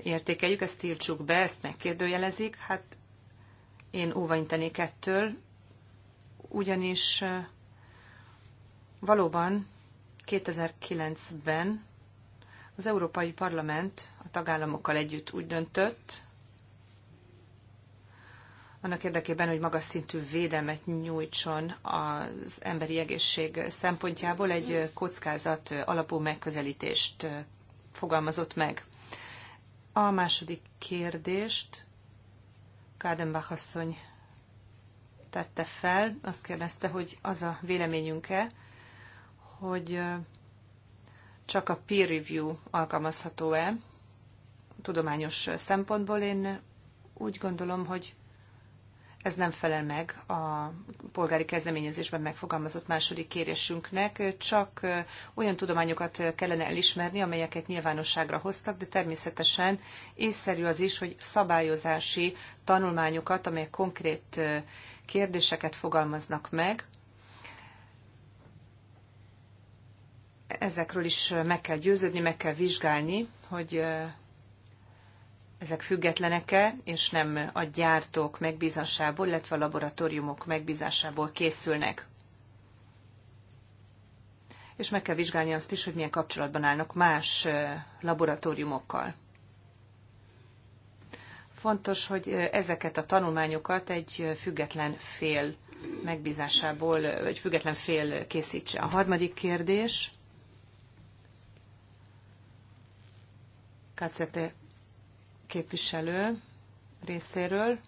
értékeljük, ezt tiltsuk be, ezt megkérdőjelezik, hát én óvaintenék ettől, ugyanis valóban 2009-ben az Európai Parlament a tagállamokkal együtt úgy döntött, annak érdekében, hogy magas szintű védelmet nyújtson az emberi egészség szempontjából, egy kockázat alapú megközelítést fogalmazott meg. A második kérdést Kádenbach asszony tette fel, azt kérdezte, hogy az a véleményünk-e, hogy csak a peer review alkalmazható-e tudományos szempontból. Én úgy gondolom, hogy ez nem felel meg a polgári kezdeményezésben megfogalmazott második kérésünknek, csak olyan tudományokat kellene elismerni, amelyeket nyilvánosságra hoztak, de természetesen észszerű az is, hogy szabályozási tanulmányokat, amelyek konkrét kérdéseket fogalmaznak meg, ezekről is meg kell győződni, meg kell vizsgálni, hogy ezek függetlenek-e, és nem a gyártók megbízásából, illetve a laboratóriumok megbízásából készülnek. És meg kell vizsgálni azt is, hogy milyen kapcsolatban állnak más laboratóriumokkal. Fontos, hogy ezeket a tanulmányokat egy független fél megbízásából, vagy független fél készítse. A harmadik kérdés. Kacete képviselő részéről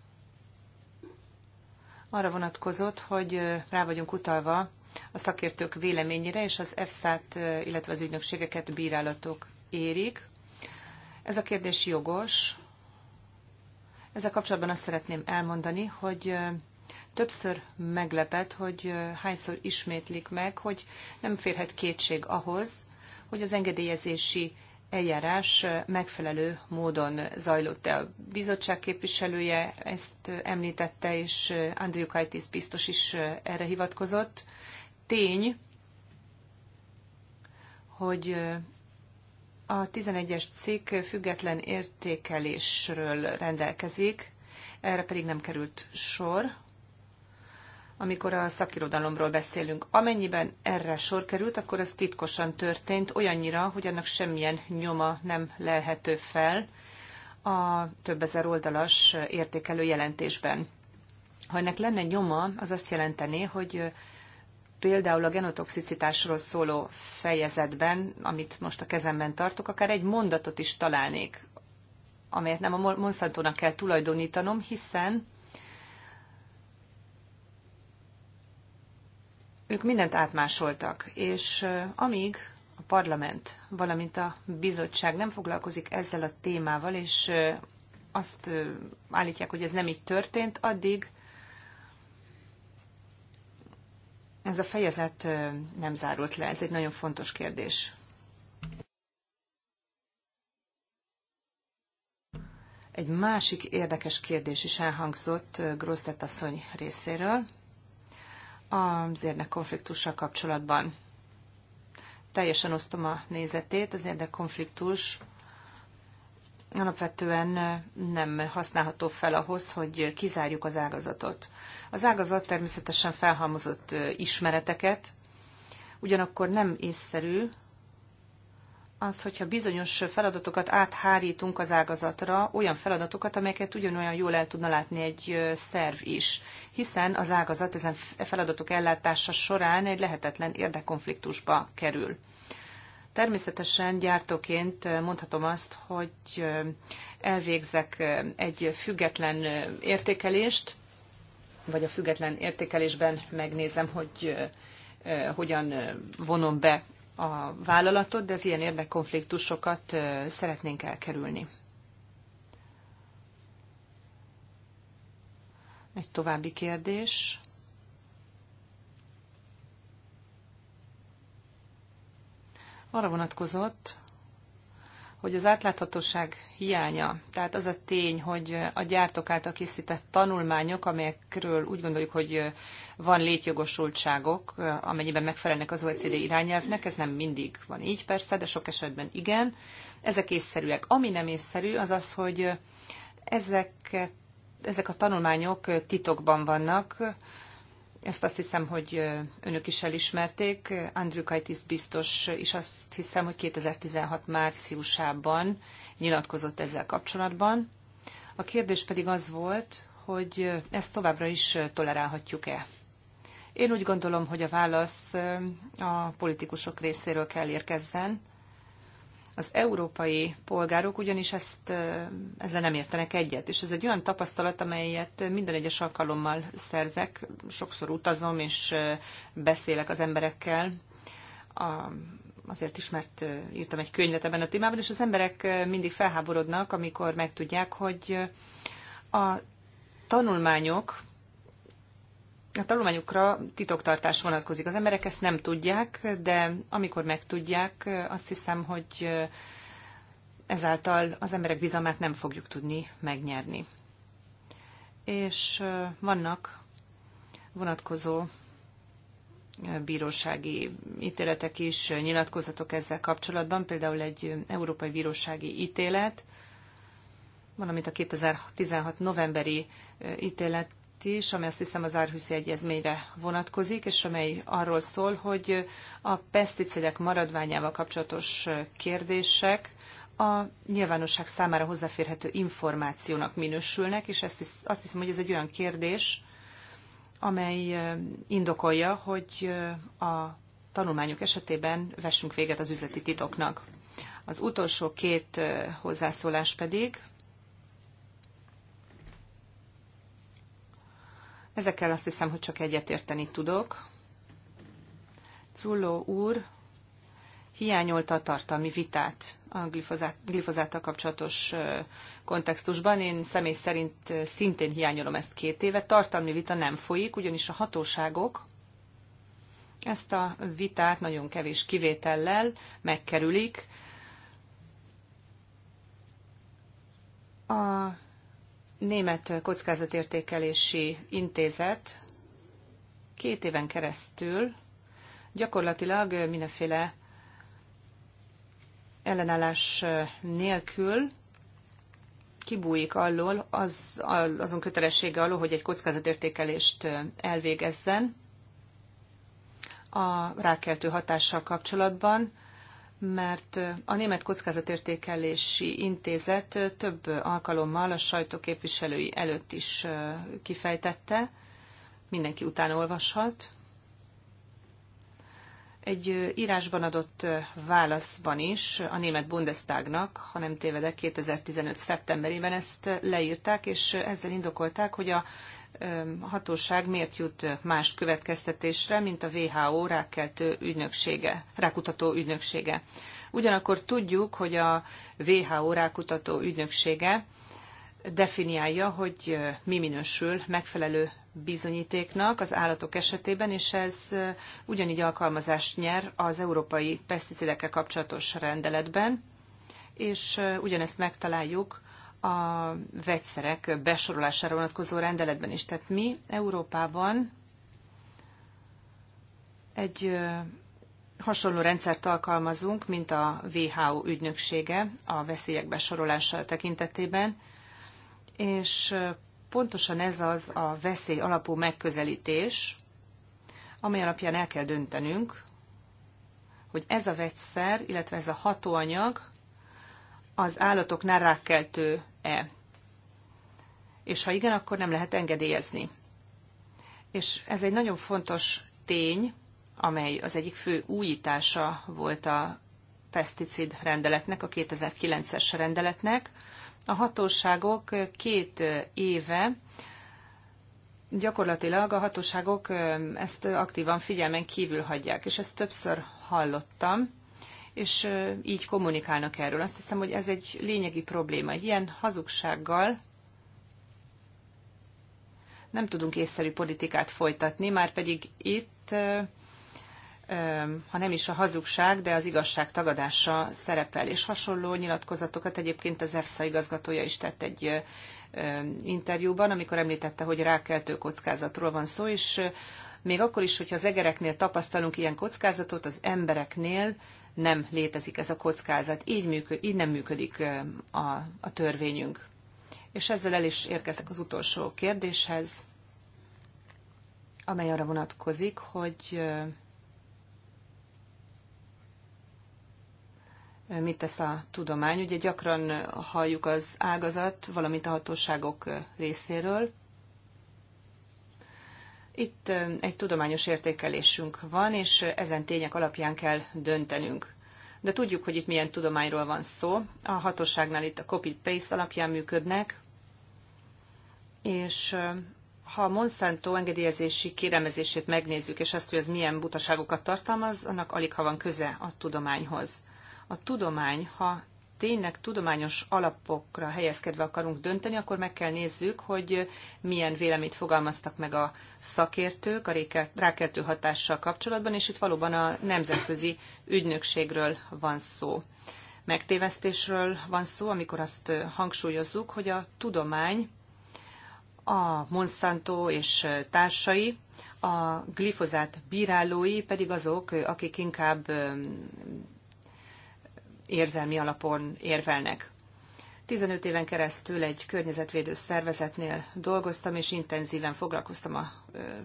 arra vonatkozott, hogy rá vagyunk utalva a szakértők véleményére, és az EFSA-t, illetve az ügynökségeket bírálatok érik. Ez a kérdés jogos. Ezzel kapcsolatban azt szeretném elmondani, hogy többször meglepet, hogy hányszor ismétlik meg, hogy nem férhet kétség ahhoz, hogy az engedélyezési eljárás megfelelő módon zajlott el. A bizottság képviselője ezt említette, és Andrew Kaitis biztos is erre hivatkozott. Tény, hogy a 11-es cikk független értékelésről rendelkezik, erre pedig nem került sor amikor a szakirodalomról beszélünk. Amennyiben erre sor került, akkor ez titkosan történt, olyannyira, hogy annak semmilyen nyoma nem lelhető fel a több ezer oldalas értékelő jelentésben. Ha ennek lenne nyoma, az azt jelenteni, hogy például a genotoxicitásról szóló fejezetben, amit most a kezemben tartok, akár egy mondatot is találnék, amelyet nem a Monsanto-nak kell tulajdonítanom, hiszen ők mindent átmásoltak, és amíg a parlament, valamint a bizottság nem foglalkozik ezzel a témával, és azt állítják, hogy ez nem így történt, addig ez a fejezet nem zárult le. Ez egy nagyon fontos kérdés. Egy másik érdekes kérdés is elhangzott Grosztett asszony részéről az érdekkonfliktussal kapcsolatban. Teljesen osztom a nézetét, az érdekkonfliktus alapvetően nem használható fel ahhoz, hogy kizárjuk az ágazatot. Az ágazat természetesen felhalmozott ismereteket, ugyanakkor nem észszerű, az, hogyha bizonyos feladatokat áthárítunk az ágazatra, olyan feladatokat, amelyeket ugyanolyan jól el tudna látni egy szerv is, hiszen az ágazat ezen e feladatok ellátása során egy lehetetlen érdekkonfliktusba kerül. Természetesen gyártóként mondhatom azt, hogy elvégzek egy független értékelést, vagy a független értékelésben megnézem, hogy hogyan vonom be a vállalatot, de az ilyen érdekkonfliktusokat szeretnénk elkerülni. Egy további kérdés. Arra vonatkozott, hogy az átláthatóság hiánya, tehát az a tény, hogy a gyártók által készített tanulmányok, amelyekről úgy gondoljuk, hogy van létjogosultságok, amennyiben megfelelnek az OECD irányelvnek, ez nem mindig van így persze, de sok esetben igen, ezek észszerűek. Ami nem észszerű, az az, hogy ezek, ezek a tanulmányok titokban vannak, ezt azt hiszem, hogy önök is elismerték. Andrew Kajtis biztos, és azt hiszem, hogy 2016 márciusában nyilatkozott ezzel kapcsolatban. A kérdés pedig az volt, hogy ezt továbbra is tolerálhatjuk-e. Én úgy gondolom, hogy a válasz a politikusok részéről kell érkezzen, az európai polgárok ugyanis ezt, ezzel nem értenek egyet, és ez egy olyan tapasztalat, amelyet minden egyes alkalommal szerzek, sokszor utazom és beszélek az emberekkel, a, azért is, mert írtam egy könyvet ebben a témában, és az emberek mindig felháborodnak, amikor megtudják, hogy a tanulmányok, a tanulmányukra titoktartás vonatkozik. Az emberek ezt nem tudják, de amikor megtudják, azt hiszem, hogy ezáltal az emberek bizalmát nem fogjuk tudni megnyerni. És vannak vonatkozó bírósági ítéletek is, nyilatkozatok ezzel kapcsolatban, például egy európai bírósági ítélet, valamint a 2016 novemberi ítélet is, ami azt hiszem az Árhűszi Egyezményre vonatkozik, és amely arról szól, hogy a peszticidek maradványával kapcsolatos kérdések a nyilvánosság számára hozzáférhető információnak minősülnek, és ezt is azt hiszem, hogy ez egy olyan kérdés, amely indokolja, hogy a tanulmányok esetében vessünk véget az üzleti titoknak. Az utolsó két hozzászólás pedig Ezekkel azt hiszem, hogy csak egyetérteni tudok. Cullo úr hiányolta a tartalmi vitát a glifozát, glifozáttal kapcsolatos kontextusban. Én személy szerint szintén hiányolom ezt két éve. Tartalmi vita nem folyik, ugyanis a hatóságok ezt a vitát nagyon kevés kivétellel megkerülik. A német kockázatértékelési intézet két éven keresztül gyakorlatilag mindenféle ellenállás nélkül kibújik alól az, azon kötelessége alól, hogy egy kockázatértékelést elvégezzen a rákeltő hatással kapcsolatban, mert a Német Kockázatértékelési Intézet több alkalommal a sajtóképviselői előtt is kifejtette, mindenki utána olvashat. Egy írásban adott válaszban is a német Bundestagnak, ha nem tévedek, 2015. szeptemberében ezt leírták, és ezzel indokolták, hogy a hatóság miért jut más következtetésre, mint a WHO rákkeltő ügynöksége, rákutató ügynöksége. Ugyanakkor tudjuk, hogy a WHO rákutató ügynöksége definiálja, hogy mi minősül megfelelő bizonyítéknak az állatok esetében, és ez ugyanígy alkalmazást nyer az európai peszticidekkel kapcsolatos rendeletben, és ugyanezt megtaláljuk a vegyszerek besorolására vonatkozó rendeletben is. Tehát mi Európában egy hasonló rendszert alkalmazunk, mint a WHO ügynöksége a veszélyek besorolása tekintetében, és pontosan ez az a veszély alapú megközelítés, amely alapján el kell döntenünk, hogy ez a vegyszer, illetve ez a hatóanyag az állatoknál rákkeltő e? És ha igen, akkor nem lehet engedélyezni. És ez egy nagyon fontos tény, amely az egyik fő újítása volt a peszticid rendeletnek, a 2009-es rendeletnek. A hatóságok két éve gyakorlatilag a hatóságok ezt aktívan figyelmen kívül hagyják, és ezt többször hallottam és így kommunikálnak erről. Azt hiszem, hogy ez egy lényegi probléma. Egy ilyen hazugsággal nem tudunk észszerű politikát folytatni, már pedig itt, ha nem is a hazugság, de az igazság tagadása szerepel. És hasonló nyilatkozatokat egyébként az EFSA igazgatója is tett egy interjúban, amikor említette, hogy rákeltő kockázatról van szó, és még akkor is, hogyha az egereknél tapasztalunk ilyen kockázatot, az embereknél nem létezik ez a kockázat. Így, működ, így nem működik a, a törvényünk. És ezzel el is érkezek az utolsó kérdéshez, amely arra vonatkozik, hogy mit tesz a tudomány. Ugye gyakran halljuk az ágazat, valamint a hatóságok részéről, itt egy tudományos értékelésünk van, és ezen tények alapján kell döntenünk. De tudjuk, hogy itt milyen tudományról van szó. A hatóságnál itt a copy-paste alapján működnek, és ha a Monsanto engedélyezési kérelmezését megnézzük, és azt, hogy ez milyen butaságokat tartalmaz, annak alig ha van köze a tudományhoz. A tudomány, ha tényleg tudományos alapokra helyezkedve akarunk dönteni, akkor meg kell nézzük, hogy milyen véleményt fogalmaztak meg a szakértők a rákeltő hatással kapcsolatban, és itt valóban a nemzetközi ügynökségről van szó. Megtévesztésről van szó, amikor azt hangsúlyozzuk, hogy a tudomány a Monsanto és társai, a glifozát bírálói pedig azok, akik inkább érzelmi alapon érvelnek. 15 éven keresztül egy környezetvédő szervezetnél dolgoztam, és intenzíven foglalkoztam a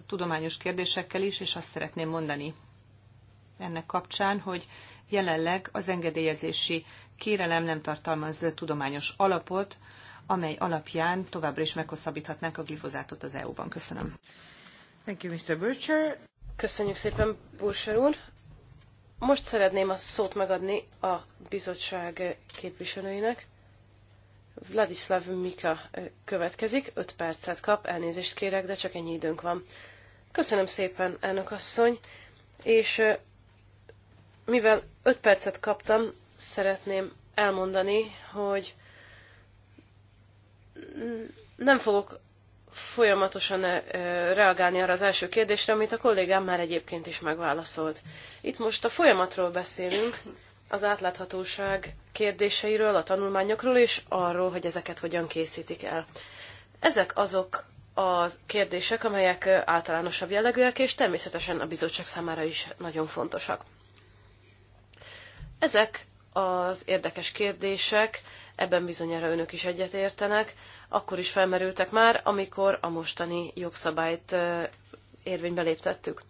tudományos kérdésekkel is, és azt szeretném mondani ennek kapcsán, hogy jelenleg az engedélyezési kérelem nem tartalmaz tudományos alapot, amely alapján továbbra is meghosszabbíthatnánk a glifozátot az EU-ban. Köszönöm. Thank you, Mr. Butcher. Köszönjük szépen, Boucher úr. Most szeretném a szót megadni a bizottság képviselőinek. Vladislav Mika következik, 5 percet kap, elnézést kérek, de csak ennyi időnk van. Köszönöm szépen, elnök asszony, és mivel 5 percet kaptam, szeretném elmondani, hogy nem fogok folyamatosan reagálni arra az első kérdésre, amit a kollégám már egyébként is megválaszolt. Itt most a folyamatról beszélünk, az átláthatóság kérdéseiről, a tanulmányokról, és arról, hogy ezeket hogyan készítik el. Ezek azok a kérdések, amelyek általánosabb jellegűek, és természetesen a bizottság számára is nagyon fontosak. Ezek az érdekes kérdések, ebben bizonyára önök is egyetértenek, akkor is felmerültek már, amikor a mostani jogszabályt érvénybe léptettük.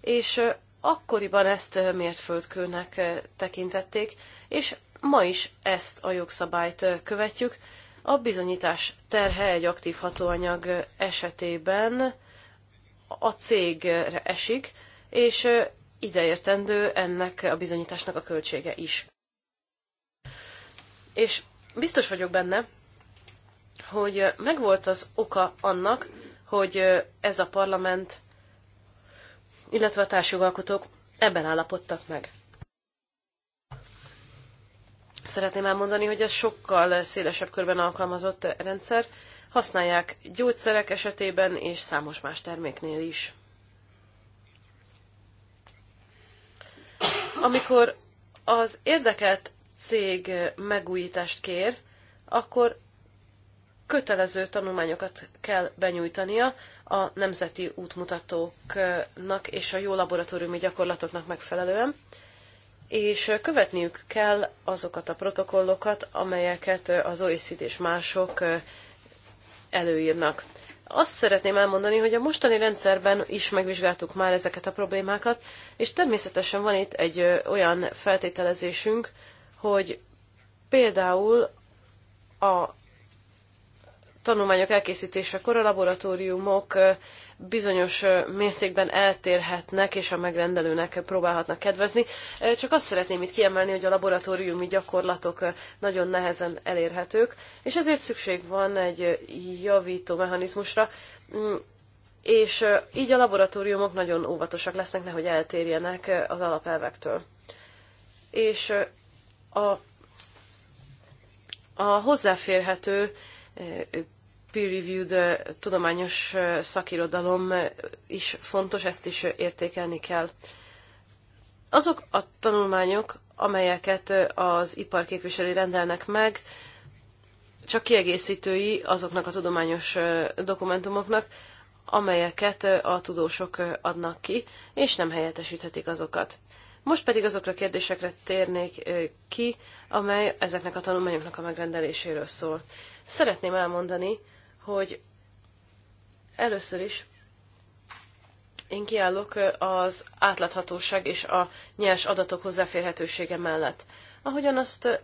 És akkoriban ezt miért földkőnek tekintették, és ma is ezt a jogszabályt követjük. A bizonyítás terhe egy aktív hatóanyag esetében a cégre esik, és ideértendő ennek a bizonyításnak a költsége is. És Biztos vagyok benne, hogy megvolt az oka annak, hogy ez a parlament, illetve a társjogalkotók ebben állapodtak meg. Szeretném elmondani, hogy ez sokkal szélesebb körben alkalmazott rendszer, használják gyógyszerek esetében és számos más terméknél is. Amikor az érdekelt cég megújítást kér, akkor kötelező tanulmányokat kell benyújtania a nemzeti útmutatóknak és a jó laboratóriumi gyakorlatoknak megfelelően, és követniük kell azokat a protokollokat, amelyeket az OECD és mások előírnak. Azt szeretném elmondani, hogy a mostani rendszerben is megvizsgáltuk már ezeket a problémákat, és természetesen van itt egy olyan feltételezésünk, hogy például a tanulmányok elkészítésekor a laboratóriumok bizonyos mértékben eltérhetnek, és a megrendelőnek próbálhatnak kedvezni. Csak azt szeretném itt kiemelni, hogy a laboratóriumi gyakorlatok nagyon nehezen elérhetők, és ezért szükség van egy javító mechanizmusra, mm, és így a laboratóriumok nagyon óvatosak lesznek, nehogy eltérjenek az alapelvektől. És a, a hozzáférhető eh, peer-reviewed eh, tudományos eh, szakirodalom is fontos, ezt is értékelni kell. Azok a tanulmányok, amelyeket az iparképviseli rendelnek meg, csak kiegészítői azoknak a tudományos dokumentumoknak, amelyeket a tudósok adnak ki, és nem helyettesíthetik azokat. Most pedig azokra a kérdésekre térnék ki, amely ezeknek a tanulmányoknak a megrendeléséről szól. Szeretném elmondani, hogy először is én kiállok az átláthatóság és a nyers adatok hozzáférhetősége mellett. Ahogyan azt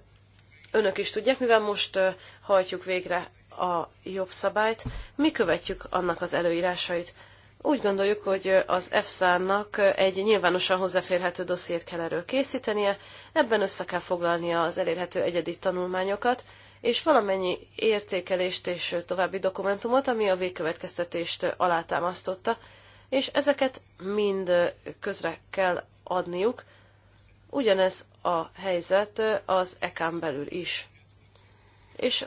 önök is tudják, mivel most hajtjuk végre a szabályt, mi követjük annak az előírásait. Úgy gondoljuk, hogy az EFSA-nak egy nyilvánosan hozzáférhető dossziét kell erről készítenie, ebben össze kell foglalnia az elérhető egyedi tanulmányokat, és valamennyi értékelést és további dokumentumot, ami a végkövetkeztetést alátámasztotta, és ezeket mind közre kell adniuk. Ugyanez a helyzet az ekán belül is. És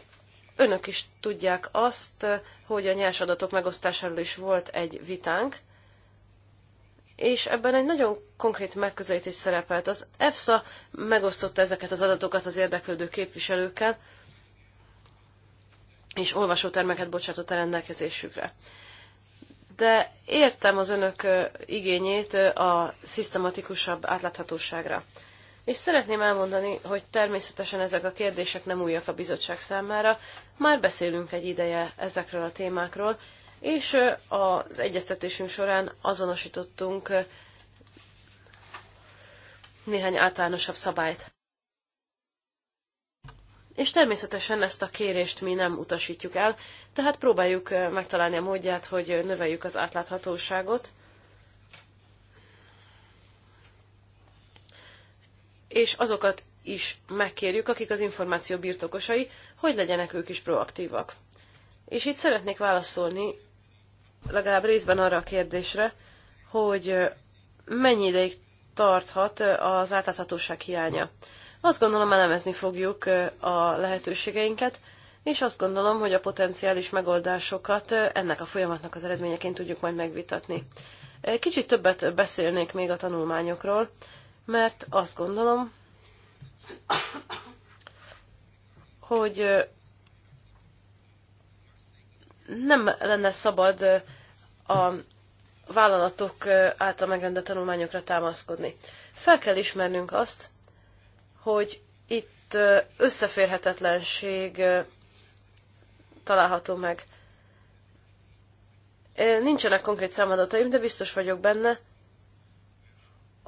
önök is tudják azt, hogy a nyers adatok megosztásáról is volt egy vitánk, és ebben egy nagyon konkrét megközelítés szerepelt. Az EFSA megosztotta ezeket az adatokat az érdeklődő képviselőkkel, és olvasótermeket bocsátott a rendelkezésükre. De értem az önök igényét a szisztematikusabb átláthatóságra és szeretném elmondani, hogy természetesen ezek a kérdések nem újak a bizottság számára, már beszélünk egy ideje ezekről a témákról, és az egyeztetésünk során azonosítottunk néhány általánosabb szabályt. És természetesen ezt a kérést mi nem utasítjuk el, tehát próbáljuk megtalálni a módját, hogy növeljük az átláthatóságot, és azokat is megkérjük, akik az információ birtokosai, hogy legyenek ők is proaktívak. És itt szeretnék válaszolni legalább részben arra a kérdésre, hogy mennyi ideig tarthat az átláthatóság hiánya. Azt gondolom elemezni fogjuk a lehetőségeinket, és azt gondolom, hogy a potenciális megoldásokat ennek a folyamatnak az eredményeként tudjuk majd megvitatni. Kicsit többet beszélnék még a tanulmányokról, mert azt gondolom, hogy nem lenne szabad a vállalatok által megrendelt tanulmányokra támaszkodni. Fel kell ismernünk azt, hogy itt összeférhetetlenség található meg. Nincsenek konkrét számadataim, de biztos vagyok benne,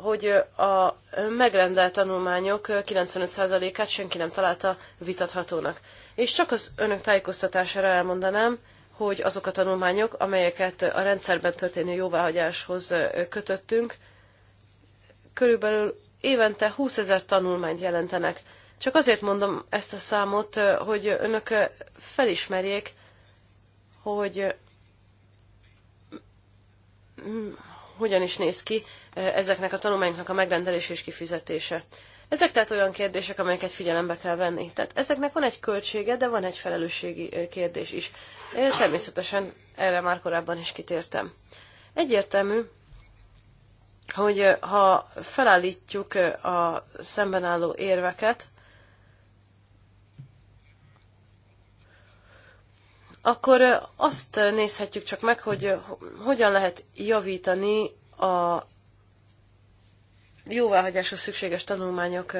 hogy a megrendelt tanulmányok 95%-át senki nem találta vitathatónak. És csak az önök tájékoztatására elmondanám, hogy azok a tanulmányok, amelyeket a rendszerben történő jóváhagyáshoz kötöttünk, körülbelül évente 20 ezer tanulmányt jelentenek. Csak azért mondom ezt a számot, hogy önök felismerjék, hogy hogyan is néz ki ezeknek a tanulmányoknak a megrendelése és kifizetése. Ezek tehát olyan kérdések, amelyeket figyelembe kell venni. Tehát ezeknek van egy költsége, de van egy felelősségi kérdés is. Én természetesen erre már korábban is kitértem. Egyértelmű, hogy ha felállítjuk a szemben álló érveket, akkor azt nézhetjük csak meg, hogy hogyan lehet javítani a jóváhagyáshoz szükséges tanulmányok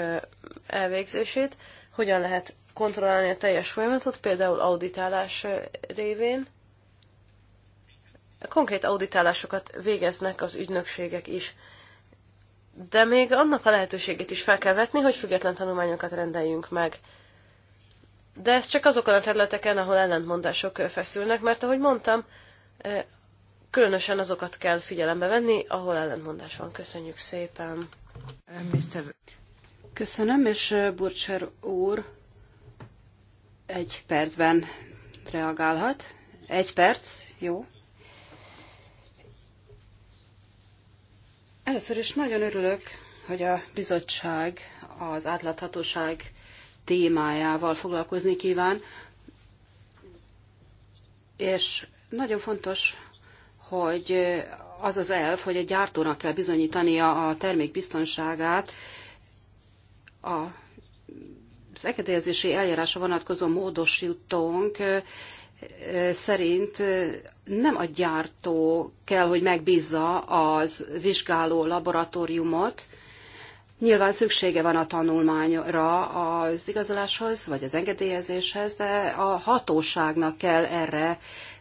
elvégzését, hogyan lehet kontrollálni a teljes folyamatot, például auditálás révén. Konkrét auditálásokat végeznek az ügynökségek is. De még annak a lehetőségét is fel kell vetni, hogy független tanulmányokat rendeljünk meg. De ez csak azokon a területeken, ahol ellentmondások feszülnek, mert ahogy mondtam, különösen azokat kell figyelembe venni, ahol ellentmondás van. Köszönjük szépen! Köszönöm, és Burcser úr egy percben reagálhat. Egy perc, jó. Először is nagyon örülök, hogy a bizottság az átláthatóság témájával foglalkozni kíván, és nagyon fontos, hogy az az elv, hogy a gyártónak kell bizonyítania a termék biztonságát a az engedélyezési eljárása vonatkozó módosítónk szerint nem a gyártó kell, hogy megbízza az vizsgáló laboratóriumot, Nyilván szüksége van a tanulmányra az igazoláshoz, vagy az engedélyezéshez, de a hatóságnak kell erre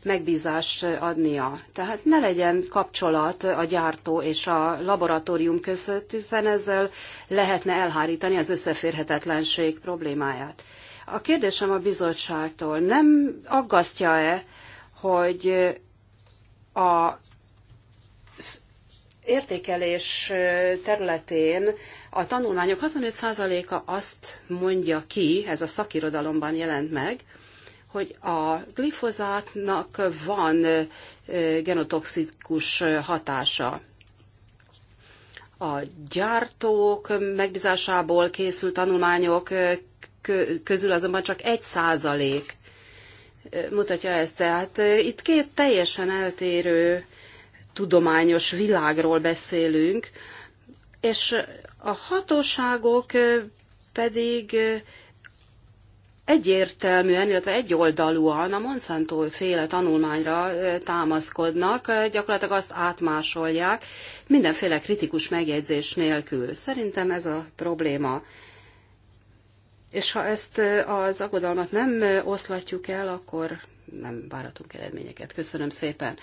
megbízást adnia. Tehát ne legyen kapcsolat a gyártó és a laboratórium között, hiszen ezzel lehetne elhárítani az összeférhetetlenség problémáját. A kérdésem a bizottságtól, nem aggasztja-e, hogy a értékelés területén a tanulmányok 65%-a azt mondja ki, ez a szakirodalomban jelent meg, hogy a glifozátnak van genotoxikus hatása. A gyártók megbízásából készült tanulmányok közül azonban csak egy százalék mutatja ezt. Tehát itt két teljesen eltérő tudományos világról beszélünk, és a hatóságok pedig egyértelműen, illetve egyoldalúan a Monsanto féle tanulmányra támaszkodnak, gyakorlatilag azt átmásolják mindenféle kritikus megjegyzés nélkül. Szerintem ez a probléma. És ha ezt az aggodalmat nem oszlatjuk el, akkor nem váratunk eredményeket. Köszönöm szépen.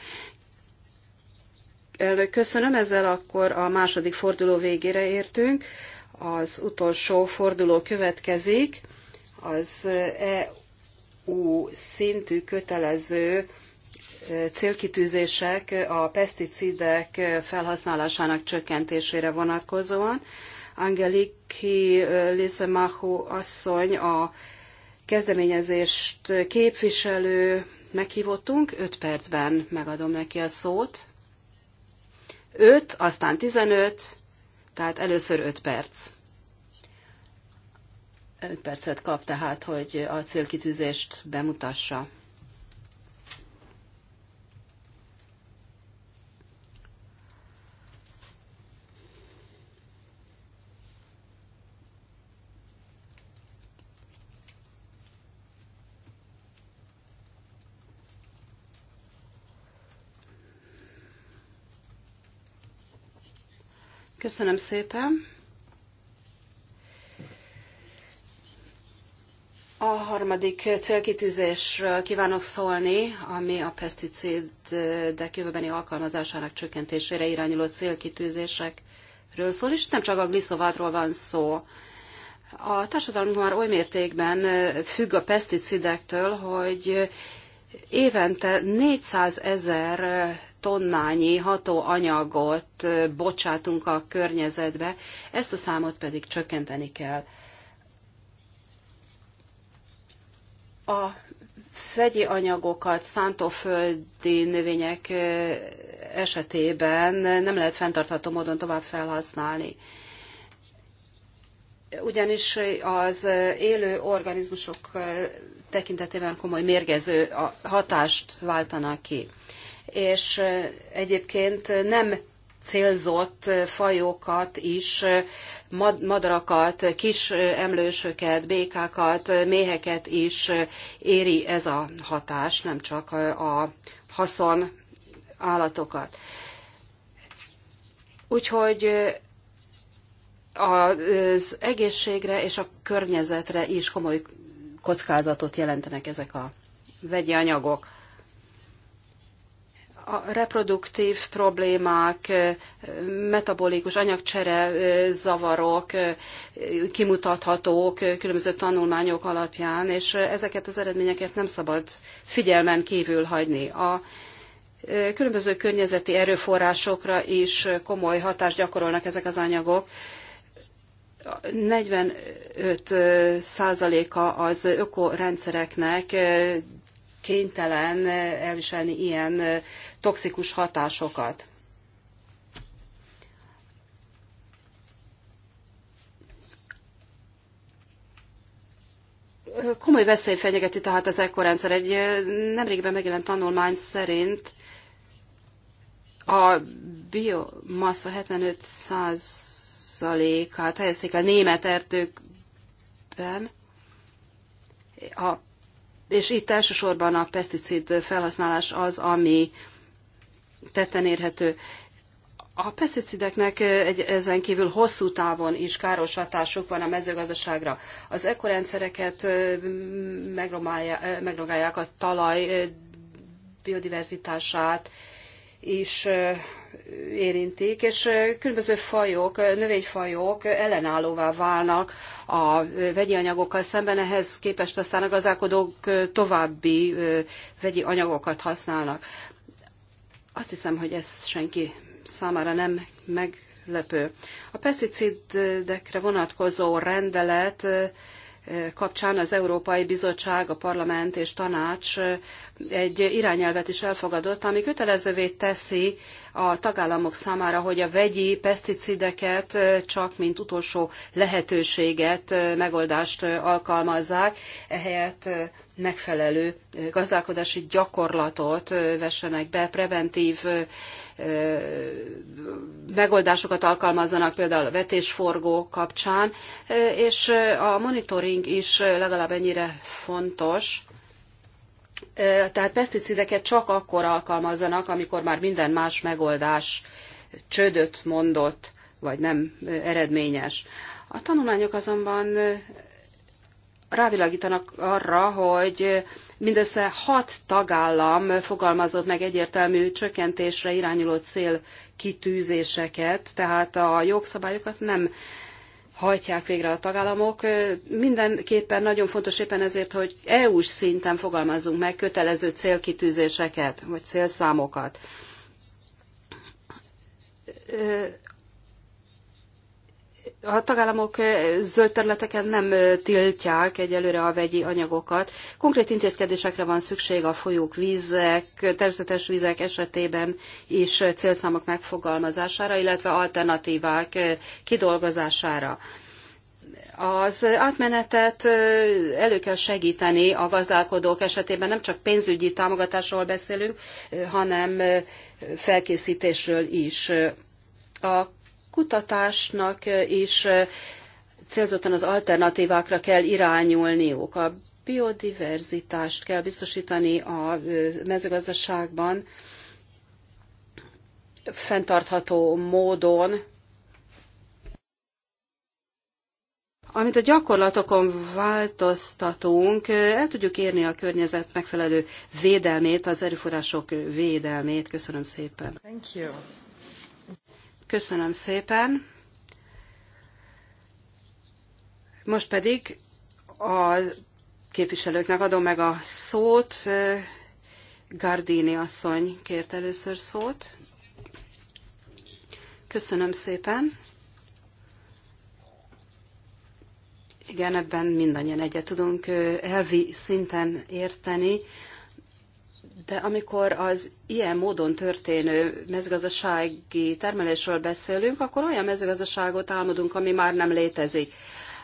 Köszönöm, ezzel akkor a második forduló végére értünk. Az utolsó forduló következik az EU szintű kötelező célkitűzések a peszticidek felhasználásának csökkentésére vonatkozóan. Angeliki Lizemahu asszony a kezdeményezést képviselő meghívottunk, 5 percben megadom neki a szót. 5, aztán 15, tehát először 5 perc. 5 percet kap tehát, hogy a célkitűzést bemutassa. Köszönöm szépen! A harmadik célkitűzésről kívánok szólni, ami a peszticidek jövőbeni alkalmazásának csökkentésére irányuló célkitűzésekről szól, és nem csak a gliszovátról van szó. A társadalmunk már oly mértékben függ a peszticidektől, hogy évente 400 ezer tonnányi hatóanyagot bocsátunk a környezetbe, ezt a számot pedig csökkenteni kell. A vegyi anyagokat szántóföldi növények esetében nem lehet fenntartható módon tovább felhasználni. Ugyanis az élő organizmusok tekintetében komoly mérgező hatást váltanak ki. És egyébként nem célzott fajokat is, madarakat, kis emlősöket, békákat, méheket is éri ez a hatás, nem csak a haszon állatokat. Úgyhogy az egészségre és a környezetre is komoly kockázatot jelentenek ezek a vegyi anyagok a reproduktív problémák, metabolikus anyagcsere zavarok kimutathatók különböző tanulmányok alapján, és ezeket az eredményeket nem szabad figyelmen kívül hagyni. A különböző környezeti erőforrásokra is komoly hatást gyakorolnak ezek az anyagok. 45 százaléka az ökorendszereknek kénytelen elviselni ilyen toxikus hatásokat. Komoly veszély fenyegeti tehát az ekkorendszer. Egy nemrégben megjelent tanulmány szerint a biomassa 75%-át helyezték a német erdőkben, a, és itt elsősorban a peszticid felhasználás az, ami tetten érhető. A peszticideknek egy, ezen kívül hosszú távon is káros hatásuk van a mezőgazdaságra. Az ekorendszereket megrogálják a talaj biodiverzitását is érintik, és különböző fajok, növényfajok ellenállóvá válnak a vegyi anyagokkal szemben, ehhez képest aztán a gazdálkodók további vegyi anyagokat használnak. Azt hiszem, hogy ez senki számára nem meglepő. A peszticidekre vonatkozó rendelet kapcsán az Európai Bizottság, a Parlament és Tanács egy irányelvet is elfogadott, ami kötelezővé teszi a tagállamok számára, hogy a vegyi peszticideket csak mint utolsó lehetőséget, megoldást alkalmazzák, ehelyett megfelelő gazdálkodási gyakorlatot vessenek be, preventív megoldásokat alkalmazzanak például a vetésforgó kapcsán, és a monitoring is legalább ennyire fontos, tehát peszticideket csak akkor alkalmazzanak, amikor már minden más megoldás csődöt mondott, vagy nem eredményes. A tanulmányok azonban rávilágítanak arra, hogy mindössze hat tagállam fogalmazott meg egyértelmű csökkentésre irányuló célkitűzéseket, tehát a jogszabályokat nem hajtják végre a tagállamok. Mindenképpen nagyon fontos éppen ezért, hogy EU-s szinten fogalmazzunk meg kötelező célkitűzéseket, vagy célszámokat a tagállamok eh, zöld területeken nem eh, tiltják egyelőre a vegyi anyagokat. Konkrét intézkedésekre van szükség a folyók, vízek, természetes vízek esetében is eh, célszámok megfogalmazására, illetve alternatívák kidolgozására. Az átmenetet elő kell segíteni a gazdálkodók esetében, nem csak pénzügyi támogatásról beszélünk, hanem felkészítésről is. A kutatásnak is célzottan az alternatívákra kell irányulniuk. A biodiverzitást kell biztosítani a mezőgazdaságban fenntartható módon, Amit a gyakorlatokon változtatunk, el tudjuk érni a környezet megfelelő védelmét, az erőforrások védelmét. Köszönöm szépen. Thank you. Köszönöm szépen. Most pedig a képviselőknek adom meg a szót. Gardini asszony kért először szót. Köszönöm szépen. Igen, ebben mindannyian egyet tudunk elvi szinten érteni. De amikor az ilyen módon történő mezőgazdasági termelésről beszélünk, akkor olyan mezőgazdaságot álmodunk, ami már nem létezik.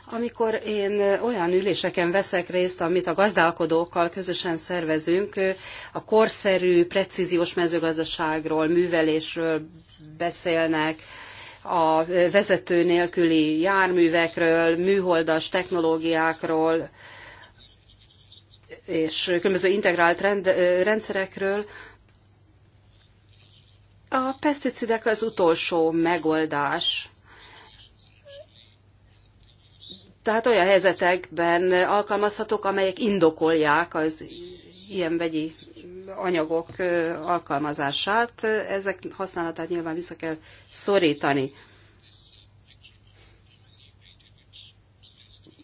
Amikor én olyan üléseken veszek részt, amit a gazdálkodókkal közösen szervezünk, a korszerű, precíziós mezőgazdaságról, művelésről beszélnek, a vezető nélküli járművekről, műholdas technológiákról, és különböző integrált rend, rendszerekről. A peszticidek az utolsó megoldás. Tehát olyan helyzetekben alkalmazhatók, amelyek indokolják az ilyen vegyi anyagok alkalmazását. Ezek használatát nyilván vissza kell szorítani.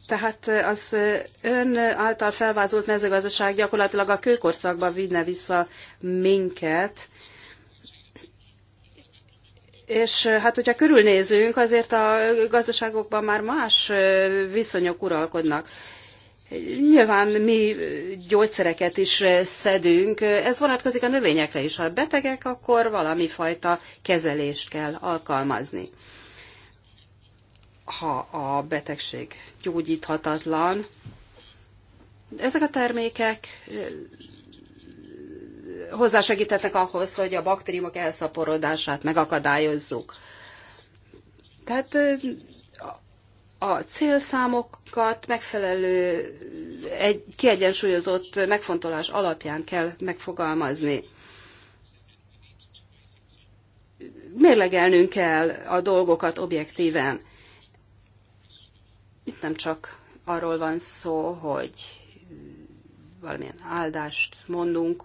Tehát az ön által felvázolt mezőgazdaság gyakorlatilag a kőkorszakba vinne vissza minket, és hát, hogyha körülnézünk, azért a gazdaságokban már más viszonyok uralkodnak. Nyilván mi gyógyszereket is szedünk, ez vonatkozik a növényekre is. Ha betegek, akkor valami fajta kezelést kell alkalmazni ha a betegség gyógyíthatatlan. Ezek a termékek eh, hozzásegítettek ahhoz, hogy a baktériumok elszaporodását megakadályozzuk. Tehát eh, a célszámokat megfelelő, egy kiegyensúlyozott megfontolás alapján kell megfogalmazni. Mérlegelnünk kell a dolgokat objektíven. Itt nem csak arról van szó, hogy valamilyen áldást mondunk.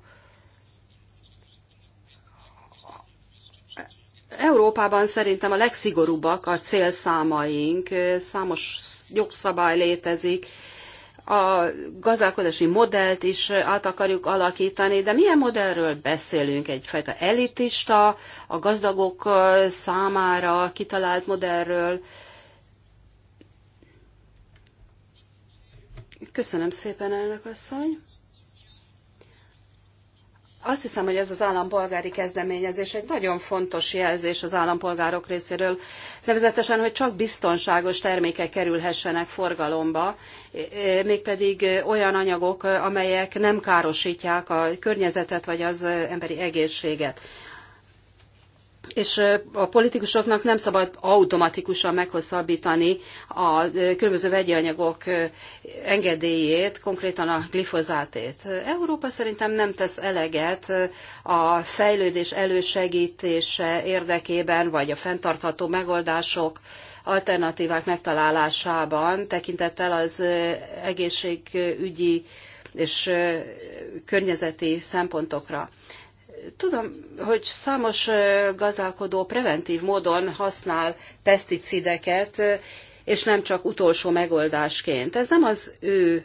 Európában szerintem a legszigorúbbak a célszámaink, számos jogszabály létezik, a gazdálkodási modellt is át akarjuk alakítani, de milyen modellről beszélünk? Egyfajta elitista, a gazdagok számára kitalált modellről, Köszönöm szépen, elnök asszony. Azt hiszem, hogy ez az állampolgári kezdeményezés egy nagyon fontos jelzés az állampolgárok részéről, nevezetesen, hogy csak biztonságos termékek kerülhessenek forgalomba, e, e, mégpedig olyan anyagok, amelyek nem károsítják a környezetet vagy az emberi egészséget és a politikusoknak nem szabad automatikusan meghosszabbítani a különböző vegyi anyagok engedélyét, konkrétan a glifozátét. Európa szerintem nem tesz eleget a fejlődés elősegítése érdekében, vagy a fenntartható megoldások alternatívák megtalálásában tekintettel az egészségügyi és környezeti szempontokra. Tudom, hogy számos gazdálkodó preventív módon használ peszticideket, és nem csak utolsó megoldásként. Ez nem az ő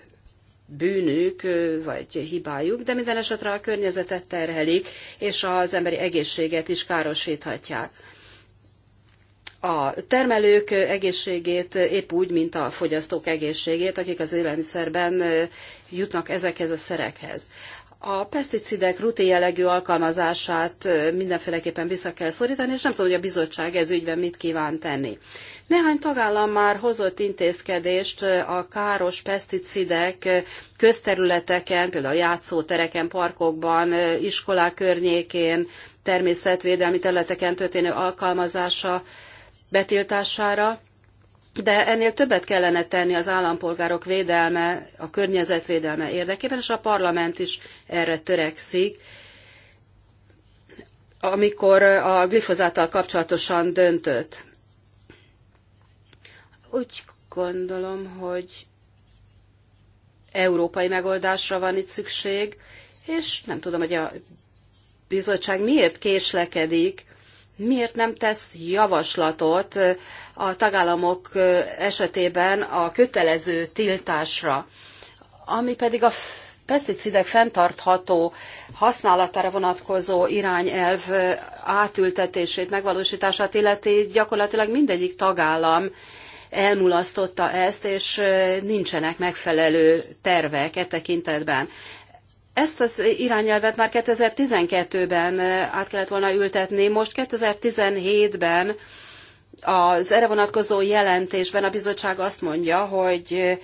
bűnük vagy hibájuk, de minden esetre a környezetet terhelik, és az emberi egészséget is károsíthatják. A termelők egészségét épp úgy, mint a fogyasztók egészségét, akik az élelmiszerben jutnak ezekhez a szerekhez a peszticidek rutin jellegű alkalmazását mindenféleképpen vissza kell szorítani, és nem tudom, hogy a bizottság ez ügyben mit kíván tenni. Néhány tagállam már hozott intézkedést a káros peszticidek közterületeken, például a játszótereken, parkokban, iskolák környékén, természetvédelmi területeken történő alkalmazása betiltására de ennél többet kellene tenni az állampolgárok védelme, a környezetvédelme érdekében, és a parlament is erre törekszik, amikor a glifozáttal kapcsolatosan döntött. Úgy gondolom, hogy európai megoldásra van itt szükség, és nem tudom, hogy a bizottság miért késlekedik miért nem tesz javaslatot a tagállamok esetében a kötelező tiltásra, ami pedig a peszticidek fenntartható használatára vonatkozó irányelv átültetését, megvalósítását illeti gyakorlatilag mindegyik tagállam elmulasztotta ezt, és nincsenek megfelelő tervek e tekintetben. Ezt az irányelvet már 2012-ben eh, át kellett volna ültetni, most 2017-ben az erre vonatkozó jelentésben a bizottság azt mondja, hogy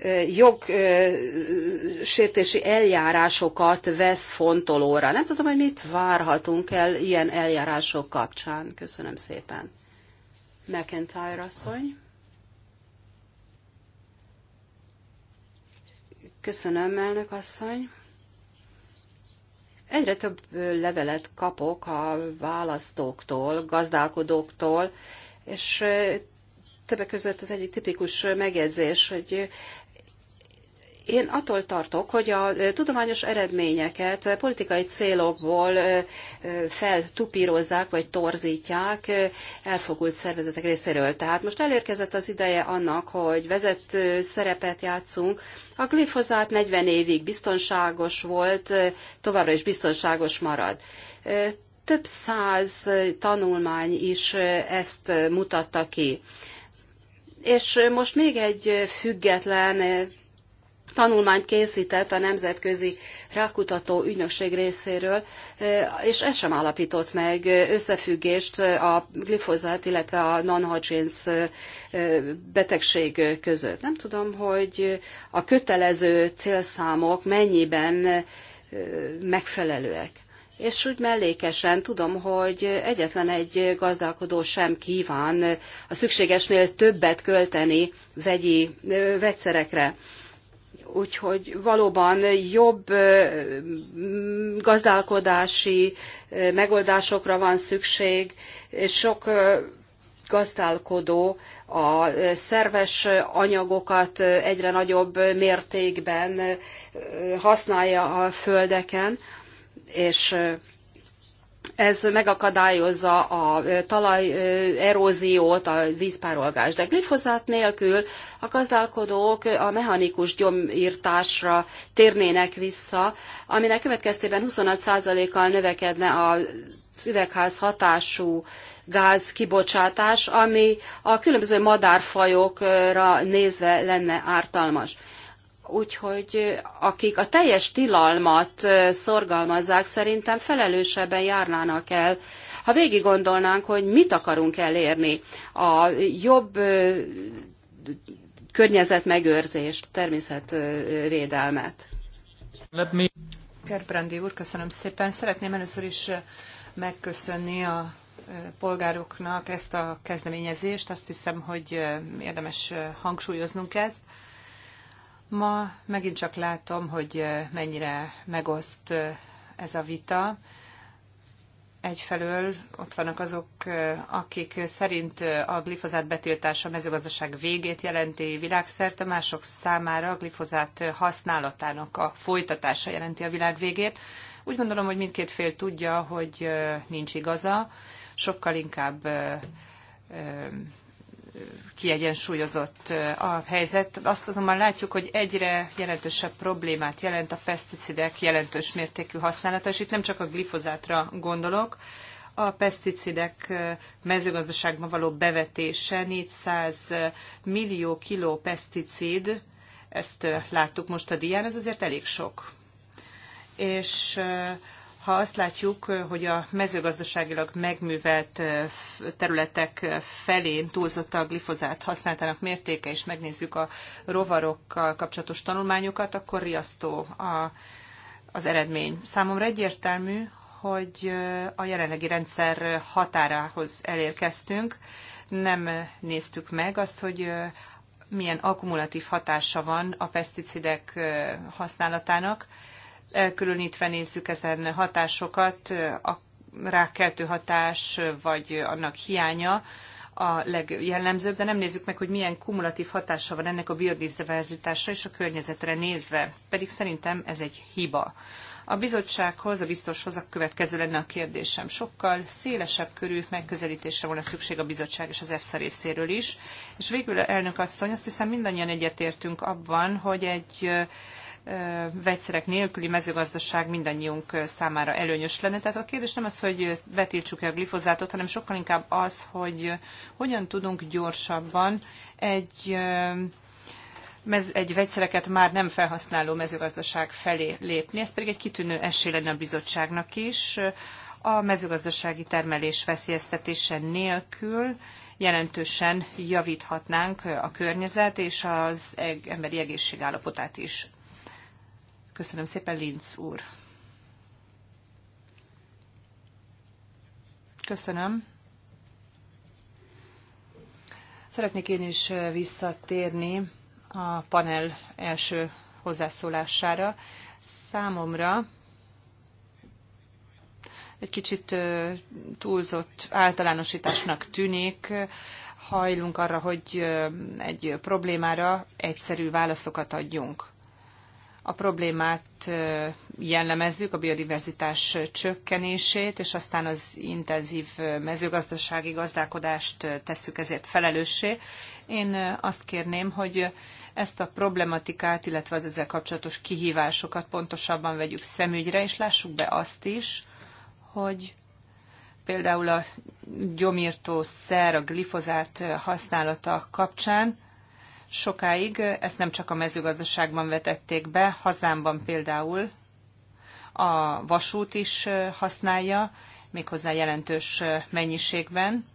eh, jogsértési eh, eljárásokat vesz fontolóra. Nem tudom, hogy mit várhatunk el ilyen eljárások kapcsán. Köszönöm szépen. McIntyre asszony. Köszönöm, elnök asszony. Egyre több levelet kapok a választóktól, gazdálkodóktól, és többek között az egyik tipikus megjegyzés, hogy én attól tartok, hogy a tudományos eredményeket politikai célokból feltupírozzák vagy torzítják elfogult szervezetek részéről. Tehát most elérkezett az ideje annak, hogy vezető szerepet játszunk. A glifozát 40 évig biztonságos volt, továbbra is biztonságos marad több száz tanulmány is ezt mutatta ki. És most még egy független tanulmányt készített a Nemzetközi Rákutató Ügynökség részéről, eh, és ez sem alapított meg összefüggést a glifozát, illetve a non-Hodgins eh, betegség között. Nem tudom, hogy a kötelező célszámok mennyiben eh, megfelelőek. És úgy mellékesen tudom, hogy egyetlen egy gazdálkodó sem kíván a szükségesnél többet költeni vegyi vegyszerekre. Úgyhogy valóban jobb gazdálkodási megoldásokra van szükség, és sok gazdálkodó a szerves anyagokat egyre nagyobb mértékben használja a földeken, és ez megakadályozza a talaj eróziót, a vízpárolgást. De glifozát nélkül a gazdálkodók a mechanikus gyomírtásra térnének vissza, aminek következtében 25%-kal növekedne a szüvegház hatású gáz kibocsátás, ami a különböző madárfajokra nézve lenne ártalmas. Úgyhogy akik a teljes tilalmat szorgalmazzák, szerintem felelősebben járnának el, ha végig gondolnánk, hogy mit akarunk elérni. A jobb környezetmegőrzést, természetvédelmet. Kerbrandi úr, köszönöm szépen. Szeretném először is megköszönni a polgároknak ezt a kezdeményezést. Azt hiszem, hogy érdemes hangsúlyoznunk ezt. Ma megint csak látom, hogy mennyire megoszt ez a vita. Egyfelől ott vannak azok, akik szerint a glifozát betiltása mezőgazdaság végét jelenti világszerte, mások számára a glifozát használatának a folytatása jelenti a világ végét. Úgy gondolom, hogy mindkét fél tudja, hogy nincs igaza, sokkal inkább kiegyensúlyozott a helyzet. Azt azonban látjuk, hogy egyre jelentősebb problémát jelent a peszticidek jelentős mértékű használata, és itt nem csak a glifozátra gondolok, a peszticidek mezőgazdaságban való bevetése 400 millió kiló peszticid, ezt láttuk most a dián, ez azért elég sok. És ha azt látjuk, hogy a mezőgazdaságilag megművelt területek felén túlzott a glifozát használtának mértéke, és megnézzük a rovarokkal kapcsolatos tanulmányokat, akkor riasztó a, az eredmény. Számomra egyértelmű, hogy a jelenlegi rendszer határához elérkeztünk. Nem néztük meg azt, hogy milyen akkumulatív hatása van a peszticidek használatának, elkülönítve nézzük ezen hatásokat, a rákkeltő hatás vagy annak hiánya a legjellemzőbb, de nem nézzük meg, hogy milyen kumulatív hatása van ennek a biodiverzitásra és a környezetre nézve, pedig szerintem ez egy hiba. A bizottsághoz, a biztoshoz a következő lenne a kérdésem. Sokkal szélesebb körű megközelítésre volna szükség a bizottság és az EFSA részéről is. És végül, elnök asszony, azt hiszem mindannyian egyetértünk abban, hogy egy vegyszerek nélküli mezőgazdaság mindannyiunk számára előnyös lenne. Tehát a kérdés nem az, hogy betiltsuk-e a glifozátot, hanem sokkal inkább az, hogy hogyan tudunk gyorsabban egy egy vegyszereket már nem felhasználó mezőgazdaság felé lépni. Ez pedig egy kitűnő esély lenne a bizottságnak is. A mezőgazdasági termelés veszélyeztetése nélkül jelentősen javíthatnánk a környezet és az emberi egészség állapotát is. Köszönöm szépen, Linz úr. Köszönöm. Szeretnék én is visszatérni a panel első hozzászólására. Számomra egy kicsit túlzott általánosításnak tűnik, hajlunk arra, hogy egy problémára egyszerű válaszokat adjunk a problémát jellemezzük, a biodiverzitás csökkenését, és aztán az intenzív mezőgazdasági gazdálkodást tesszük ezért felelőssé. Én azt kérném, hogy ezt a problematikát, illetve az ezzel kapcsolatos kihívásokat pontosabban vegyük szemügyre, és lássuk be azt is, hogy például a gyomírtószer, a glifozát használata kapcsán Sokáig ezt nem csak a mezőgazdaságban vetették be, hazámban például a vasút is használja, méghozzá jelentős mennyiségben,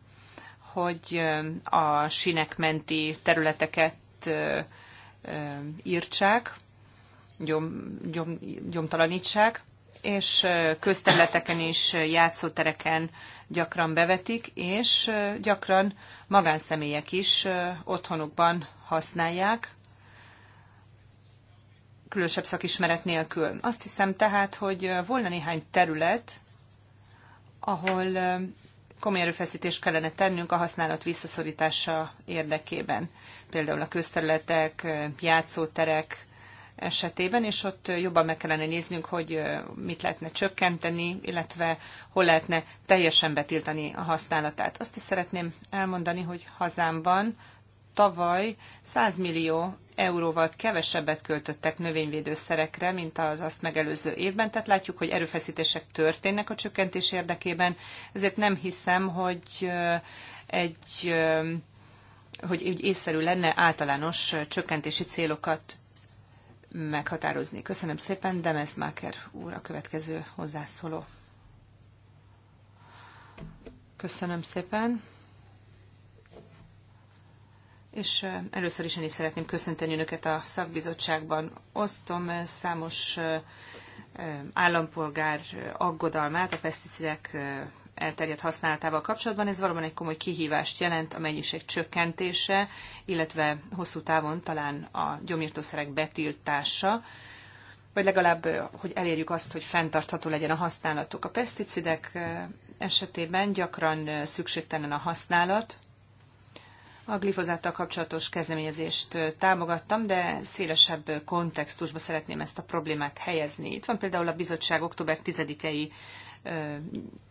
hogy a sinek menti területeket írtsák, gyom, gyom, gyomtalanítsák és közterületeken is, játszótereken gyakran bevetik, és gyakran magánszemélyek is otthonukban használják, különösebb szakismeret nélkül. Azt hiszem tehát, hogy volna néhány terület, ahol komoly erőfeszítést kellene tennünk a használat visszaszorítása érdekében. Például a közterületek, játszóterek, esetében, és ott jobban meg kellene néznünk, hogy mit lehetne csökkenteni, illetve hol lehetne teljesen betiltani a használatát. Azt is szeretném elmondani, hogy hazámban tavaly 100 millió euróval kevesebbet költöttek növényvédőszerekre, mint az azt megelőző évben, tehát látjuk, hogy erőfeszítések történnek a csökkentés érdekében, ezért nem hiszem, hogy egy hogy úgy észszerű lenne általános csökkentési célokat meghatározni. Köszönöm szépen, Demes Máker úr a következő hozzászóló. Köszönöm szépen. És először is én is szeretném köszönteni Önöket a szakbizottságban. Osztom számos állampolgár aggodalmát a peszticidek elterjedt használatával kapcsolatban. Ez valóban egy komoly kihívást jelent a mennyiség csökkentése, illetve hosszú távon talán a gyomírtószerek betiltása, vagy legalább, hogy elérjük azt, hogy fenntartható legyen a használatuk. A peszticidek esetében gyakran szükségtelen a használat, a glifozáttal kapcsolatos kezdeményezést támogattam, de szélesebb kontextusba szeretném ezt a problémát helyezni. Itt van például a bizottság október 10-i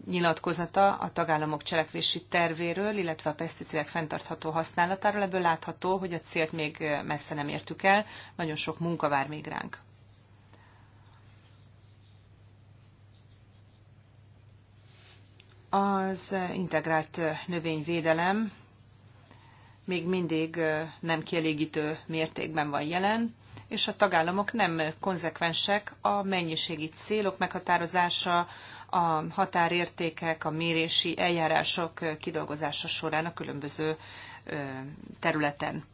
nyilatkozata a tagállamok cselekvési tervéről, illetve a peszticidek fenntartható használatáról. Ebből látható, hogy a célt még messze nem értük el, nagyon sok munka vár még ránk. Az integrált növényvédelem még mindig nem kielégítő mértékben van jelen, és a tagállamok nem konzekvensek a mennyiségi célok meghatározása, a határértékek, a mérési eljárások kidolgozása során a különböző területen.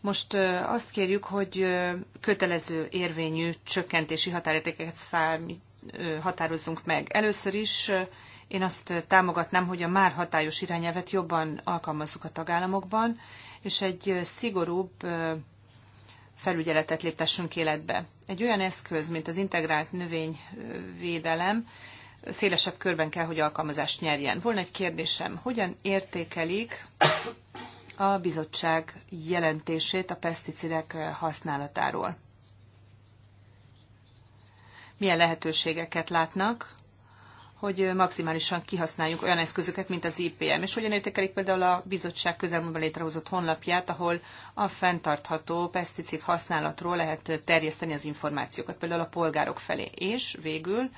Most azt kérjük, hogy kötelező érvényű csökkentési határértékeket számít, határozzunk meg. Először is én azt támogatnám, hogy a már hatályos irányelvet jobban alkalmazzuk a tagállamokban, és egy szigorúbb felügyeletet léptessünk életbe. Egy olyan eszköz, mint az integrált növényvédelem, szélesebb körben kell, hogy alkalmazást nyerjen. Volna egy kérdésem, hogyan értékelik a bizottság jelentését a peszticidek használatáról? Milyen lehetőségeket látnak hogy maximálisan kihasználjuk olyan eszközöket, mint az IPM, és hogyan értékelik például a bizottság közelmúlva létrehozott honlapját, ahol a fenntartható peszticid használatról lehet terjeszteni az információkat, például a polgárok felé. És végül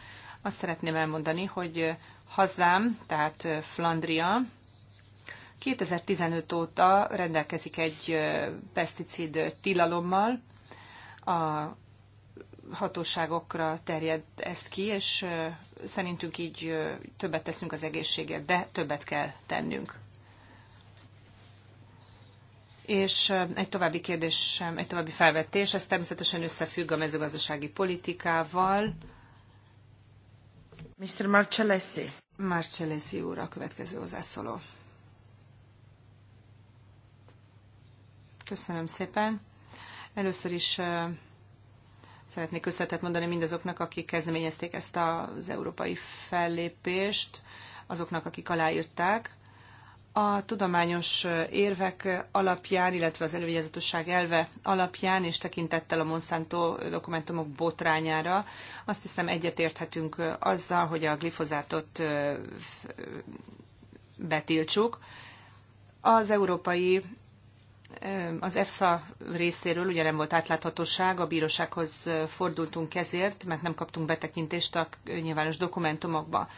azt szeretném elmondani, hogy hazám, tehát Flandria, 2015 óta rendelkezik egy peszticid tilalommal, a hatóságokra terjed ez ki, és szerintünk így többet teszünk az egészségért, de többet kell tennünk. És egy további kérdés, egy további felvetés, ez természetesen összefügg a mezőgazdasági politikával. Mr. Marcellesi. Marcellesi úr a következő hozzászóló. Köszönöm szépen. Először is Szeretnék köszönetet mondani mindazoknak, akik kezdeményezték ezt az európai fellépést, azoknak, akik aláírták. A tudományos érvek alapján, illetve az elővigyázatosság elve alapján és tekintettel a Monsanto dokumentumok botrányára azt hiszem egyetérthetünk azzal, hogy a glifozátot betiltsuk. Az európai az EFSA részéről ugye nem volt átláthatóság, a bírósághoz fordultunk ezért, mert nem kaptunk betekintést a nyilvános dokumentumokba.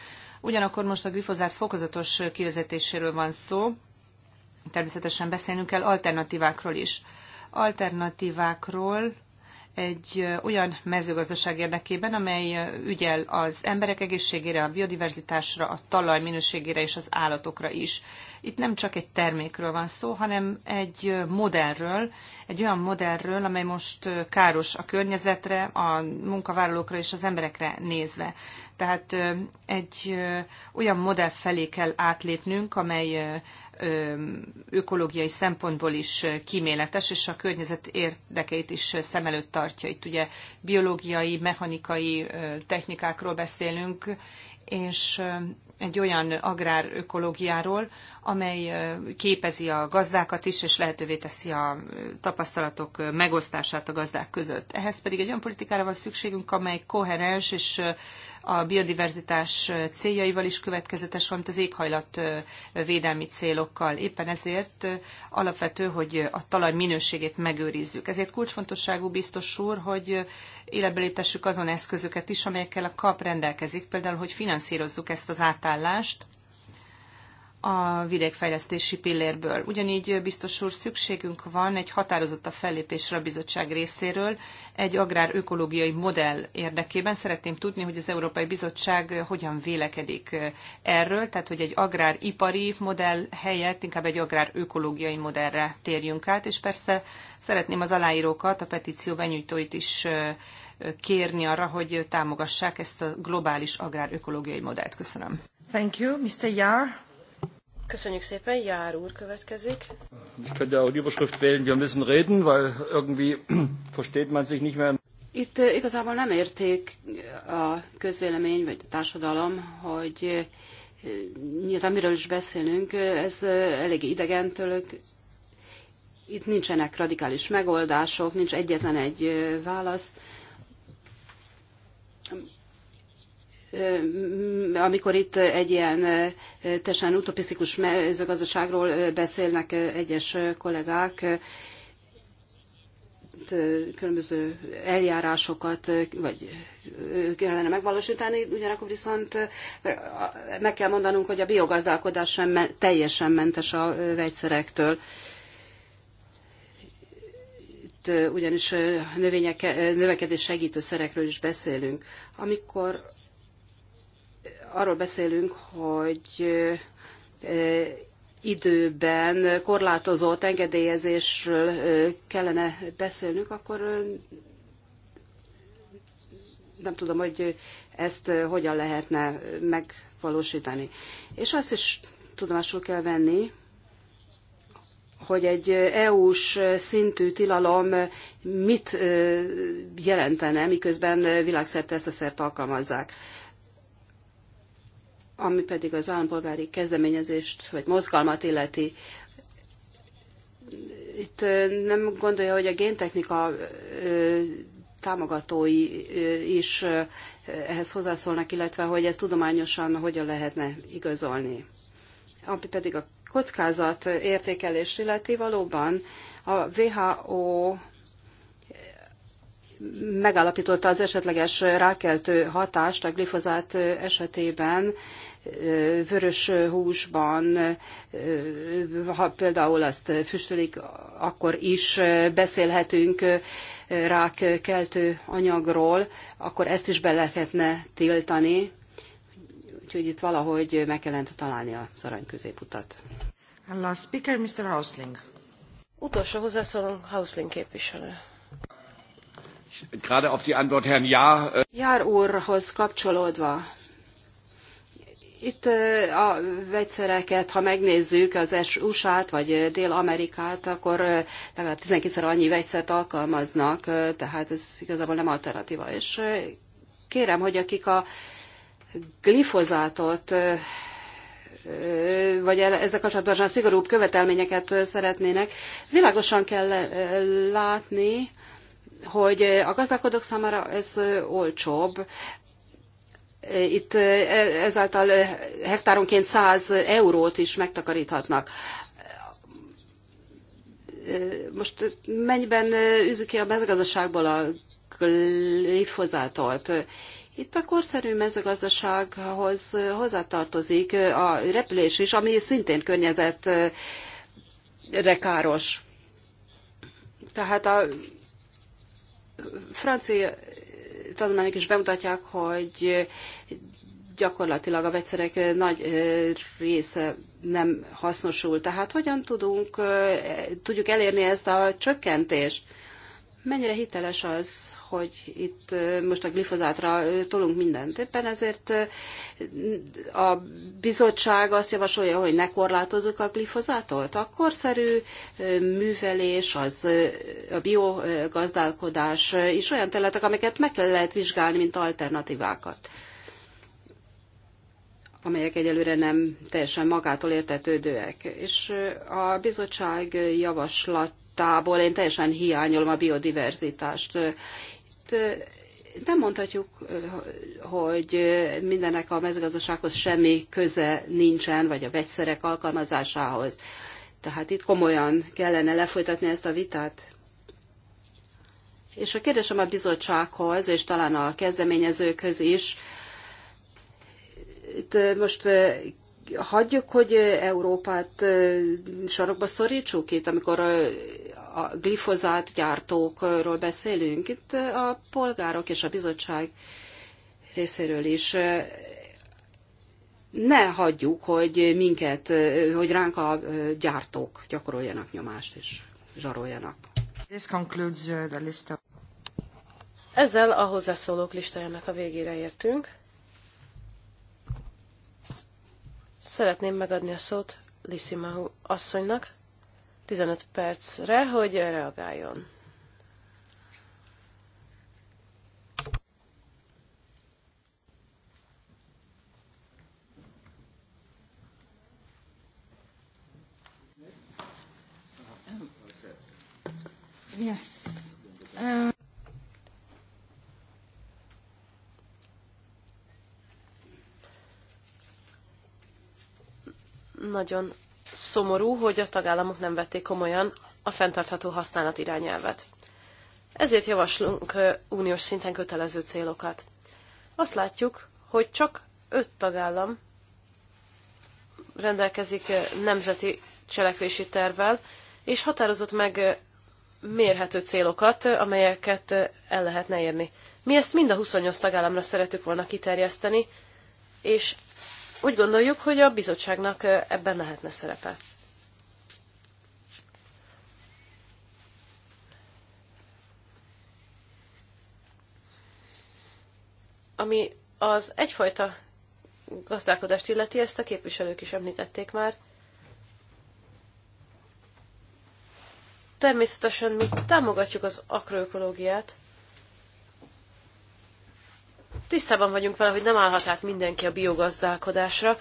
Ugyanakkor most a glifozát fokozatos kivezetéséről van szó, természetesen beszélnünk kell alternatívákról is. Alternatívákról egy olyan mezőgazdaság érdekében, amely ügyel az emberek egészségére, a biodiverzitásra, a talaj minőségére és az állatokra is. Itt nem csak egy termékről van szó, hanem egy modellről, egy olyan modellről, amely most káros a környezetre, a munkavállalókra és az emberekre nézve. Tehát egy olyan modell felé kell átlépnünk, amely ökológiai szempontból is kíméletes, és a környezet érdekeit is szem előtt tartja. Itt ugye biológiai, mechanikai technikákról beszélünk, és egy olyan agrárökológiáról, amely képezi a gazdákat is, és lehetővé teszi a tapasztalatok megosztását a gazdák között. Ehhez pedig egy olyan politikára van szükségünk, amely koherens és a biodiverzitás céljaival is következetes, valamint az éghajlat védelmi célokkal. Éppen ezért alapvető, hogy a talaj minőségét megőrizzük. Ezért kulcsfontosságú biztos úr, hogy életbe léptessük azon eszközöket is, amelyekkel a kap rendelkezik, például, hogy finanszírozzuk ezt az átállást, a vidékfejlesztési pillérből. Ugyanígy biztos úr szükségünk van egy határozott a fellépésre a bizottság részéről egy agrárökológiai modell érdekében. Szeretném tudni, hogy az Európai Bizottság hogyan vélekedik erről, tehát hogy egy agráripari modell helyett inkább egy agrárökológiai modellre térjünk át, és persze szeretném az aláírókat, a petíció benyújtóit is kérni arra, hogy támogassák ezt a globális agrárökológiai modellt. Köszönöm. Thank you, Mr. Yar. Köszönjük szépen, Jár úr következik. Ich könnte auch die Überschrift wählen, wir müssen reden, weil irgendwie [clears throat] versteht man sich nicht mehr. Itt eh, igazából nem érték eh, a közvélemény vagy a társadalom, hogy eh, nyilván miről is beszélünk, ez elég idegen tőlük. Itt nincsenek radikális megoldások, nincs egyetlen egy válasz amikor itt egy ilyen teljesen utopisztikus mezőgazdaságról beszélnek egyes kollégák, különböző eljárásokat vagy kellene megvalósítani, ugyanakkor viszont meg kell mondanunk, hogy a biogazdálkodás sem teljesen mentes a vegyszerektől. Itt ugyanis növények, növekedés segítő szerekről is beszélünk. Amikor arról beszélünk, hogy időben korlátozott engedélyezésről kellene beszélnünk, akkor nem tudom, hogy ezt hogyan lehetne megvalósítani. És azt is tudomásul kell venni, hogy egy EU-s szintű tilalom mit jelentene, miközben világszerte ezt a szert alkalmazzák ami pedig az állampolgári kezdeményezést vagy mozgalmat illeti. Itt nem gondolja, hogy a géntechnika támogatói is ehhez hozzászólnak, illetve hogy ez tudományosan hogyan lehetne igazolni. Ami pedig a kockázat értékelés illeti valóban a WHO megállapította az esetleges rákeltő hatást a glifozát esetében, vörös húsban, ha például azt füstölik, akkor is beszélhetünk rákkeltő anyagról, akkor ezt is be lehetne tiltani. Úgyhogy itt valahogy meg kellene találni az arany középutat. Last speaker, Mr. Hausling. Utolsó hozzászólunk, Hausling képviselő. Gerade auf die Antwort Herrn Jár. Äh, Jár úrhoz kapcsolódva itt a vegyszereket, ha megnézzük az USA-t vagy Dél-Amerikát, akkor legalább 12-szer annyi vegyszert alkalmaznak, tehát ez igazából nem alternatíva. És kérem, hogy akik a glifozátot vagy ezzel kapcsolatban szigorúbb követelményeket szeretnének, világosan kell látni, hogy a gazdálkodók számára ez olcsóbb, itt ezáltal hektáronként 100 eurót is megtakaríthatnak. Most mennyiben űzik ki a mezőgazdaságból a glifozátot? Itt a korszerű mezőgazdasághoz hozzátartozik a repülés is, ami szintén környezetre káros. Tehát a francia tanulmányok is bemutatják, hogy gyakorlatilag a vegyszerek nagy része nem hasznosul. Tehát hogyan tudunk, tudjuk elérni ezt a csökkentést? mennyire hiteles az, hogy itt most a glifozátra tolunk mindent. Éppen ezért a bizottság azt javasolja, hogy ne korlátozzuk a glifozátot. A korszerű művelés, az a biogazdálkodás is olyan területek, amiket meg kell lehet vizsgálni, mint alternatívákat amelyek egyelőre nem teljesen magától értetődőek. És a bizottság javaslat listából én teljesen hiányolom a biodiverzitást. Itt nem mondhatjuk, hogy mindenek a mezőgazdasághoz semmi köze nincsen, vagy a vegyszerek alkalmazásához. Tehát itt komolyan kellene lefolytatni ezt a vitát. És a kérdésem a bizottsághoz, és talán a kezdeményezőkhöz is. Itt most hagyjuk, hogy Európát sarokba szorítsuk itt, amikor a glifozát gyártókról beszélünk, itt a polgárok és a bizottság részéről is ne hagyjuk, hogy minket, hogy ránk a gyártók gyakoroljanak nyomást és zsaroljanak. This concludes uh, the list of... Ezzel a hozzászólók listájának a végére értünk. Szeretném megadni a szót Lissimahu asszonynak, 15 percre, hogy reagáljon. Yes. Um. Nagyon szomorú, hogy a tagállamok nem vették komolyan a fenntartható használat irányelvet. Ezért javaslunk uniós szinten kötelező célokat. Azt látjuk, hogy csak öt tagállam rendelkezik nemzeti cselekvési tervvel, és határozott meg mérhető célokat, amelyeket el lehetne érni. Mi ezt mind a 28 tagállamra szeretük volna kiterjeszteni, és úgy gondoljuk, hogy a bizottságnak ebben lehetne szerepe. Ami az egyfajta gazdálkodást illeti, ezt a képviselők is említették már. Természetesen mi támogatjuk az akroökológiát, Tisztában vagyunk vele, hogy nem állhat át mindenki a biogazdálkodásra,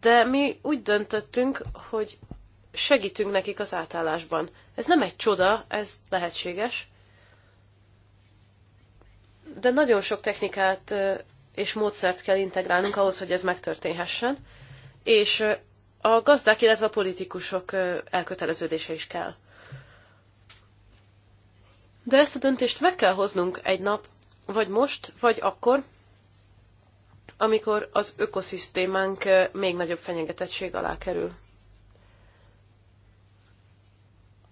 de mi úgy döntöttünk, hogy segítünk nekik az átállásban. Ez nem egy csoda, ez lehetséges, de nagyon sok technikát és módszert kell integrálnunk ahhoz, hogy ez megtörténhessen, és a gazdák, illetve a politikusok elköteleződése is kell. De ezt a döntést meg kell hoznunk egy nap, vagy most, vagy akkor, amikor az ökoszisztémánk eh, még nagyobb fenyegetettség alá kerül.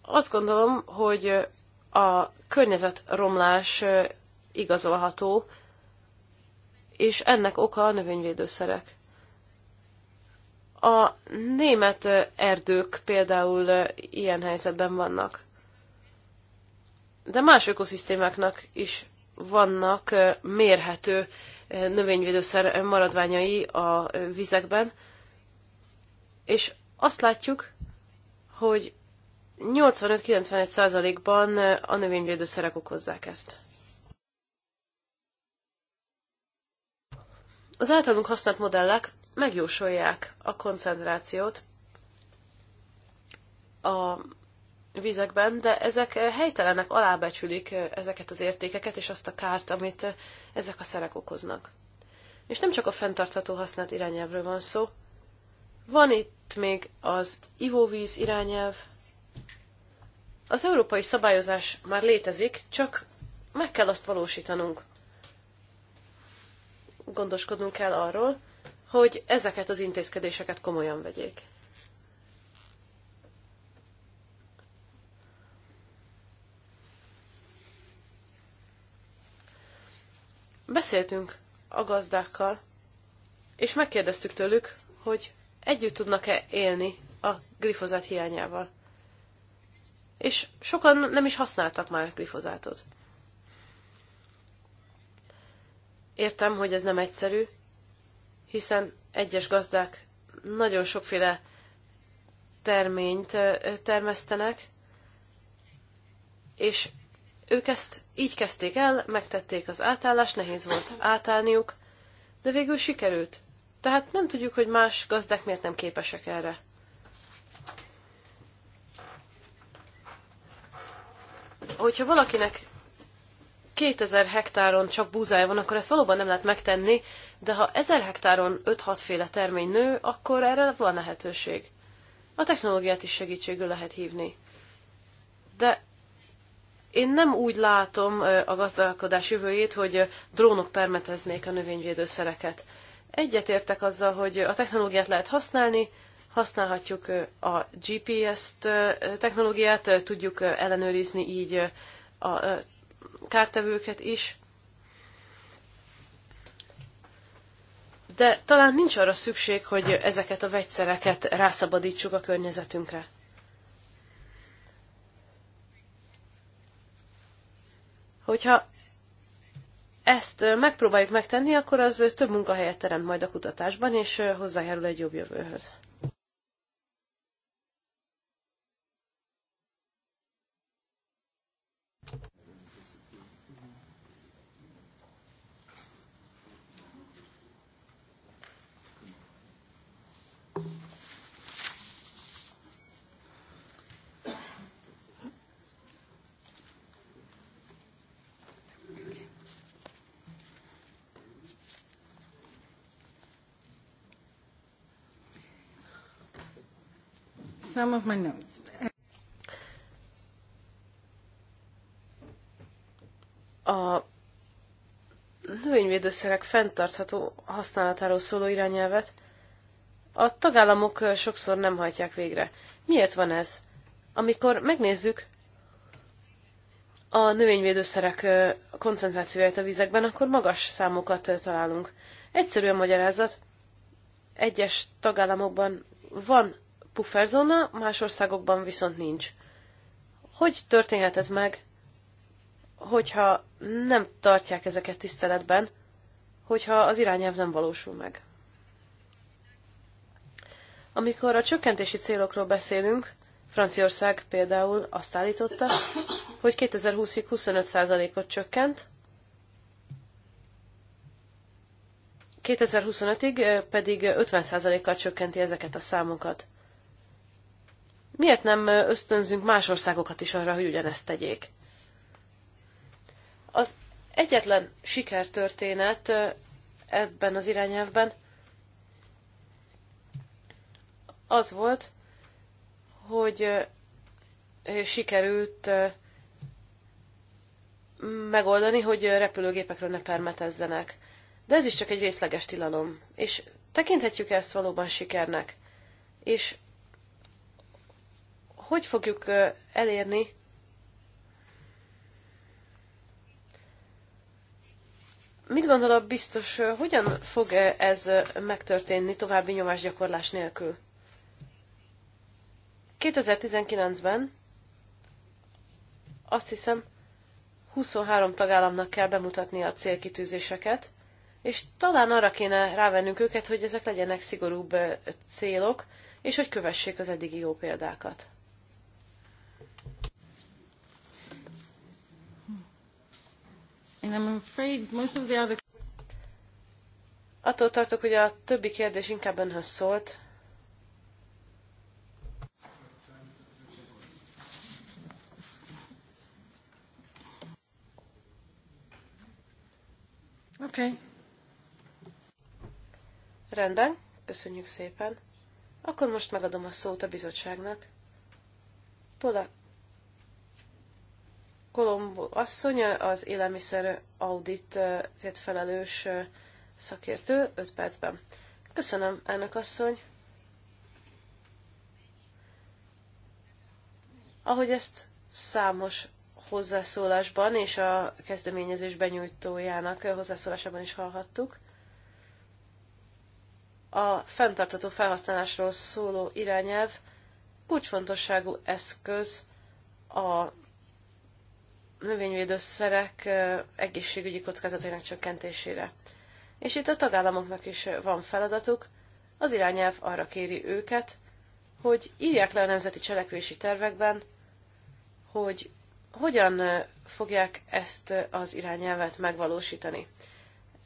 Azt gondolom, hogy eh, a környezetromlás eh, igazolható, és ennek oka a növényvédőszerek. A német erdők például ilyen helyzetben vannak de más ökoszisztémáknak is vannak mérhető növényvédőszer maradványai a vizekben, és azt látjuk, hogy 85-91%-ban a növényvédőszerek okozzák ezt. Az általunk használt modellek megjósolják a koncentrációt a vizekben, de ezek helytelenek alábecsülik ezeket az értékeket és azt a kárt, amit ezek a szerek okoznak. És nem csak a fenntartható használt irányelvről van szó. Van itt még az ivóvíz irányelv. Az európai szabályozás már létezik, csak meg kell azt valósítanunk. Gondoskodnunk kell arról, hogy ezeket az intézkedéseket komolyan vegyék. Beszéltünk a gazdákkal, és megkérdeztük tőlük, hogy együtt tudnak-e élni a glifozát hiányával. És sokan nem is használtak már glifozátot. Értem, hogy ez nem egyszerű, hiszen egyes gazdák nagyon sokféle terményt termesztenek, és ők ezt így kezdték el, megtették az átállást, nehéz volt átállniuk, de végül sikerült. Tehát nem tudjuk, hogy más gazdák miért nem képesek erre. Hogyha valakinek 2000 hektáron csak búzája van, akkor ezt valóban nem lehet megtenni, de ha 1000 hektáron 5-6 féle termény nő, akkor erre van lehetőség. A technológiát is segítségül lehet hívni. De én nem úgy látom a gazdálkodás jövőjét, hogy drónok permeteznék a növényvédőszereket. Egyetértek azzal, hogy a technológiát lehet használni, használhatjuk a GPS-t, technológiát, tudjuk ellenőrizni így a kártevőket is. De talán nincs arra szükség, hogy ezeket a vegyszereket rászabadítsuk a környezetünkre. Hogyha ezt megpróbáljuk megtenni, akkor az több munkahelyet teremt majd a kutatásban, és hozzájárul egy jobb jövőhöz. some of my notes. A növényvédőszerek fenntartható használatáról szóló irányelvet a tagállamok sokszor nem hajtják végre. Miért van ez? Amikor megnézzük a növényvédőszerek koncentrációját a vizekben, akkor magas számokat találunk. Egyszerű a magyarázat. Egyes tagállamokban van pufferzóna, más országokban viszont nincs. Hogy történhet ez meg, hogyha nem tartják ezeket tiszteletben, hogyha az irányelv nem valósul meg? Amikor a csökkentési célokról beszélünk, Franciaország például azt állította, hogy 2020-ig 25%-ot csökkent, 2025-ig pedig 50%-kal csökkenti ezeket a számokat. Miért nem ösztönzünk más országokat is arra, hogy ugyanezt tegyék? Az egyetlen sikertörténet ebben az irányelvben az volt, hogy sikerült megoldani, hogy repülőgépekről ne permetezzenek. De ez is csak egy részleges tilalom, és tekinthetjük ezt valóban sikernek. És hogy fogjuk elérni Mit gondol a biztos, hogyan fog ez megtörténni további nyomásgyakorlás nélkül? 2019-ben azt hiszem 23 tagállamnak kell bemutatni a célkitűzéseket, és talán arra kéne rávennünk őket, hogy ezek legyenek szigorúbb célok, és hogy kövessék az eddigi jó példákat. And I'm afraid most of the other... Attól tartok, hogy a többi kérdés inkább önhöz szólt. Oké. Okay. Rendben, köszönjük szépen. Akkor most megadom a szót a bizottságnak. Polak Kolombo asszony, az élelmiszer auditért felelős szakértő 5 percben. Köszönöm, elnök asszony. Ahogy ezt számos hozzászólásban és a kezdeményezés benyújtójának hozzászólásában is hallhattuk, a fenntartató felhasználásról szóló irányelv kulcsfontosságú eszköz a növényvédőszerek egészségügyi kockázatainak csökkentésére. És itt a tagállamoknak is van feladatuk, az irányelv arra kéri őket, hogy írják le a nemzeti cselekvési tervekben, hogy hogyan fogják ezt az irányelvet megvalósítani.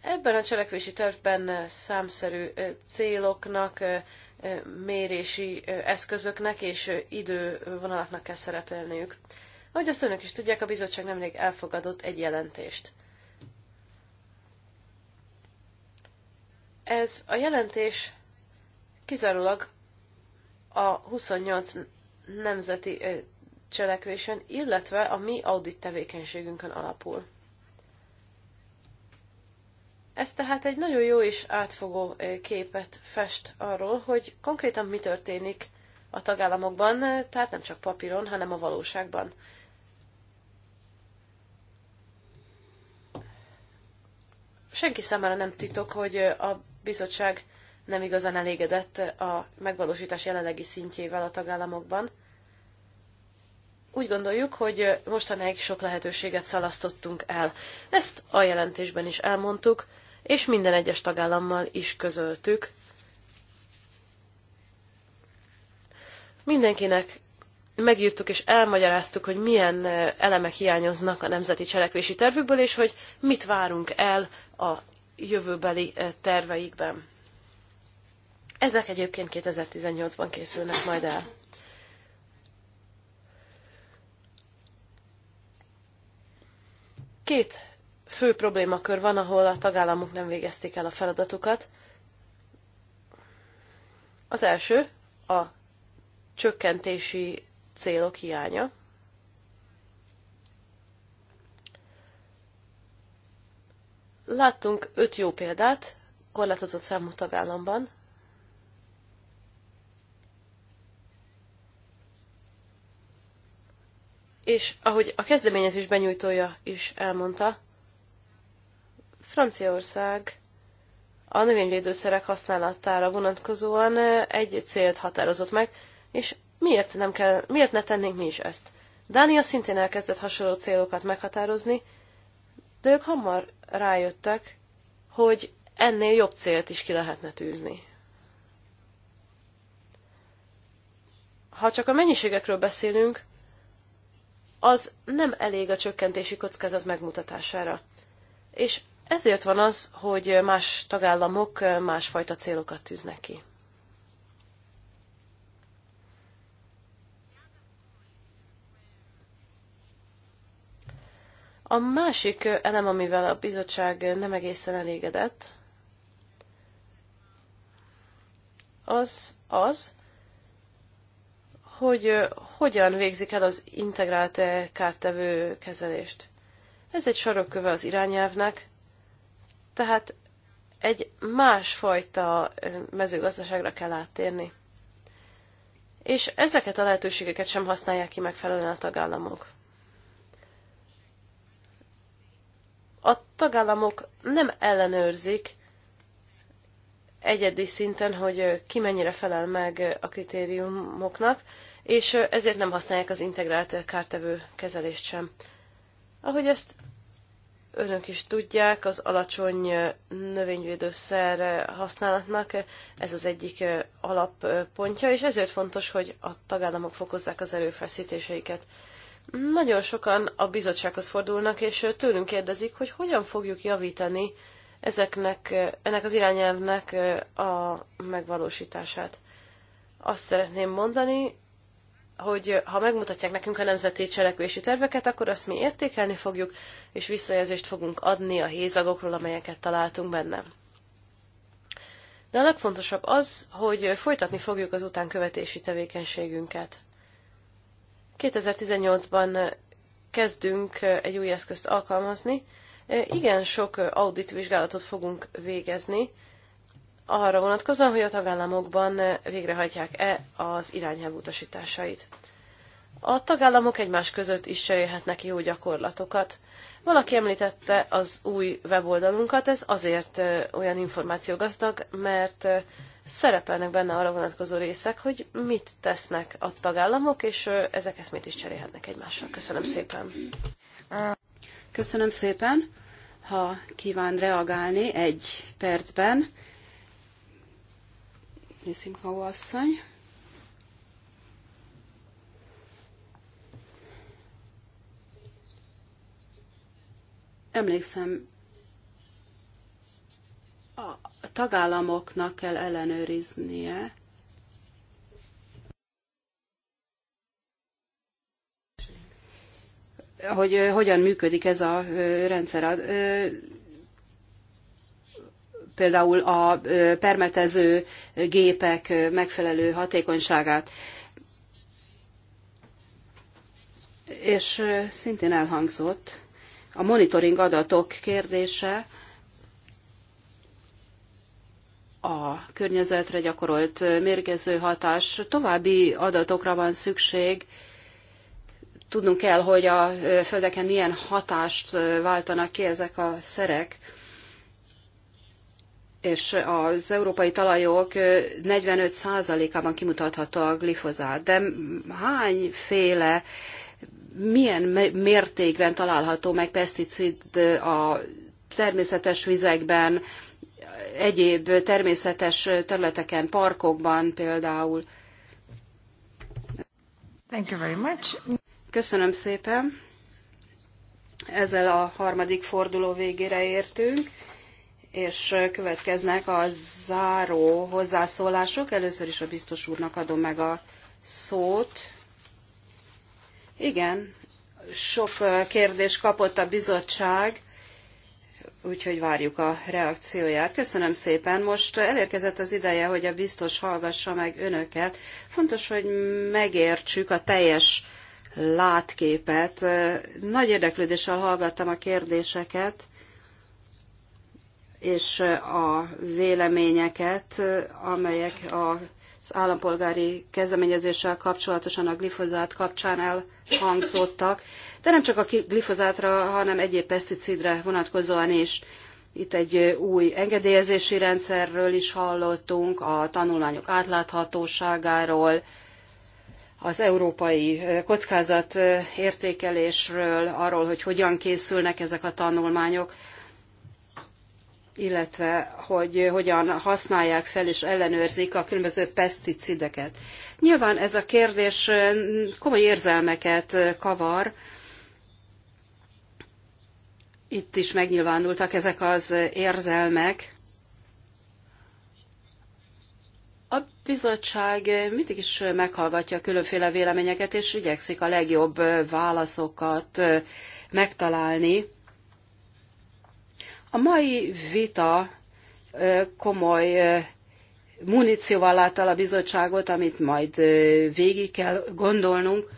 Ebben a cselekvési tervben számszerű céloknak, mérési eszközöknek és idővonalaknak kell szerepelniük. Ahogy azt önök is tudják, a bizottság nemrég elfogadott egy jelentést. Ez a jelentés kizárólag a 28 nemzeti cselekvésen, illetve a mi audit tevékenységünkön alapul. Ez tehát egy nagyon jó és átfogó képet fest arról, hogy konkrétan mi történik a tagállamokban, tehát nem csak papíron, hanem a valóságban. senki számára nem titok, hogy a bizottság nem igazán elégedett a megvalósítás jelenlegi szintjével a tagállamokban. Úgy gondoljuk, hogy mostanáig sok lehetőséget szalasztottunk el. Ezt a jelentésben is elmondtuk, és minden egyes tagállammal is közöltük. Mindenkinek megírtuk és elmagyaráztuk, hogy milyen elemek hiányoznak a nemzeti cselekvési tervükből, és hogy mit várunk el a jövőbeli eh, terveikben. Ezek egyébként 2018-ban készülnek majd el. Két fő problémakör van, ahol a tagállamok nem végezték el a feladatukat. Az első a csökkentési célok hiánya. Láttunk öt jó példát, korlátozott számú tagállamban. És ahogy a kezdeményezés benyújtója is elmondta, Franciaország a növényvédőszerek használatára vonatkozóan egy célt határozott meg, és miért, nem kell, miért ne tennénk mi is ezt? Dánia szintén elkezdett hasonló célokat meghatározni, de ők hamar rájöttek, hogy ennél jobb célt is ki lehetne tűzni. Ha csak a mennyiségekről beszélünk, az nem elég a csökkentési kockázat megmutatására. És ezért van az, hogy más tagállamok másfajta célokat tűznek ki. A másik elem, amivel a bizottság nem egészen elégedett, az az, hogy hogyan végzik el az integrált kártevő kezelést. Ez egy sarokköve az irányelvnek, tehát egy másfajta mezőgazdaságra kell áttérni. És ezeket a lehetőségeket sem használják ki megfelelően a tagállamok. a tagállamok nem ellenőrzik egyedi szinten, hogy ki mennyire felel meg a kritériumoknak, és ezért nem használják az integrált kártevő kezelést sem. Ahogy ezt önök is tudják, az alacsony növényvédőszer használatnak ez az egyik alappontja, és ezért fontos, hogy a tagállamok fokozzák az erőfeszítéseiket nagyon sokan a bizottsághoz fordulnak, és tőlünk kérdezik, hogy hogyan fogjuk javítani ezeknek, ennek az irányelvnek a megvalósítását. Azt szeretném mondani, hogy ha megmutatják nekünk a nemzeti cselekvési terveket, akkor azt mi értékelni fogjuk, és visszajelzést fogunk adni a hézagokról, amelyeket találtunk benne. De a legfontosabb az, hogy folytatni fogjuk az utánkövetési tevékenységünket. 2018-ban kezdünk egy új eszközt alkalmazni. Igen sok audit vizsgálatot fogunk végezni, arra vonatkozóan, hogy a tagállamokban végrehajtják-e az irányelv utasításait. A tagállamok egymás között is cserélhetnek jó gyakorlatokat. Valaki említette az új weboldalunkat, ez azért olyan információgazdag, mert szerepelnek benne arra vonatkozó részek, hogy mit tesznek a tagállamok, és ezek mit is cserélhetnek egymással. Köszönöm szépen. Köszönöm szépen. Ha kíván reagálni egy percben, Niszimkau asszony. Emlékszem, a tagállamoknak kell ellenőriznie, hogy hogyan működik ez a rendszer. Például a permetező gépek megfelelő hatékonyságát. És szintén elhangzott a monitoring adatok kérdése, a környezetre gyakorolt mérgező hatás. További adatokra van szükség. Tudnunk kell, hogy a földeken milyen hatást váltanak ki ezek a szerek. És az európai talajok 45%-ában kimutatható a glifozát. De hányféle, milyen mértékben található meg peszticid a természetes vizekben, egyéb természetes területeken, parkokban például. Thank you very much. Köszönöm szépen. Ezzel a harmadik forduló végére értünk, és következnek a záró hozzászólások. Először is a biztos úrnak adom meg a szót. Igen, sok kérdés kapott a bizottság úgyhogy várjuk a reakcióját. Köszönöm szépen. Most elérkezett az ideje, hogy a biztos hallgassa meg önöket. Fontos, hogy megértsük a teljes látképet. Nagy érdeklődéssel hallgattam a kérdéseket és a véleményeket, amelyek az állampolgári kezdeményezéssel kapcsolatosan a glifozát kapcsán elhangzottak de nem csak a glifozátra, hanem egyéb peszticidre vonatkozóan is. Itt egy új engedélyezési rendszerről is hallottunk, a tanulmányok átláthatóságáról, az európai kockázat értékelésről, arról, hogy hogyan készülnek ezek a tanulmányok, illetve hogy hogyan használják fel és ellenőrzik a különböző peszticideket. Nyilván ez a kérdés komoly érzelmeket kavar, itt is megnyilvánultak ezek az érzelmek. A bizottság mindig is meghallgatja különféle véleményeket, és igyekszik a legjobb válaszokat megtalálni. A mai vita komoly munícióval látta a bizottságot, amit majd végig kell gondolnunk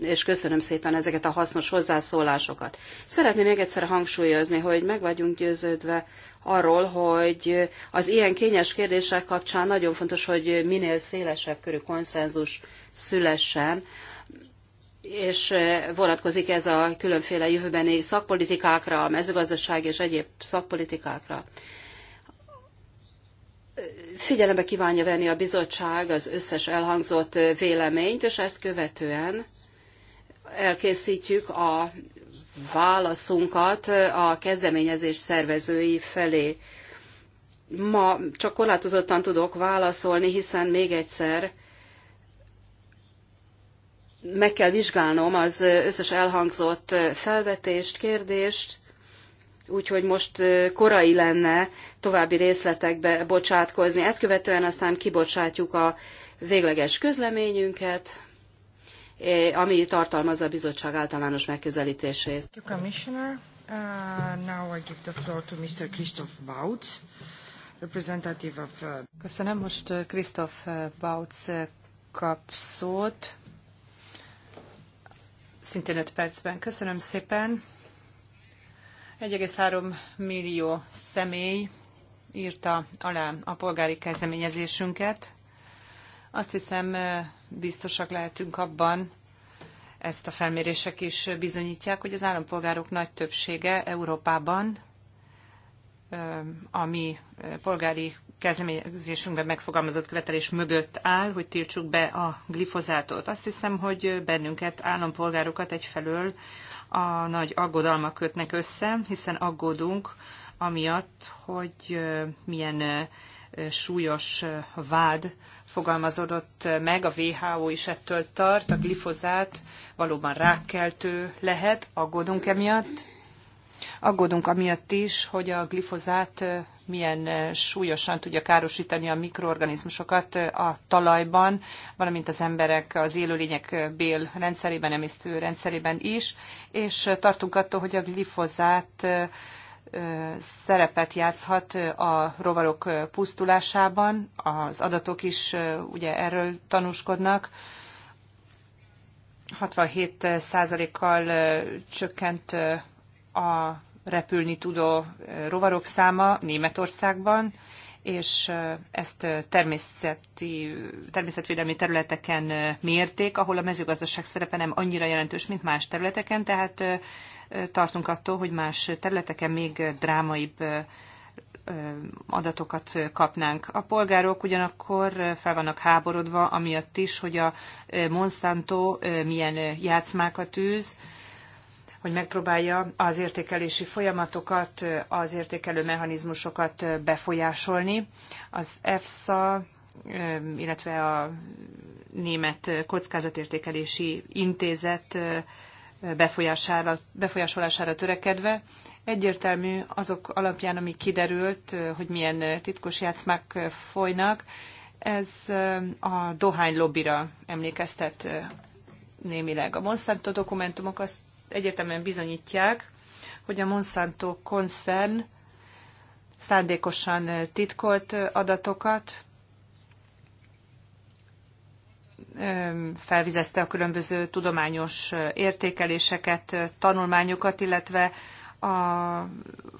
és köszönöm szépen ezeket a hasznos hozzászólásokat. Szeretném még egyszer hangsúlyozni, hogy meg vagyunk győződve arról, hogy az ilyen kényes kérdések kapcsán nagyon fontos, hogy minél szélesebb körű konszenzus szülessen, és vonatkozik ez a különféle jövőbeni szakpolitikákra, a mezőgazdaság és egyéb szakpolitikákra. Figyelembe kívánja venni a bizottság az összes elhangzott véleményt, és ezt követően elkészítjük a válaszunkat a kezdeményezés szervezői felé. Ma csak korlátozottan tudok válaszolni, hiszen még egyszer meg kell vizsgálnom az összes elhangzott felvetést, kérdést, úgyhogy most korai lenne további részletekbe bocsátkozni. Ezt követően aztán kibocsátjuk a végleges közleményünket, Eh, ami tartalmazza a bizottság általános megközelítését. Uh, Christoph Bautz, uh, Köszönöm, most uh, Christoph Bautz kap szót. Szintén 5 percben. Köszönöm szépen. 1,3 millió személy írta alá a polgári kezdeményezésünket. Azt hiszem, biztosak lehetünk abban, ezt a felmérések is bizonyítják, hogy az állampolgárok nagy többsége Európában ami polgári kezdeményezésünkben megfogalmazott követelés mögött áll, hogy tiltsuk be a glifozátot. Azt hiszem, hogy bennünket, állampolgárokat egyfelől a nagy aggodalmak kötnek össze, hiszen aggódunk amiatt, hogy milyen súlyos vád fogalmazódott meg, a WHO is ettől tart, a glifozát valóban rákkeltő lehet, aggódunk emiatt. Aggódunk amiatt is, hogy a glifozát milyen súlyosan tudja károsítani a mikroorganizmusokat a talajban, valamint az emberek, az élőlények bél rendszerében, emésztő rendszerében is, és tartunk attól, hogy a glifozát szerepet játszhat a rovarok pusztulásában, az adatok is ugye erről tanúskodnak. 67%-kal csökkent a repülni tudó rovarok száma Németországban, és ezt természeti, természetvédelmi területeken mérték, ahol a mezőgazdaság szerepe nem annyira jelentős, mint más területeken, tehát tartunk attól, hogy más területeken még drámaibb adatokat kapnánk. A polgárok ugyanakkor fel vannak háborodva, amiatt is, hogy a Monsanto milyen játszmákat űz, hogy megpróbálja az értékelési folyamatokat, az értékelő mechanizmusokat befolyásolni. Az EFSA, illetve a Német Kockázatértékelési Intézet befolyására, befolyásolására törekedve. Egyértelmű azok alapján, ami kiderült, hogy milyen titkos játszmák folynak, ez a dohány lobbira emlékeztet némileg. A Monsanto dokumentumok azt egyértelműen bizonyítják, hogy a Monsanto koncern szándékosan titkolt adatokat, felvizezte a különböző tudományos értékeléseket, tanulmányokat, illetve a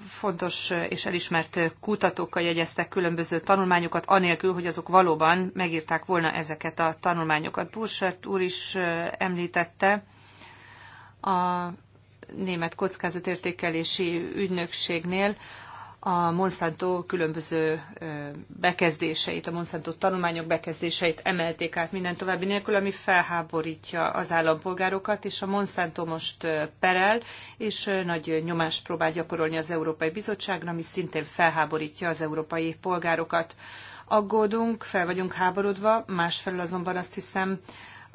fontos és elismert kutatókkal jegyeztek különböző tanulmányokat, anélkül, hogy azok valóban megírták volna ezeket a tanulmányokat. Bursert úr is említette a német kockázatértékelési ügynökségnél, a Monsanto különböző bekezdéseit, a Monsanto tanulmányok bekezdéseit emelték át minden további nélkül, ami felháborítja az állampolgárokat, és a Monsanto most perel, és nagy nyomást próbál gyakorolni az Európai Bizottságra, ami szintén felháborítja az európai polgárokat. Aggódunk, fel vagyunk háborodva, másfelől azonban azt hiszem,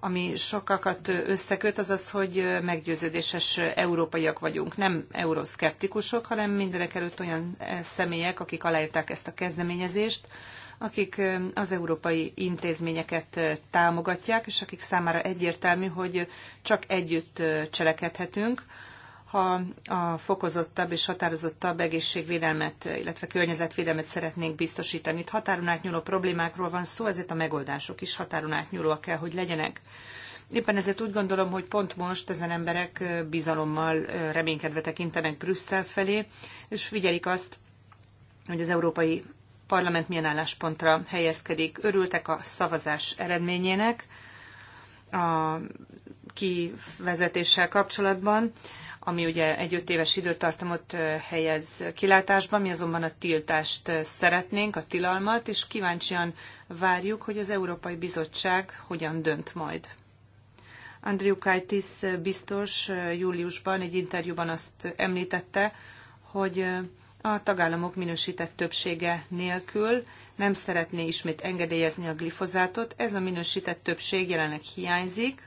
ami sokakat összeköt, az az, hogy meggyőződéses európaiak vagyunk. Nem euroszkeptikusok, hanem mindenek előtt olyan személyek, akik aláírták ezt a kezdeményezést, akik az európai intézményeket támogatják, és akik számára egyértelmű, hogy csak együtt cselekedhetünk ha a fokozottabb és határozottabb egészségvédelmet, illetve környezetvédelmet szeretnénk biztosítani. Itt határon átnyúló problémákról van szó, ezért a megoldások is határon átnyúlóak kell, hogy legyenek. Éppen ezért úgy gondolom, hogy pont most ezen emberek bizalommal reménykedve tekintenek Brüsszel felé, és figyelik azt, hogy az Európai Parlament milyen álláspontra helyezkedik. Örültek a szavazás eredményének a kivezetéssel kapcsolatban ami ugye egy öt éves időtartamot helyez kilátásba, mi azonban a tiltást szeretnénk, a tilalmat, és kíváncsian várjuk, hogy az Európai Bizottság hogyan dönt majd. Andrew Kaitis biztos júliusban egy interjúban azt említette, hogy a tagállamok minősített többsége nélkül nem szeretné ismét engedélyezni a glifozátot. Ez a minősített többség jelenleg hiányzik,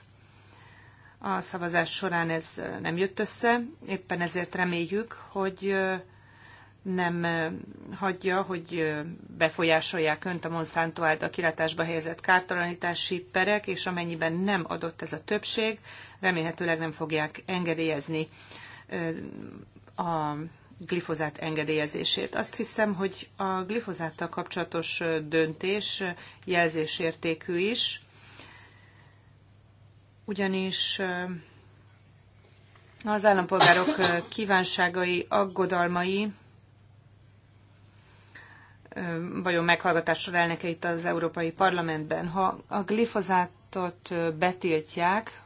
a szavazás során ez nem jött össze, éppen ezért reméljük, hogy nem hagyja, hogy befolyásolják Önt a Monsanto által kilátásba helyezett kártalanítási perek, és amennyiben nem adott ez a többség, remélhetőleg nem fogják engedélyezni a glifozát engedélyezését. Azt hiszem, hogy a glifozáttal kapcsolatos döntés jelzésértékű is, ugyanis az állampolgárok kívánságai, aggodalmai vajon meghallgatásra lelnek-e itt az Európai Parlamentben. Ha a glifozátot betiltják,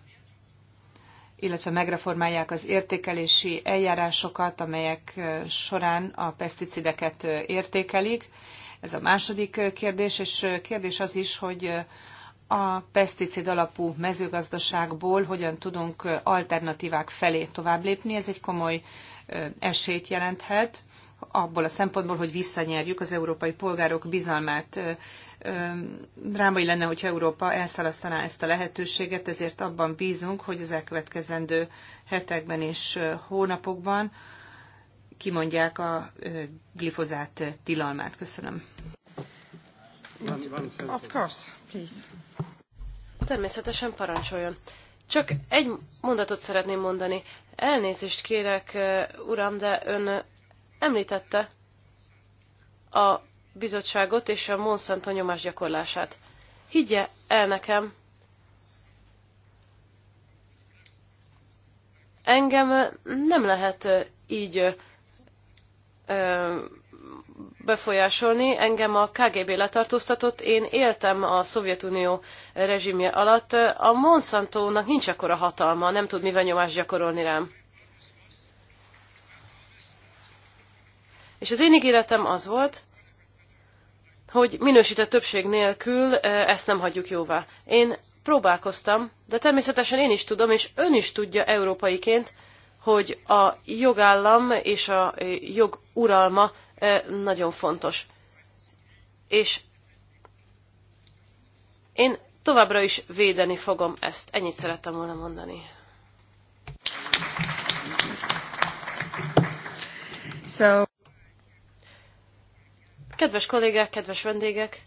illetve megreformálják az értékelési eljárásokat, amelyek során a peszticideket értékelik. Ez a második kérdés, és kérdés az is, hogy a peszticid alapú mezőgazdaságból hogyan tudunk alternatívák felé tovább lépni. Ez egy komoly esélyt jelenthet, abból a szempontból, hogy visszanyerjük az európai polgárok bizalmát. Drámai lenne, hogyha Európa elszalasztaná ezt a lehetőséget, ezért abban bízunk, hogy az elkövetkezendő hetekben és hónapokban kimondják a glifozát tilalmát. Köszönöm. Of course, please. Természetesen parancsoljon. Csak egy mondatot szeretném mondani. Elnézést kérek, uram, de ön említette a bizottságot és a Monsanto nyomás gyakorlását. Higgye el nekem, engem nem lehet így ö, befolyásolni. Engem a KGB letartóztatott, én éltem a Szovjetunió rezsimje alatt. A Monsanto-nak nincs akkora hatalma, nem tud mivel nyomást gyakorolni rám. És az én ígéretem az volt, hogy minősített többség nélkül ezt nem hagyjuk jóvá. Én próbálkoztam, de természetesen én is tudom, és ön is tudja európaiként, hogy a jogállam és a joguralma nagyon fontos. És én továbbra is védeni fogom ezt. Ennyit szerettem volna mondani. So... Kedves kollégák, kedves vendégek,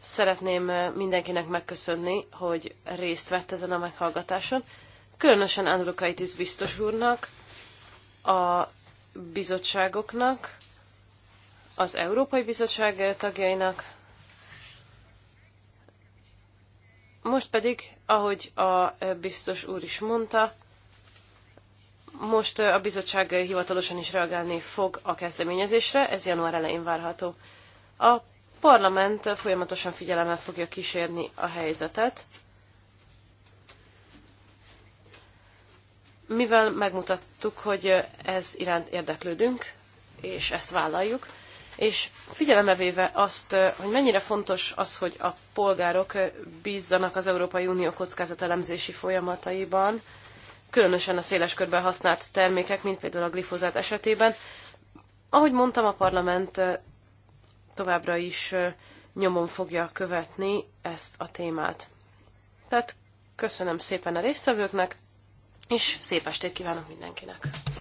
szeretném mindenkinek megköszönni, hogy részt vett ezen a meghallgatáson. Különösen Andrukaitis biztos úrnak, a bizottságoknak, az Európai Bizottság tagjainak. Most pedig, ahogy a biztos úr is mondta, most a bizottság hivatalosan is reagálni fog a kezdeményezésre, ez január elején várható. A parlament folyamatosan figyelemmel fogja kísérni a helyzetet, mivel megmutattuk, hogy ez iránt érdeklődünk, és ezt vállaljuk, és figyelembe véve azt, hogy mennyire fontos az, hogy a polgárok bízzanak az Európai Unió kockázatelemzési folyamataiban, különösen a széles körben használt termékek, mint például a glifozát esetében. Ahogy mondtam, a parlament továbbra is nyomon fogja követni ezt a témát. Tehát köszönöm szépen a résztvevőknek, és szép estét kívánok mindenkinek!